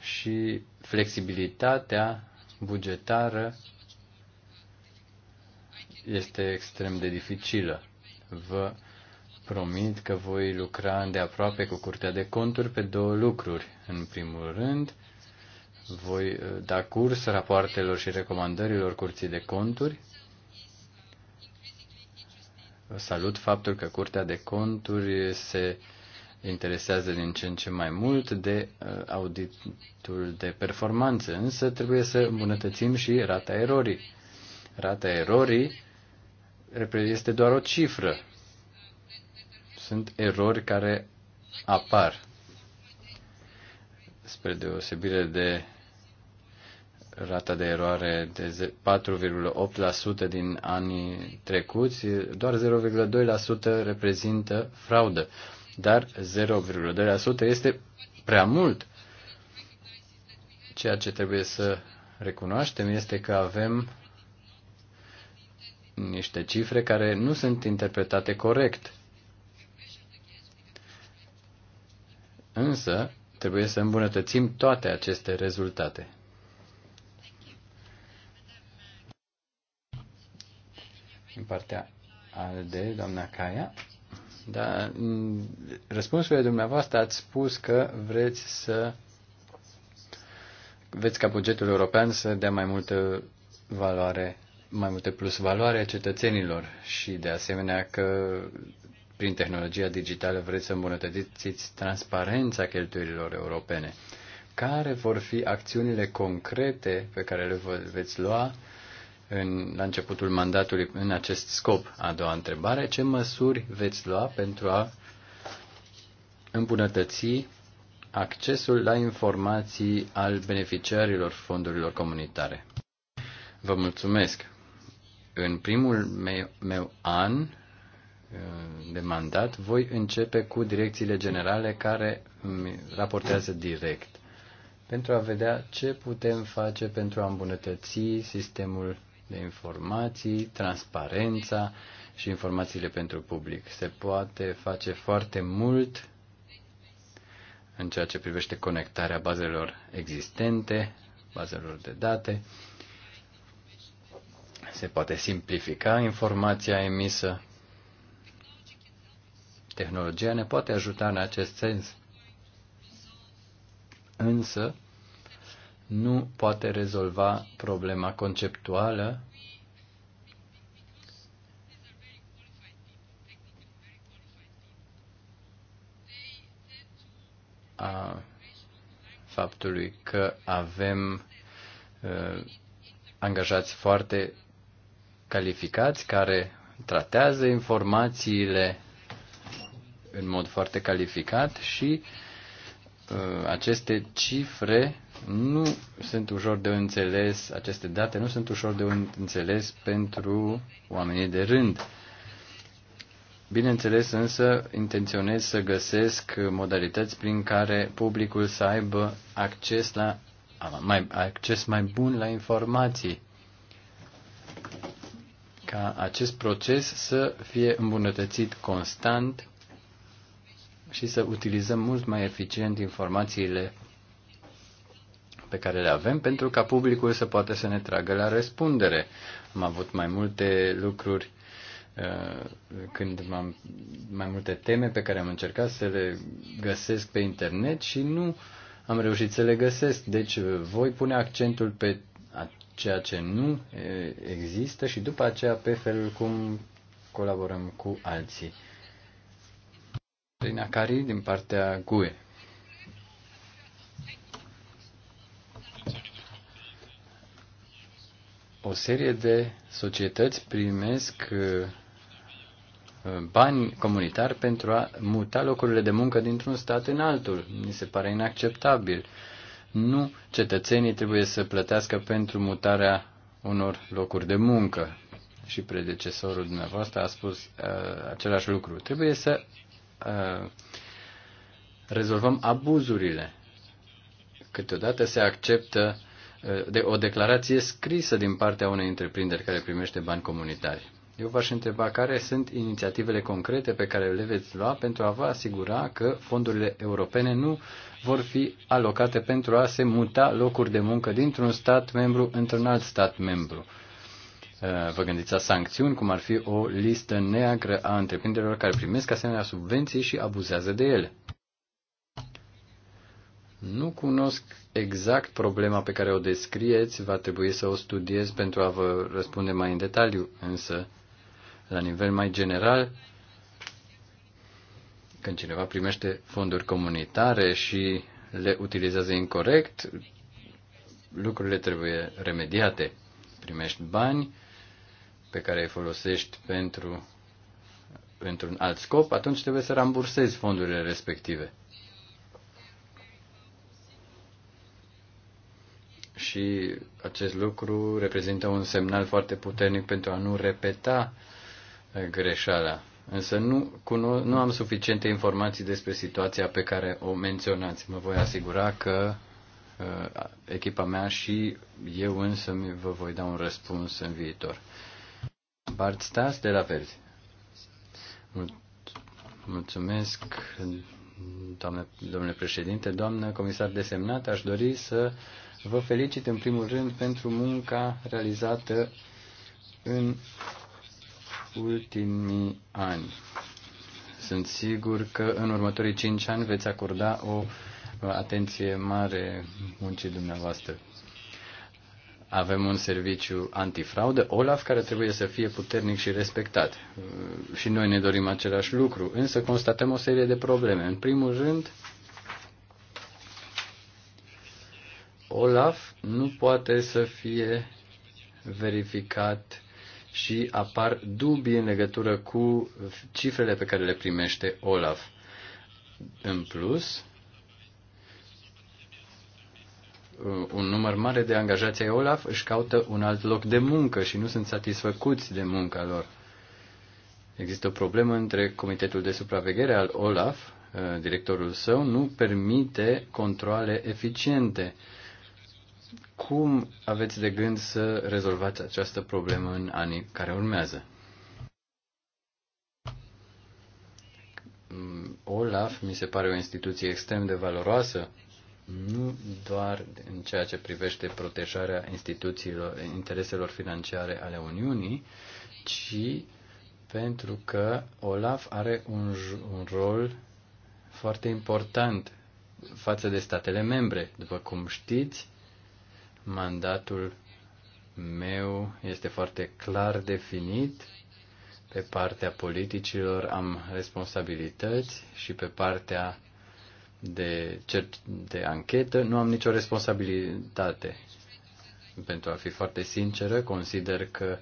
și flexibilitatea bugetară este extrem de dificilă. Vă promit că voi lucra îndeaproape cu Curtea de Conturi pe două lucruri. În primul rând, voi uh, da curs rapoartelor și recomandărilor Curții de Conturi. Salut faptul că Curtea de Conturi se interesează din ce în ce mai mult de uh, auditul de performanță, însă trebuie să îmbunătățim și rata erorii. Rata erorii este doar o cifră sunt erori care apar. Spre deosebire de rata de eroare de 4,8% din anii trecuți, doar 0,2% reprezintă fraudă, dar 0,2% este prea mult. Ceea ce trebuie să recunoaștem este că avem niște cifre care nu sunt interpretate corect. Însă, trebuie să îmbunătățim toate aceste rezultate. În partea ALDE, doamna Caia, da, răspunsul e dumneavoastră ați spus că vreți să veți ca bugetul european să dea mai multă valoare, mai multe plus valoare cetățenilor și de asemenea că prin tehnologia digitală vreți să îmbunătățiți transparența cheltuielilor europene. Care vor fi acțiunile concrete pe care le veți lua în, la începutul mandatului în acest scop? A doua întrebare, ce măsuri veți lua pentru a îmbunătăți accesul la informații al beneficiarilor fondurilor comunitare? Vă mulțumesc! În primul meu, meu an de mandat, voi începe cu direcțiile generale care îmi raportează direct pentru a vedea ce putem face pentru a îmbunătăți sistemul de informații, transparența și informațiile pentru public. Se poate face foarte mult în ceea ce privește conectarea bazelor existente, bazelor de date. Se poate simplifica informația emisă Tehnologia ne poate ajuta în acest sens, însă nu poate rezolva problema conceptuală a faptului că avem uh, angajați foarte calificați care tratează informațiile în mod foarte calificat și uh, aceste cifre nu sunt ușor de înțeles, aceste date nu sunt ușor de înțeles pentru oamenii de rând. Bineînțeles, însă, intenționez să găsesc modalități prin care publicul să aibă acces, la, mai, acces mai bun la informații, ca acest proces să fie îmbunătățit constant și să utilizăm mult mai eficient informațiile pe care le avem pentru ca publicul să poată să ne tragă la răspundere. Am avut mai multe lucruri uh, când am mai multe teme pe care am încercat să le găsesc pe internet și nu am reușit să le găsesc. Deci uh, voi pune accentul pe ceea ce nu uh, există și după aceea pe felul cum colaborăm cu alții. Prin acari din partea GUE. O serie de societăți primesc uh, bani comunitari pentru a muta locurile de muncă dintr-un stat în altul. Mi se pare inacceptabil. Nu cetățenii trebuie să plătească pentru mutarea unor locuri de muncă. Și predecesorul dumneavoastră a spus uh, același lucru. Trebuie să Uh, rezolvăm abuzurile. Câteodată se acceptă uh, de o declarație scrisă din partea unei întreprinderi care primește bani comunitari. Eu v-aș întreba care sunt inițiativele concrete pe care le veți lua pentru a vă asigura că fondurile europene nu vor fi alocate pentru a se muta locuri de muncă dintr-un stat membru într-un alt stat membru Eh, vă gândiți la sancțiuni, cum ar fi o listă neagră a întreprinderilor care primesc asemenea subvenții și abuzează de ele. Nu cunosc exact problema pe care o descrieți, va trebui să o studiez pentru a vă răspunde mai în detaliu, însă, la nivel mai general, când cineva primește fonduri comunitare și le utilizează incorrect, lucrurile trebuie remediate. Primești bani, pe care îi folosești pentru pentru un alt scop, atunci trebuie să rambursezi fondurile respective. Și acest lucru reprezintă un semnal foarte puternic pentru a nu repeta uh, greșeala. Însă nu, cuno- nu am suficiente informații despre situația pe care o menționați. Mă voi asigura că uh, echipa mea și eu însă vă voi da un răspuns în viitor. Bart Stas de la Verzi. Mulțumesc, doamne, domnule președinte, doamnă comisar desemnat. Aș dori să vă felicit în primul rând pentru munca realizată în ultimii ani. Sunt sigur că în următorii cinci ani veți acorda o atenție mare muncii dumneavoastră. Avem un serviciu antifraudă, OLAF, care trebuie să fie puternic și respectat. Uh, și noi ne dorim același lucru, însă constatăm o serie de probleme. În primul rând, OLAF nu poate să fie verificat și apar dubii în legătură cu cifrele pe care le primește OLAF. În plus, Uh, un număr mare de angajați ai Olaf își caută un alt loc de muncă și nu sunt satisfăcuți de munca lor. Există o problemă între Comitetul de Supraveghere al Olaf, uh, directorul său, nu permite controle eficiente. Cum aveți de gând să rezolvați această problemă în anii care urmează? Mm, Olaf mi se pare o instituție extrem de valoroasă nu doar în ceea ce privește protejarea instituțiilor, intereselor financiare ale Uniunii, ci pentru că Olaf are un, un rol foarte important față de statele membre. După cum știți, mandatul meu este foarte clar definit. Pe partea politicilor am responsabilități și pe partea de, de anchetă, nu am nicio responsabilitate. Pentru a fi foarte sinceră, consider că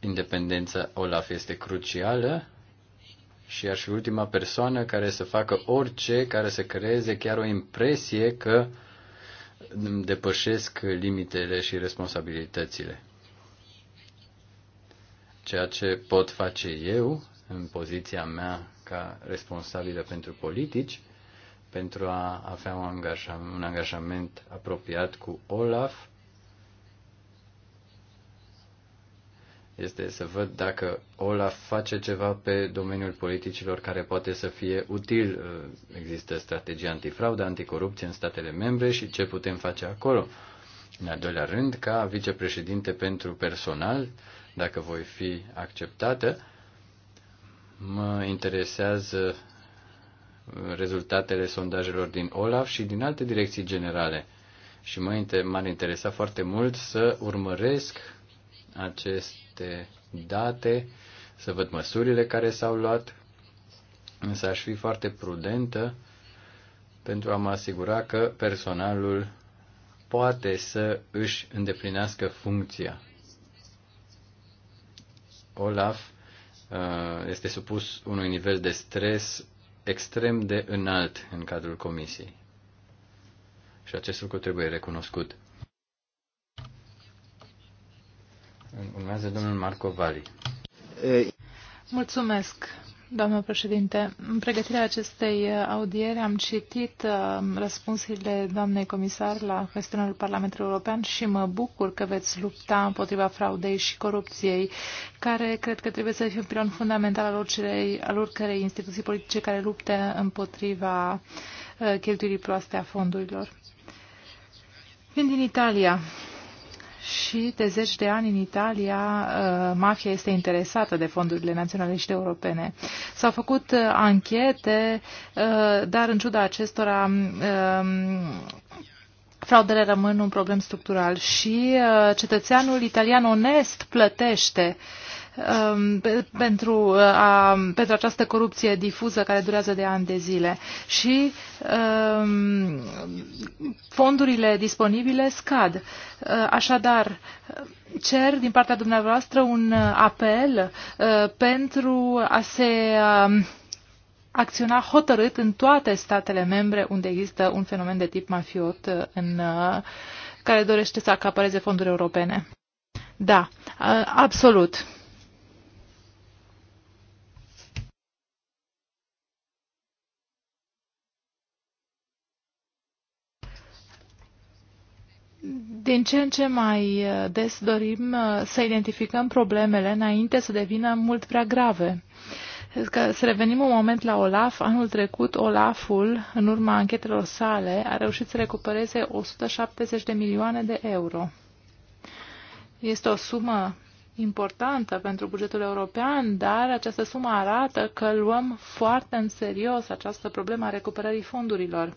independența Olaf este crucială și aș fi ultima persoană care să facă orice care să creeze chiar o impresie că îmi depășesc limitele și responsabilitățile. Ceea ce pot face eu, în poziția mea ca responsabilă pentru politici, pentru a avea un angajament, un angajament apropiat cu Olaf este să văd dacă Olaf face ceva pe domeniul politicilor care poate să fie util. Există strategia antifraudă, anticorupție în statele membre și ce putem face acolo. În al doilea rând, ca vicepreședinte pentru personal, dacă voi fi acceptată, mă interesează rezultatele sondajelor din OLAF și din alte direcții generale. Și m-ar interesa foarte mult să urmăresc aceste date, să văd măsurile care s-au luat, însă aș fi foarte prudentă pentru a mă asigura că personalul poate să își îndeplinească funcția. Olaf uh, este supus unui nivel de stres extrem de înalt în cadrul comisiei. Și acest lucru trebuie recunoscut. Urmează domnul Marco Vali. Mulțumesc doamnă președinte. În pregătirea acestei uh, audieri am citit uh, răspunsurile doamnei comisar la chestiunea Parlamentului European și mă bucur că veți lupta împotriva fraudei și corupției, care cred că trebuie să fie un pilon fundamental al oricărei, al oricărei instituții politice care lupte împotriva uh, cheltuirii proaste a fondurilor. Fiind din Italia, și de zeci de ani în Italia uh, mafia este interesată de fondurile naționale și de europene. S-au făcut uh, anchete, uh, dar în ciuda acestora um, fraudele rămân un problem structural și cetățeanul italian onest plătește Um, pentru, uh, a, pentru această corupție difuză care durează de ani de zile și um, fondurile disponibile scad. Uh, așadar, cer din partea dumneavoastră un uh, apel uh, pentru a se uh, acționa hotărât în toate statele membre unde există un fenomen de tip mafiot în, uh, care dorește să acapareze fonduri europene. Da, uh, absolut. din ce în ce mai uh, des dorim uh, să identificăm problemele înainte să devină mult prea grave. Că să revenim un moment la Olaf, anul trecut Olaful, în urma anchetelor sale, a reușit să recupereze 170 de milioane de euro. Este o sumă importantă pentru bugetul european, dar această sumă arată că luăm foarte în serios această problemă a recuperării fondurilor.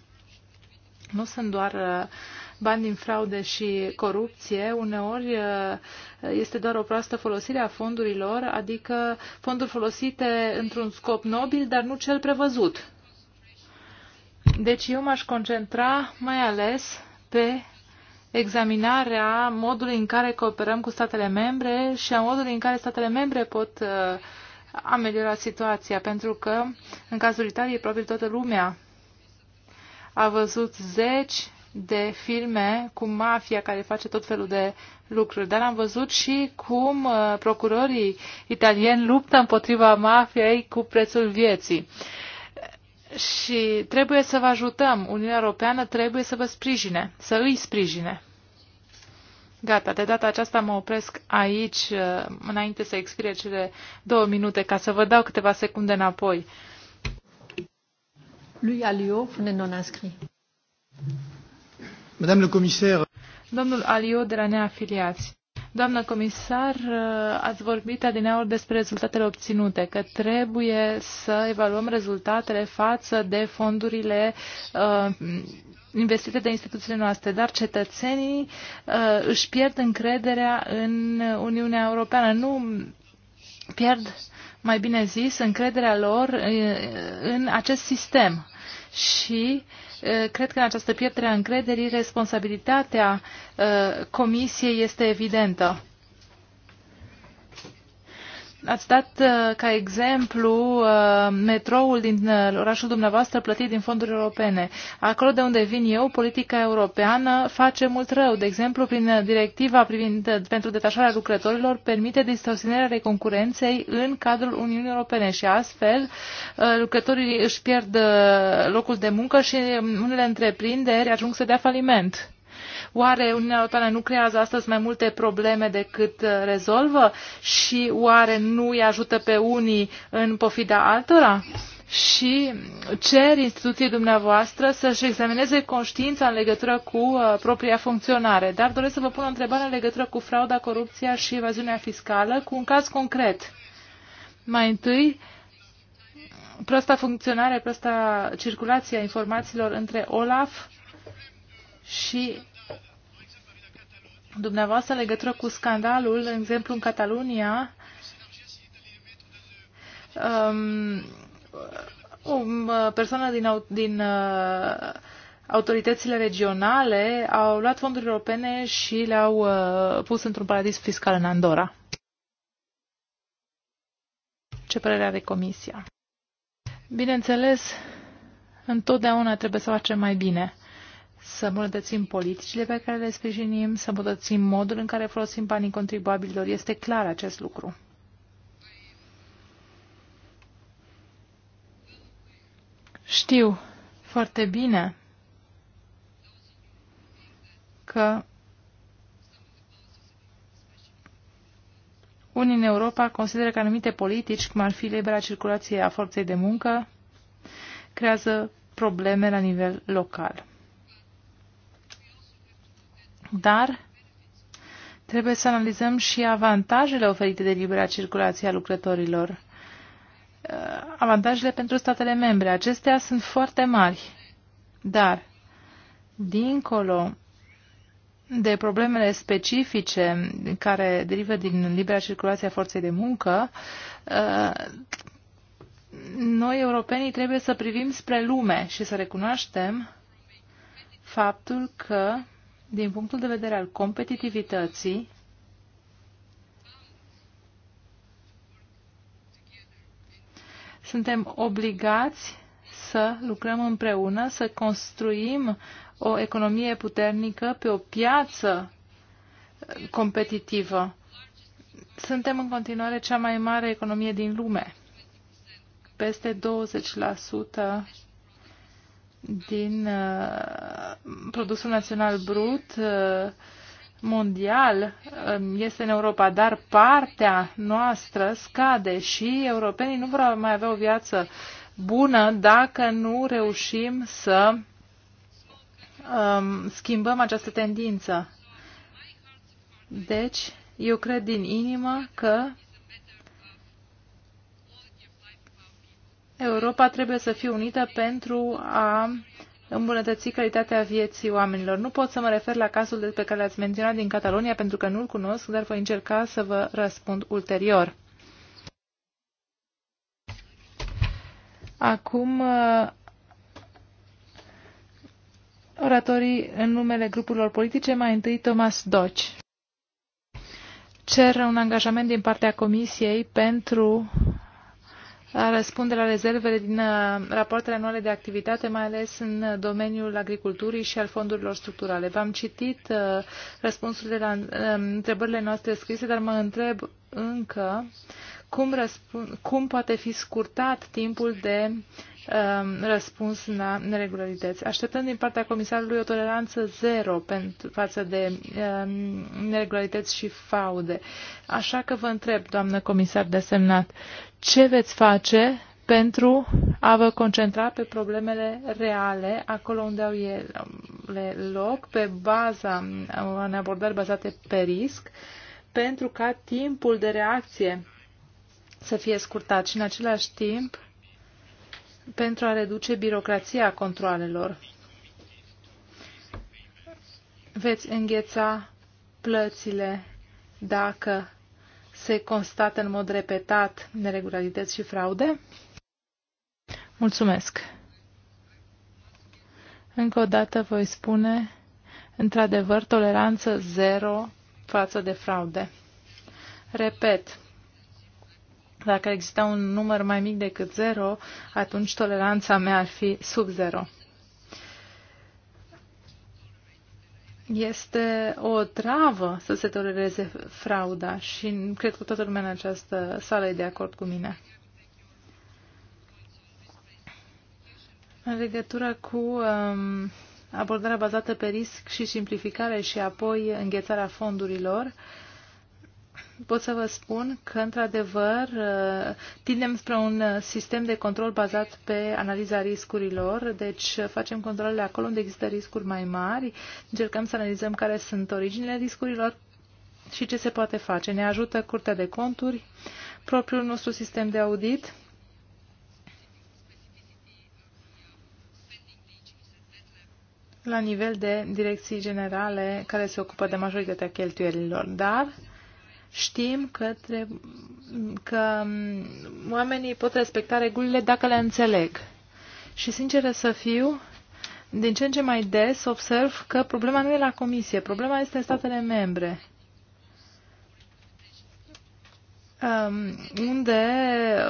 Nu sunt doar uh, bani din fraude și corupție, uneori uh, este doar o proastă folosire a fondurilor, adică fonduri folosite într-un scop nobil, dar nu cel prevăzut. Deci eu m-aș concentra mai ales pe examinarea modului în care cooperăm cu statele membre și a modului în care statele membre pot uh, ameliora situația, pentru că în cazul Italiei probabil toată lumea a văzut zeci de filme cu mafia care face tot felul de lucruri, dar am văzut și cum uh, procurorii italieni luptă împotriva mafiei cu prețul vieții. Și trebuie să vă ajutăm. Uniunea Europeană trebuie să vă sprijine, să îi sprijine. Gata, de data aceasta mă opresc aici, uh, înainte să expire cele două minute, ca să vă dau câteva secunde înapoi. Lui Alio, non inscris. Madame le commissaire. Domnul Alio de la Neafiliați. Doamnă comisar, uh, ați vorbit adineaori despre rezultatele obținute, că trebuie să evaluăm rezultatele față de fondurile uh, investite de instituțiile noastre, dar cetățenii uh, își pierd încrederea în Uniunea Europeană. Nu pierd, mai bine zis, încrederea lor uh, în acest sistem. Și uh, Eh, cred că în această pierdere a încrederii responsabilitatea eh, Comisiei este evidentă. Ați dat uh, ca exemplu uh, metroul din uh, orașul dumneavoastră plătit din fonduri europene. Acolo de unde vin eu, politica europeană face mult rău. De exemplu, prin directiva privind pentru detașarea lucrătorilor, permite distorsionarea concurenței în cadrul Uniunii Europene și astfel lucrătorii își pierd locul de muncă și um, unele întreprinderi ajung să dea faliment. Oare Uniunea Europeană nu creează astăzi mai multe probleme decât uh, rezolvă? Și oare nu îi ajută pe unii în pofida altora? și cer instituției dumneavoastră să-și examineze conștiința în legătură cu uh, propria funcționare. Dar doresc să vă pun o întrebare în legătură cu frauda, corupția și evaziunea fiscală, cu un caz concret. Mai întâi, prosta funcționare, prosta circulație a informațiilor între OLAF și dumneavoastră legătură cu scandalul, de exemplu, în Catalunia, um, o um, persoană din, din uh, autoritățile regionale au luat fonduri europene și le-au uh, pus într-un paradis fiscal în Andorra. Ce părere are Comisia? Bineînțeles, întotdeauna trebuie să facem mai bine să îmbunătățim politicile pe care le sprijinim, să îmbunătățim modul în care folosim banii contribuabililor. Este clar acest lucru. Știu foarte bine că unii în Europa consideră că anumite politici, cum ar fi libera circulație a forței de muncă, creează probleme la nivel local dar trebuie să analizăm și avantajele oferite de libera circulație a lucrătorilor. Uh, avantajele pentru statele membre. Acestea sunt foarte mari, dar dincolo de problemele specifice care derivă din libera circulație a forței de muncă, uh, noi europenii trebuie să privim spre lume și să recunoaștem faptul că din punctul de vedere al competitivității, suntem obligați să lucrăm împreună, să construim o economie puternică pe o piață uh, competitivă. Suntem în continuare cea mai mare economie din lume. Peste 20% din uh, produsul național brut uh, mondial um, este în Europa, dar partea noastră scade și europenii nu vor mai avea o viață bună dacă nu reușim să um, schimbăm această tendință. Deci, eu cred din inimă că Europa trebuie să fie unită pentru a îmbunătăți calitatea vieții oamenilor. Nu pot să mă refer la cazul de pe care l-ați menționat din Catalonia, pentru că nu-l cunosc, dar voi încerca să vă răspund ulterior. Acum, uh, oratorii în numele grupurilor politice, mai întâi Thomas Doci. Cer un angajament din partea Comisiei pentru a răspunde la rezervele din uh, rapoartele anuale de activitate, mai ales în uh, domeniul agriculturii și al fondurilor structurale. V-am citit uh, răspunsurile la um, întrebările noastre scrise, dar mă întreb încă cum, răspund, cum poate fi scurtat timpul de um, răspuns la neregularități. Așteptăm din partea comisarului o toleranță zero pentru, față de um, neregularități și faude. Așa că vă întreb, doamnă comisar desemnat, ce veți face pentru a vă concentra pe problemele reale, acolo unde au ele loc, pe baza unei abordări bazate pe risc, pentru ca timpul de reacție să fie scurtat și în același timp pentru a reduce birocrația controalelor. Veți îngheța plățile dacă se constată în mod repetat neregularități și fraude? Mulțumesc! Încă o dată voi spune, într-adevăr, toleranță zero față de fraude. Repet, dacă exista un număr mai mic decât 0, atunci toleranța mea ar fi sub 0. Este o travă să se tolereze frauda și cred că toată lumea în această sală e de acord cu mine. În legătură cu um, abordarea bazată pe risc și simplificare și apoi înghețarea fondurilor, uh, pot să vă spun că, într-adevăr, tindem spre un sistem de control bazat pe analiza riscurilor, deci facem controlele acolo unde există riscuri mai mari, încercăm să analizăm care sunt originile riscurilor și ce se poate face. Ne ajută Curtea de Conturi, propriul nostru sistem de audit, la nivel de direcții generale care se ocupă de majoritatea cheltuielilor, dar știm că, trebuie, că oamenii pot respecta regulile dacă le înțeleg. Și sinceră să fiu, din ce în ce mai des observ că problema nu e la comisie, problema este în statele membre. unde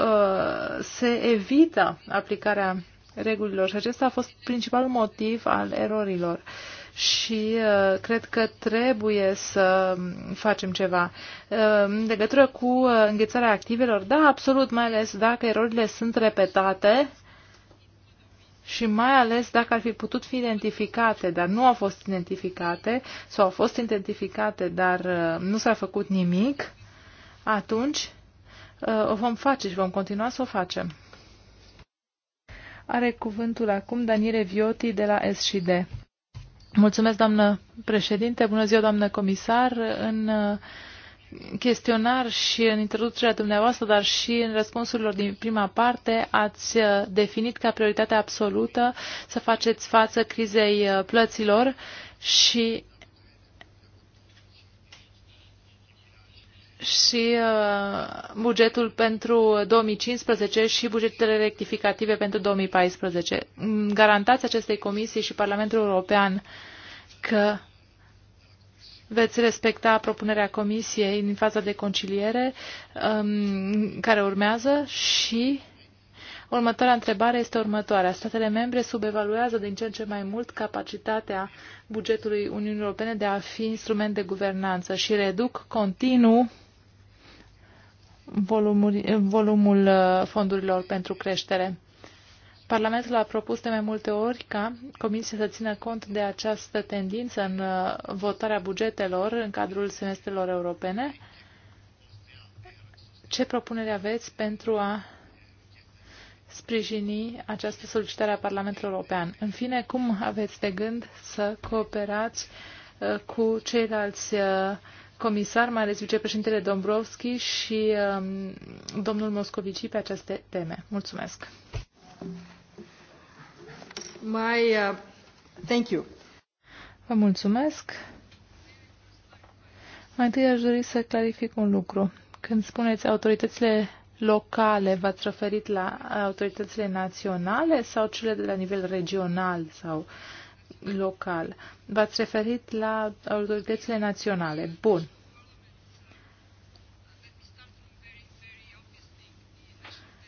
uh, se evită aplicarea regulilor și acesta a fost principalul motiv al erorilor. Uh, și uh, cred că trebuie să facem ceva. Uh, în legătură cu uh, înghețarea activelor, da, absolut, mai ales dacă erorile sunt repetate și mai ales dacă ar fi putut fi identificate, dar nu au fost identificate sau au fost identificate, dar uh, nu s-a făcut nimic, atunci uh, o vom face și vom continua să o facem. Are cuvântul acum Daniele Vioti de la S&D. Mulțumesc, doamnă președinte. Bună ziua, doamnă comisar. În uh, chestionar și în introducerea dumneavoastră, dar și în răspunsurilor din prima parte, ați uh, definit ca prioritate absolută să faceți față crizei uh, plăților și și uh, bugetul pentru 2015 și bugetele rectificative pentru 2014. Mm, garantați acestei comisii și Parlamentul European că veți respecta propunerea comisiei în faza de conciliere um, care urmează și următoarea întrebare este următoarea. Statele membre subevaluează din ce în ce mai mult capacitatea bugetului Uniunii Europene de a fi instrument de guvernanță și reduc continuu volumul, uh, fondurilor pentru creștere. Parlamentul a propus de mai multe ori ca Comisia să țină cont de această tendință în uh, votarea bugetelor în cadrul semestrelor europene. Ce propunere aveți pentru a sprijini această solicitare a Parlamentului European? În fine, cum aveți de gând să cooperați uh, cu ceilalți uh, comisar, mai ales vicepreședintele Dombrovski și um, domnul Moscovici pe aceste teme. Mulțumesc! My, uh, thank you. Vă mulțumesc! Mai întâi aș dori să clarific un lucru. Când spuneți autoritățile locale, v-ați referit la autoritățile naționale sau cele de la nivel regional sau uh, local. V-ați referit la autoritățile naționale. Bun.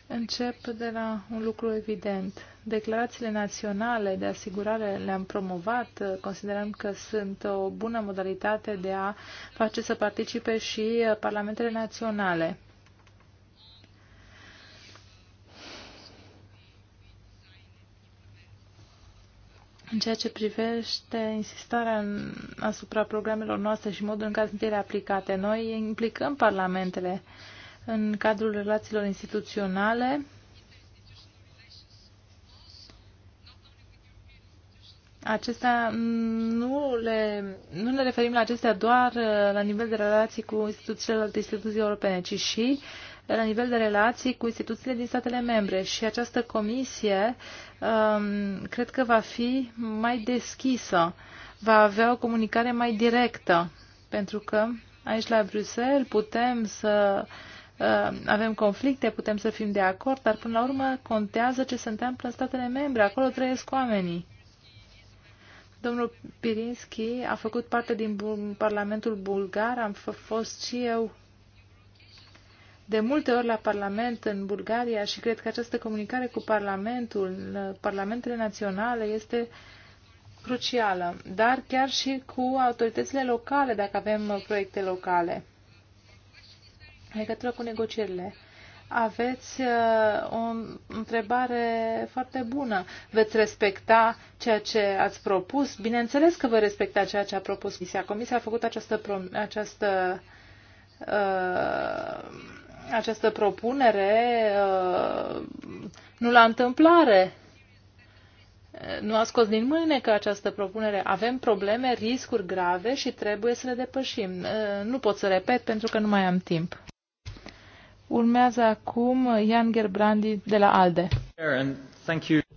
Încep de la un lucru evident. Declarațiile naționale de asigurare le-am promovat, considerăm că sunt o bună modalitate de a face să participe și parlamentele naționale. În ceea ce privește insistarea asupra programelor noastre și modul în care sunt ele aplicate, noi implicăm parlamentele în cadrul relațiilor instituționale, acestea nu le, nu ne referim la acestea doar uh, la nivel de relații cu instituțiile alte instituții europene, ci și la nivel de relații cu instituțiile din statele membre și această comisie um, cred că va fi mai deschisă, va avea o comunicare mai directă, pentru că aici la Bruxelles putem să um, avem conflicte, putem să fim de acord, dar până la urmă contează ce se întâmplă în statele membre, acolo trăiesc oamenii. Domnul Pirinski a făcut parte din Parlamentul Bulgar, am fost și eu de multe ori la Parlament în Bulgaria și cred că această comunicare cu Parlamentul, Parlamentele Naționale este crucială, dar chiar și cu autoritățile locale, dacă avem proiecte locale. În legătură cu negocierile, aveți uh, o întrebare foarte bună. Veți respecta ceea ce ați propus? Bineînțeles că vă respecta ceea ce a propus Comisia. Comisia a făcut această, această uh, această propunere uh, nu la întâmplare. Nu a scos din mâine că această propunere. Avem probleme, riscuri grave și trebuie să le depășim. Uh, nu pot să repet pentru că nu mai am timp. Urmează acum Ian Gerbrandi de la ALDE.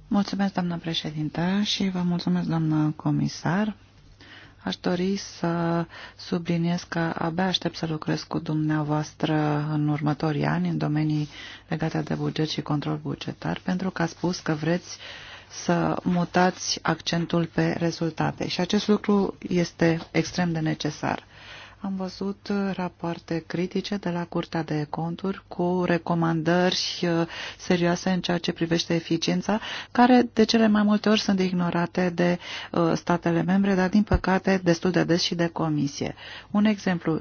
Mulțumesc, doamnă președintă, și vă mulțumesc, doamnă comisar, Aș dori să subliniez că abia aștept să lucrez cu dumneavoastră în următorii ani în domenii legate de buget și control bugetar, pentru că a spus că vreți să mutați accentul pe rezultate și acest lucru este extrem de necesar. Am văzut rapoarte critice de la Curtea de Conturi cu recomandări uh, serioase în ceea ce privește eficiența, care de cele mai multe ori sunt ignorate de uh, statele membre, dar din păcate destul de des și de comisie. Un exemplu,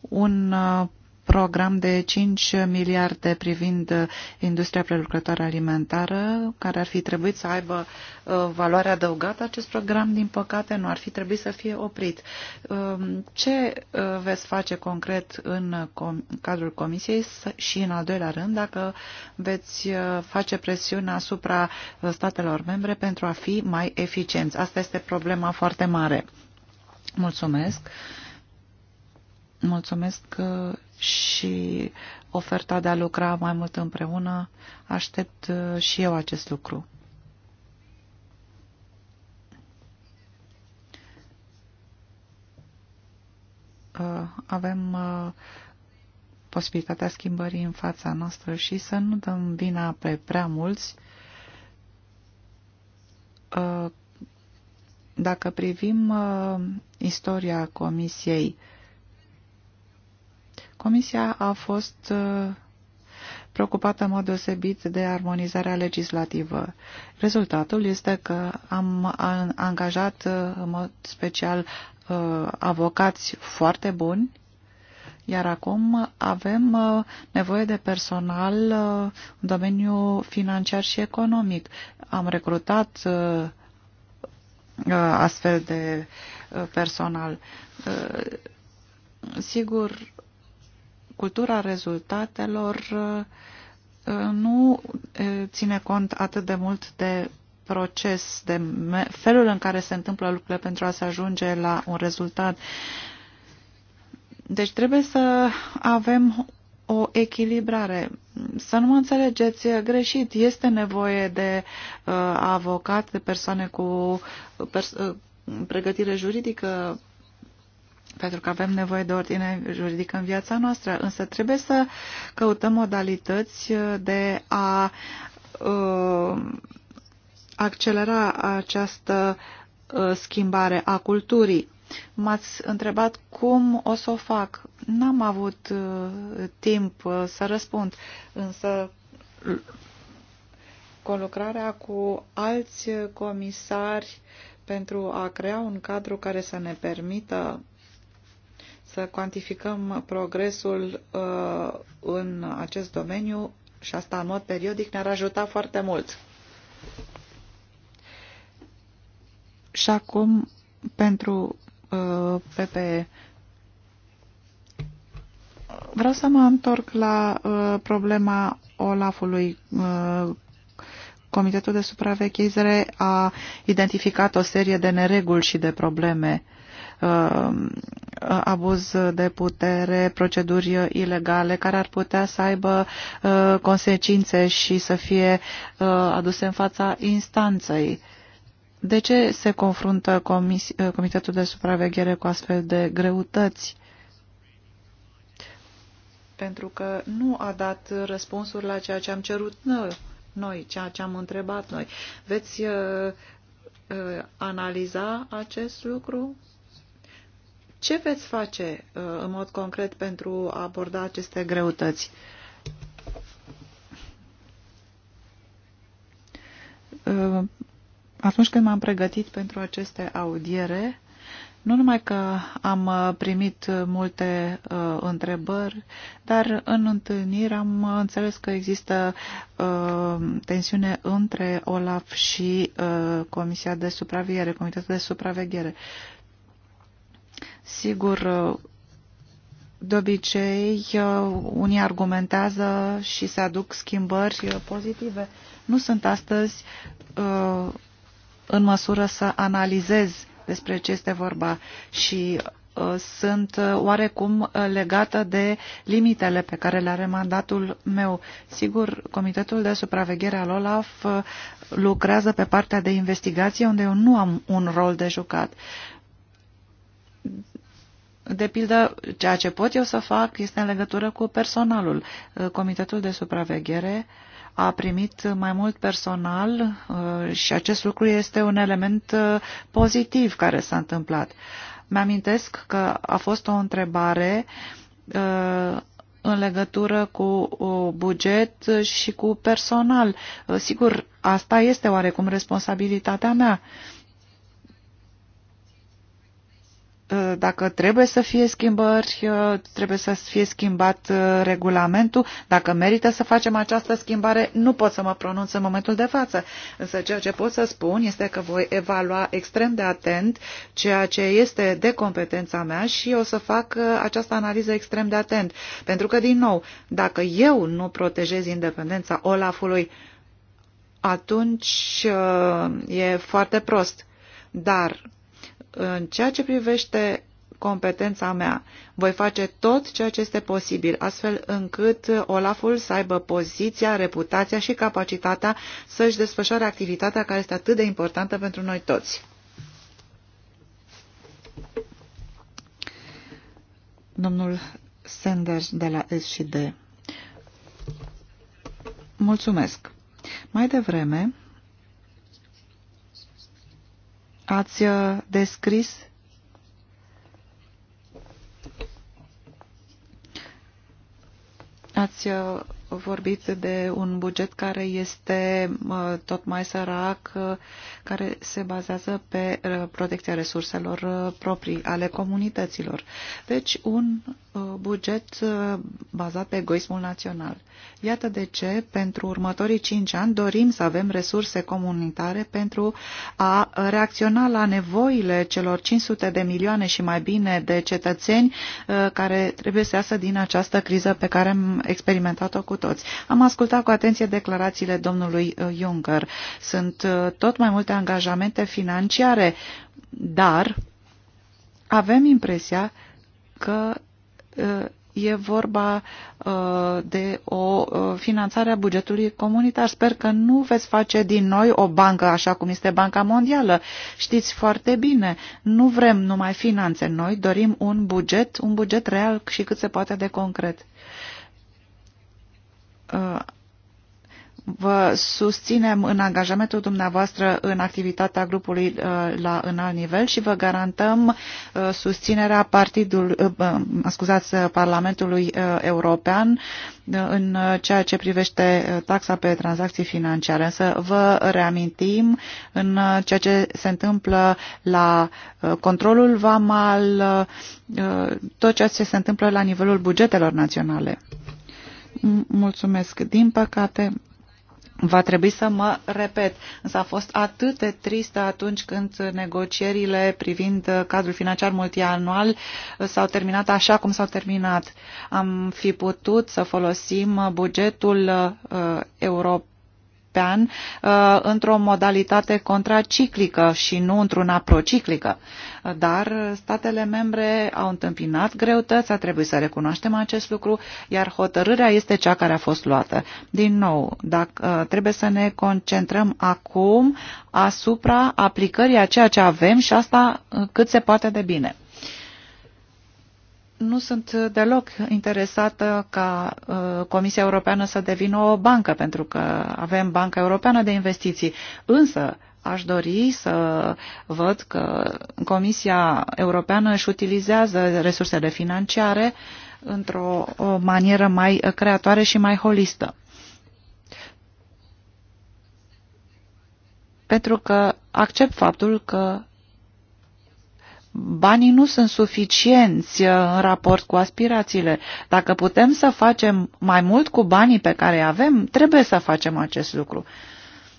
un uh, program de 5 miliarde privind industria prelucrătoare alimentară, care ar fi trebuit să aibă uh, valoare adăugată. Acest program, din păcate, nu ar fi trebuit să fie oprit. Um, ce uh, veți face concret în cadrul Comisiei și, în al doilea rând, dacă veți uh, face presiune asupra statelor membre pentru a fi mai eficienți? Asta este problema foarte mare. Mulțumesc. Mulțumesc și oferta de a lucra mai mult împreună, aștept uh, și eu acest lucru. Uh, avem uh, posibilitatea schimbării în fața noastră și să nu dăm vina pe prea mulți. Dacă privim istoria Comisiei Comisia a fost uh, preocupată în mod deosebit de armonizarea legislativă. Rezultatul este că am angajat uh, în mod special uh, avocați foarte buni, iar acum avem nevoie de personal în domeniul financiar și economic. Am recrutat astfel de personal. Sigur, cultura rezultatelor uh, uh, nu uh, ține cont atât de mult de proces, de felul în care se întâmplă lucrurile pentru a se ajunge la un rezultat. Deci trebuie să avem o echilibrare. Să nu mă înțelegeți greșit, este nevoie de uh, avocat, de persoane cu pers- pregătire juridică, pentru că avem nevoie de ordine juridică în viața noastră, însă trebuie să căutăm modalități de a uh, accelera această uh, schimbare a culturii. M-ați întrebat cum o să o fac. N-am avut uh, timp uh, să răspund, însă colucrarea cu alți comisari pentru a crea un cadru care să ne permită să cuantificăm progresul uh, în acest domeniu și asta în mod periodic ne-ar ajuta foarte mult. Și acum pentru uh, PPE. Vreau să mă întorc la uh, problema Olafului. Comitetul de supravechizare a identificat o serie de nereguli și de probleme Um, abuz de putere, proceduri ilegale care ar putea să aibă uh, consecințe și să fie uh, aduse în fața instanței. De ce se confruntă comis uh, Comitetul de Supraveghere cu astfel de greutăți? Pentru că nu a dat răspunsuri la ceea ce am cerut noi, ceea ce am întrebat noi. Veți uh, uh, analiza acest lucru? Ce veți face uh, în mod concret pentru a aborda aceste greutăți? Uh, atunci când m-am pregătit pentru aceste audiere, nu numai că am uh, primit multe uh, întrebări, dar în întâlnire am înțeles că există uh, tensiune între OLAF și uh, Comisia de Supraveghere, Comitetul de Supraveghere. Sigur, de obicei, unii argumentează și se aduc schimbări pozitive. Nu sunt astăzi în măsură să analizez despre ce este vorba și sunt oarecum legată de limitele pe care le are mandatul meu. Sigur, Comitetul de Supraveghere al OLAF lucrează pe partea de investigație unde eu nu am un rol de jucat. De pildă, ceea ce pot eu să fac este în legătură cu personalul. Uh, Comitetul de supraveghere a primit mai mult personal uh, și acest lucru este un element uh, pozitiv care s-a întâmplat. Mi-amintesc că a fost o întrebare în legătură cu buget și cu personal. Sigur, asta este oarecum responsabilitatea mea. Uh, dacă trebuie să fie schimbări, uh, trebuie să fie schimbat uh, regulamentul, dacă merită să facem această schimbare, nu pot să mă pronunț în momentul de față. Însă ceea ce pot să spun este că voi evalua extrem de atent ceea ce este de competența mea și o să fac această analiză extrem de atent. Pentru că, din nou, dacă eu nu protejez independența Olafului, atunci e foarte prost. Dar în ceea ce privește competența mea, voi face tot ceea ce este posibil, astfel încât Olaful să aibă poziția, reputația și capacitatea să-și desfășoare activitatea care este atât de importantă pentru noi toți. Domnul Sanders de la S&D. Mulțumesc. Mai devreme, ați uh, descris ați uh, vorbit de un buget care este tot mai sărac, care se bazează pe uh, protecția resurselor uh, proprii ale comunităților. Deci un uh, buget bazat pe egoismul național. Iată de ce, pentru următorii cinci ani, dorim să avem resurse comunitare pentru a reacționa la nevoile celor 500 de milioane și mai bine de cetățeni care trebuie să iasă din această criză pe care am experimentat-o cu toți. Am ascultat cu atenție declarațiile domnului uh, Juncker. Sunt uh, tot mai multe angajamente financiare, dar avem impresia că uh, e vorba de o finanțare a bugetului comunitar. Sper că nu veți face din noi o bancă așa cum este Banca Mondială. Știți foarte bine, nu vrem numai finanțe noi, dorim un buget, un buget real și cât se poate de concret. Uh, vă susținem în angajamentul dumneavoastră în activitatea grupului uh, la înalt nivel și vă garantăm uh, susținerea partidul, scuzați, Parlamentului European în ceea ce privește taxa pe tranzacții financiare. Însă vă reamintim în ceea ce se întâmplă la controlul VAMAL, tot ceea ce se întâmplă la nivelul bugetelor naționale. Mulțumesc. Din păcate, va trebui să mă repet, însă a fost atât de tristă atunci când negocierile privind uh, cadrul financiar multianual uh, s-au terminat așa cum s-au terminat. Am fi putut să folosim uh, bugetul uh, european european uh, într-o modalitate contraciclică și nu într-una prociclică. Uh, dar statele membre au întâmpinat greutăți, a trebuit să recunoaștem acest lucru, iar hotărârea este cea care a fost luată. Din nou, dacă, uh, trebuie să ne concentrăm acum asupra aplicării a ceea ce avem și asta cât se poate de bine nu sunt deloc interesată ca uh, Comisia Europeană să devină o bancă, pentru că avem Banca Europeană de Investiții. Însă aș dori să văd că Comisia Europeană își utilizează resursele financiare într-o manieră mai creatoare și mai holistă. Pentru că accept faptul că banii nu sunt suficienți uh, în raport cu aspirațiile. Dacă putem să facem mai mult cu banii pe care îi avem, trebuie să facem acest lucru.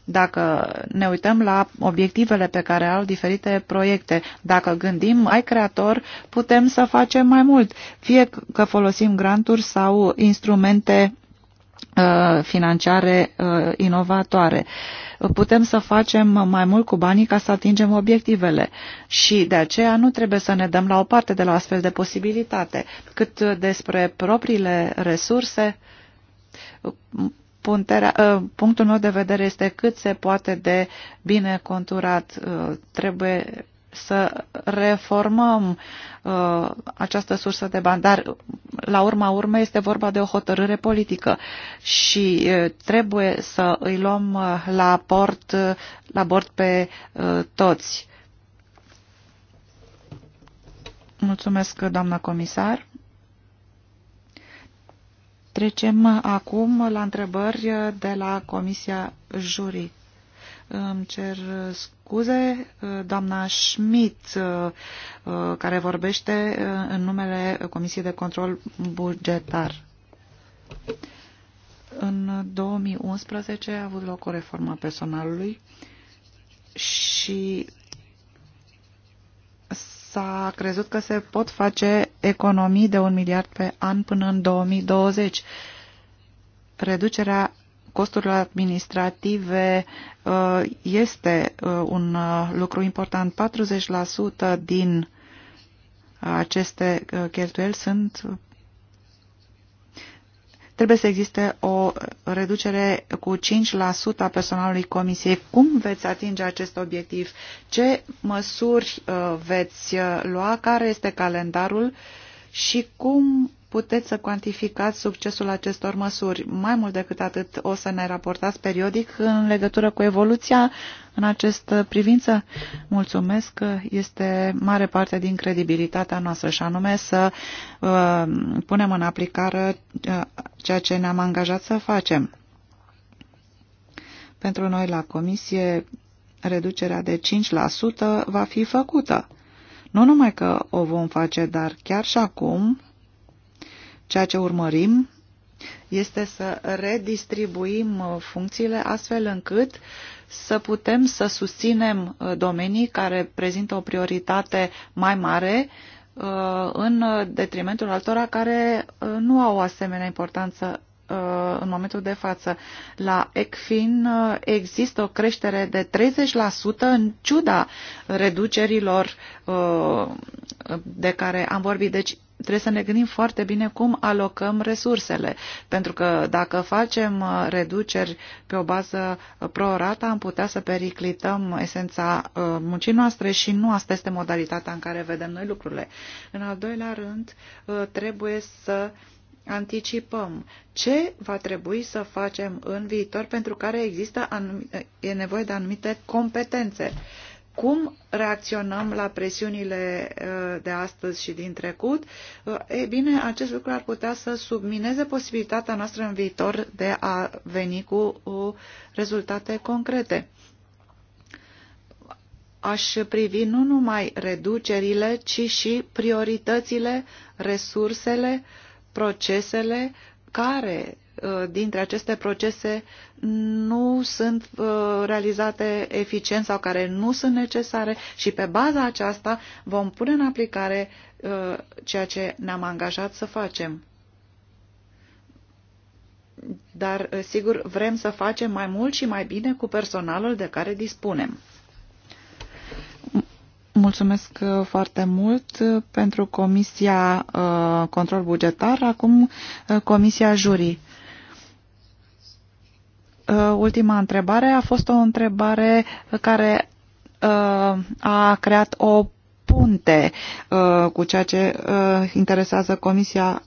Dacă ne uităm la obiectivele pe care au diferite proiecte, dacă gândim, ai creator, putem să facem mai mult, fie că folosim granturi sau instrumente Uh, financiare uh, inovatoare. Putem să facem mai mult cu banii ca să atingem obiectivele și de aceea nu trebuie să ne dăm la o parte de la astfel de posibilitate. Cât despre propriile resurse, punterea, uh, punctul meu de vedere este cât se poate de bine conturat. Trebuie să reformăm uh, această sursă de bani, dar la urma urmei este vorba de o hotărâre politică și uh, trebuie să îi luăm uh, la, port, uh, la bord pe uh, toți. Mulțumesc, doamna comisar. Trecem acum la întrebări de la Comisia Juridică. Îmi cer uh, scuze, uh, doamna Schmidt, uh, care vorbește în numele Comisiei de Control Bugetar. În 2011 a avut loc o reformă a personalului și s-a crezut că se pot face economii de un miliard pe an până în 2020. Reducerea Costurile administrative uh, este uh, un uh, lucru important. 40% din aceste cheltuieli sunt trebuie să existe o reducere cu 5% a personalului comisiei. Cum veți atinge acest obiectiv? Ce măsuri veți lua? Care este calendarul? Și cum puteți să cuantificați succesul acestor măsuri? Mai mult decât atât, o să ne raportați periodic în legătură cu evoluția în această privință? Mulțumesc că este mare parte din credibilitatea noastră și anume să uh, punem în aplicare uh, ceea ce ne-am angajat să facem. Pentru noi la comisie reducerea de 5% va fi făcută. Nu numai că o vom face, dar chiar și acum Ceea ce urmărim este să redistribuim uh, funcțiile astfel încât să putem să susținem uh, domenii care prezintă o prioritate mai mare uh, în detrimentul altora care nu au o asemenea importanță în momentul de față. La ECFIN există o creștere de 30% în ciuda reducerilor de care am vorbit. Deci trebuie să ne gândim foarte bine cum alocăm resursele, pentru că dacă facem uh, reduceri pe o bază uh, pro-rata, am putea să periclităm esența uh, muncii noastre și nu asta este modalitatea în care vedem noi lucrurile. În al doilea rând, trebuie să anticipăm ce va trebui să facem în viitor pentru care există anum- e nevoie de anumite competențe. Uh, cum reacționăm la presiunile uh, de astăzi și din trecut? Uh, e bine, acest lucru ar putea să submineze posibilitatea noastră în viitor de a veni cu rezultate concrete. Aș privi nu numai reducerile, ci și prioritățile, resursele, procesele care Uh, dintre aceste procese nu sunt uh, realizate eficient sau care nu sunt necesare și pe baza aceasta vom pune în aplicare uh, ceea ce ne-am angajat să facem. Dar, sigur, vrem să facem mai mult și mai bine cu personalul de care dispunem. Mulțumesc foarte mult pentru Comisia Control Bugetar. Acum Comisia Jurii. Uh, ultima întrebare a fost o întrebare care uh, a creat o punte uh, cu ceea ce interesează Comisia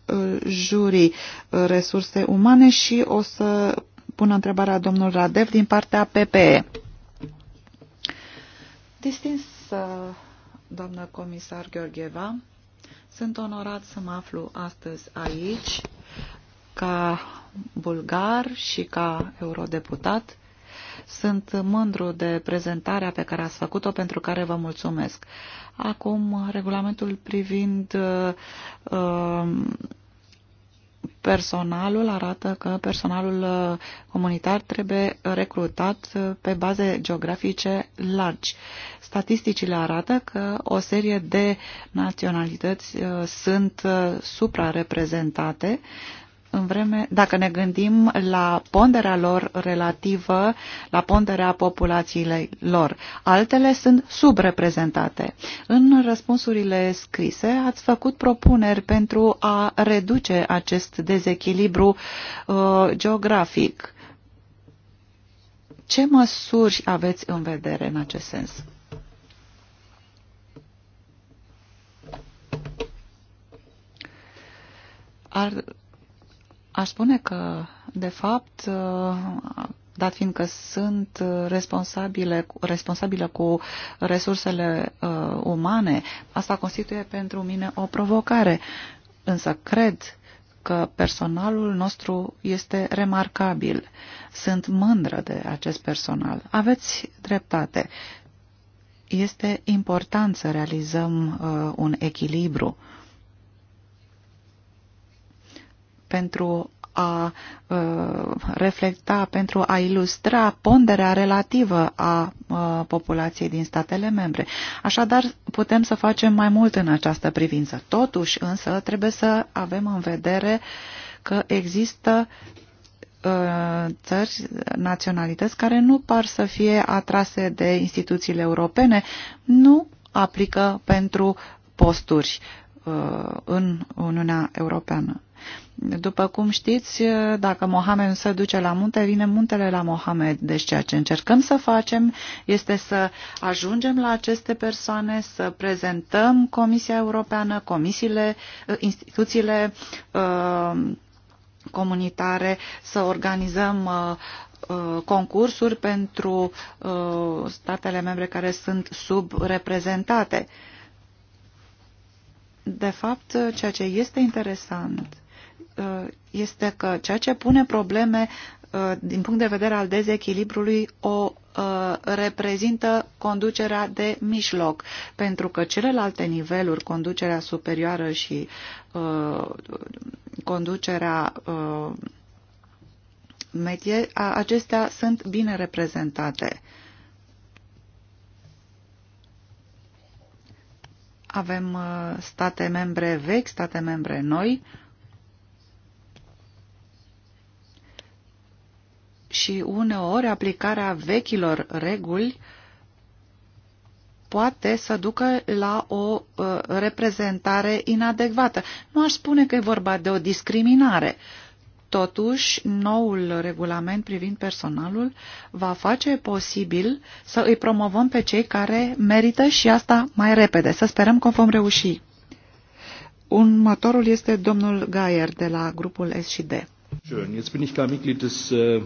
Jurii Resurse Umane și o să pun întrebarea domnului Radev din partea PPE. Distins, doamnă comisar Gheorgheva, sunt onorat să mă aflu astăzi aici ca bulgar și ca eurodeputat, sunt mândru de prezentarea pe care ați făcut-o, pentru care vă mulțumesc. Acum, regulamentul privind uh, personalul arată că personalul uh, comunitar trebuie recrutat uh, pe baze geografice largi. Statisticile arată că o serie de naționalități uh, sunt suprareprezentate în vreme, dacă ne gândim la ponderea lor relativă, la ponderea populațiilor lor. Altele sunt subreprezentate. În răspunsurile scrise ați făcut propuneri pentru a reduce acest dezechilibru uh, geografic. Ce măsuri aveți în vedere în acest sens? Ar Aș spune că, de fapt, dat fiind că sunt responsabile, responsabile cu resursele uh, umane, asta constituie pentru mine o provocare. Însă cred că personalul nostru este remarcabil. Sunt mândră de acest personal. Aveți dreptate. Este important să realizăm uh, un echilibru pentru a uh, reflecta, pentru a ilustra ponderea relativă a uh, populației din statele membre. Așadar, putem să facem mai mult în această privință. Totuși, însă, trebuie să avem în vedere că există uh, țări, naționalități care nu par să fie atrase de instituțiile europene, nu aplică pentru posturi uh, în Uniunea Europeană. După cum știți, dacă Mohamed se duce la munte, vine muntele la Mohamed. Deci ceea ce încercăm să facem este să ajungem la aceste persoane, să prezentăm Comisia Europeană, comisiile, instituțiile uh, comunitare, să organizăm uh, uh, concursuri pentru statele membre care sunt subreprezentate. De fapt, ceea ce este interesant Uh, este că ceea ce pune probleme uh, din punct de vedere al dezechilibrului o uh, reprezintă conducerea de mijloc, pentru că celelalte niveluri, conducerea superioară și conducerea medie, acestea sunt bine reprezentate. Avem state membre vechi, state membre noi, și uneori aplicarea vechilor reguli poate să ducă la o uh, reprezentare inadecvată. Nu aș spune că e vorba de o discriminare. Totuși, noul regulament privind personalul va face posibil să îi promovăm pe cei care merită și asta mai repede. Să sperăm că vom reuși. Următorul este domnul Gaier de la grupul S&D. Schön. Jetzt bin ich gar Mitglied des uh,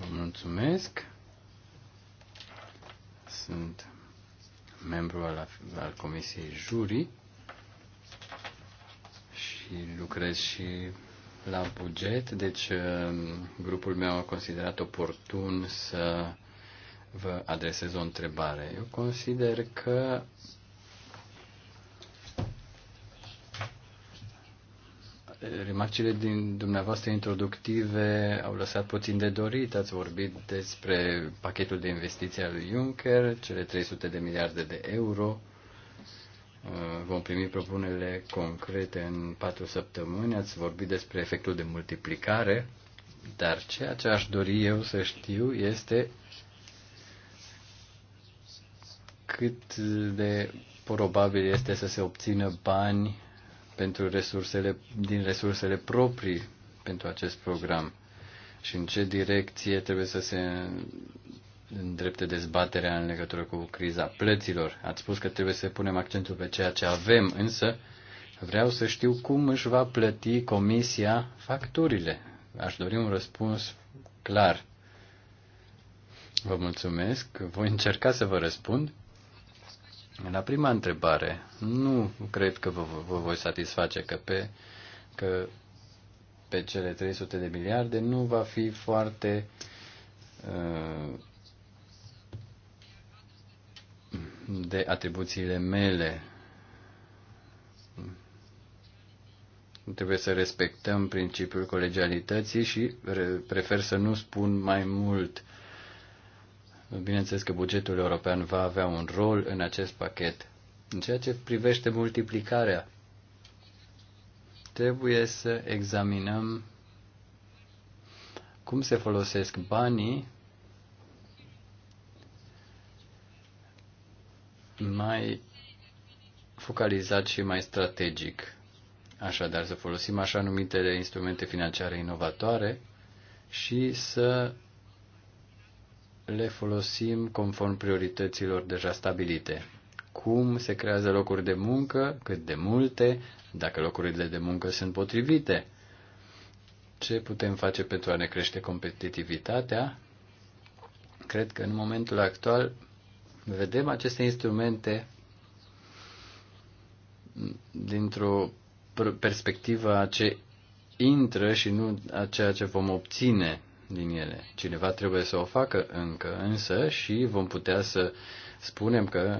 Vă mulțumesc. Sunt membru al, al Comisiei Jurii și lucrez și la buget, deci uh, grupul meu a considerat oportun să vă adresez o întrebare. Eu consider că remarcile din dumneavoastră introductive au lăsat puțin de dorit. Ați vorbit despre pachetul de investiții al lui Juncker, cele 300 de miliarde de euro. Uh, vom primi propunerile concrete în patru săptămâni. Ați vorbit despre efectul de multiplicare, dar ceea ce aș dori eu să știu este cât de probabil este să se obțină bani pentru resursele, din resursele proprii pentru acest program și în ce direcție trebuie să se îndrepte dezbaterea în legătură cu criza plăților. Ați spus că trebuie să punem accentul pe ceea ce avem, însă vreau să știu cum își va plăti comisia facturile. Aș dori un răspuns clar. Vă mulțumesc, voi încerca să vă răspund. La prima întrebare, nu cred că vă, vă voi satisface că pe, că pe cele 300 de miliarde nu va fi foarte uh, de atribuțiile mele. Trebuie să respectăm principiul colegialității și prefer să nu spun mai mult uh, Bineînțeles că bugetul european va avea un rol în acest pachet. În ceea ce privește multiplicarea, trebuie să examinăm cum se folosesc banii mai focalizat și mai strategic. Așadar, să folosim așa numitele instrumente financiare inovatoare și să le folosim conform priorităților deja stabilite. Cum se creează locuri de muncă, cât de multe, dacă locurile de muncă sunt potrivite. Ce putem face pentru a ne crește competitivitatea? Cred că în momentul actual vedem aceste instrumente dintr-o perspectivă a ce intră și nu a ceea ce vom obține din ele. Cineva trebuie să o facă încă, însă și vom putea să spunem că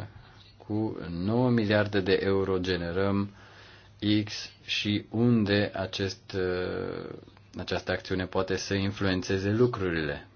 cu 9 miliarde de euro generăm X și unde acest, uh, această acțiune poate să influențeze lucrurile.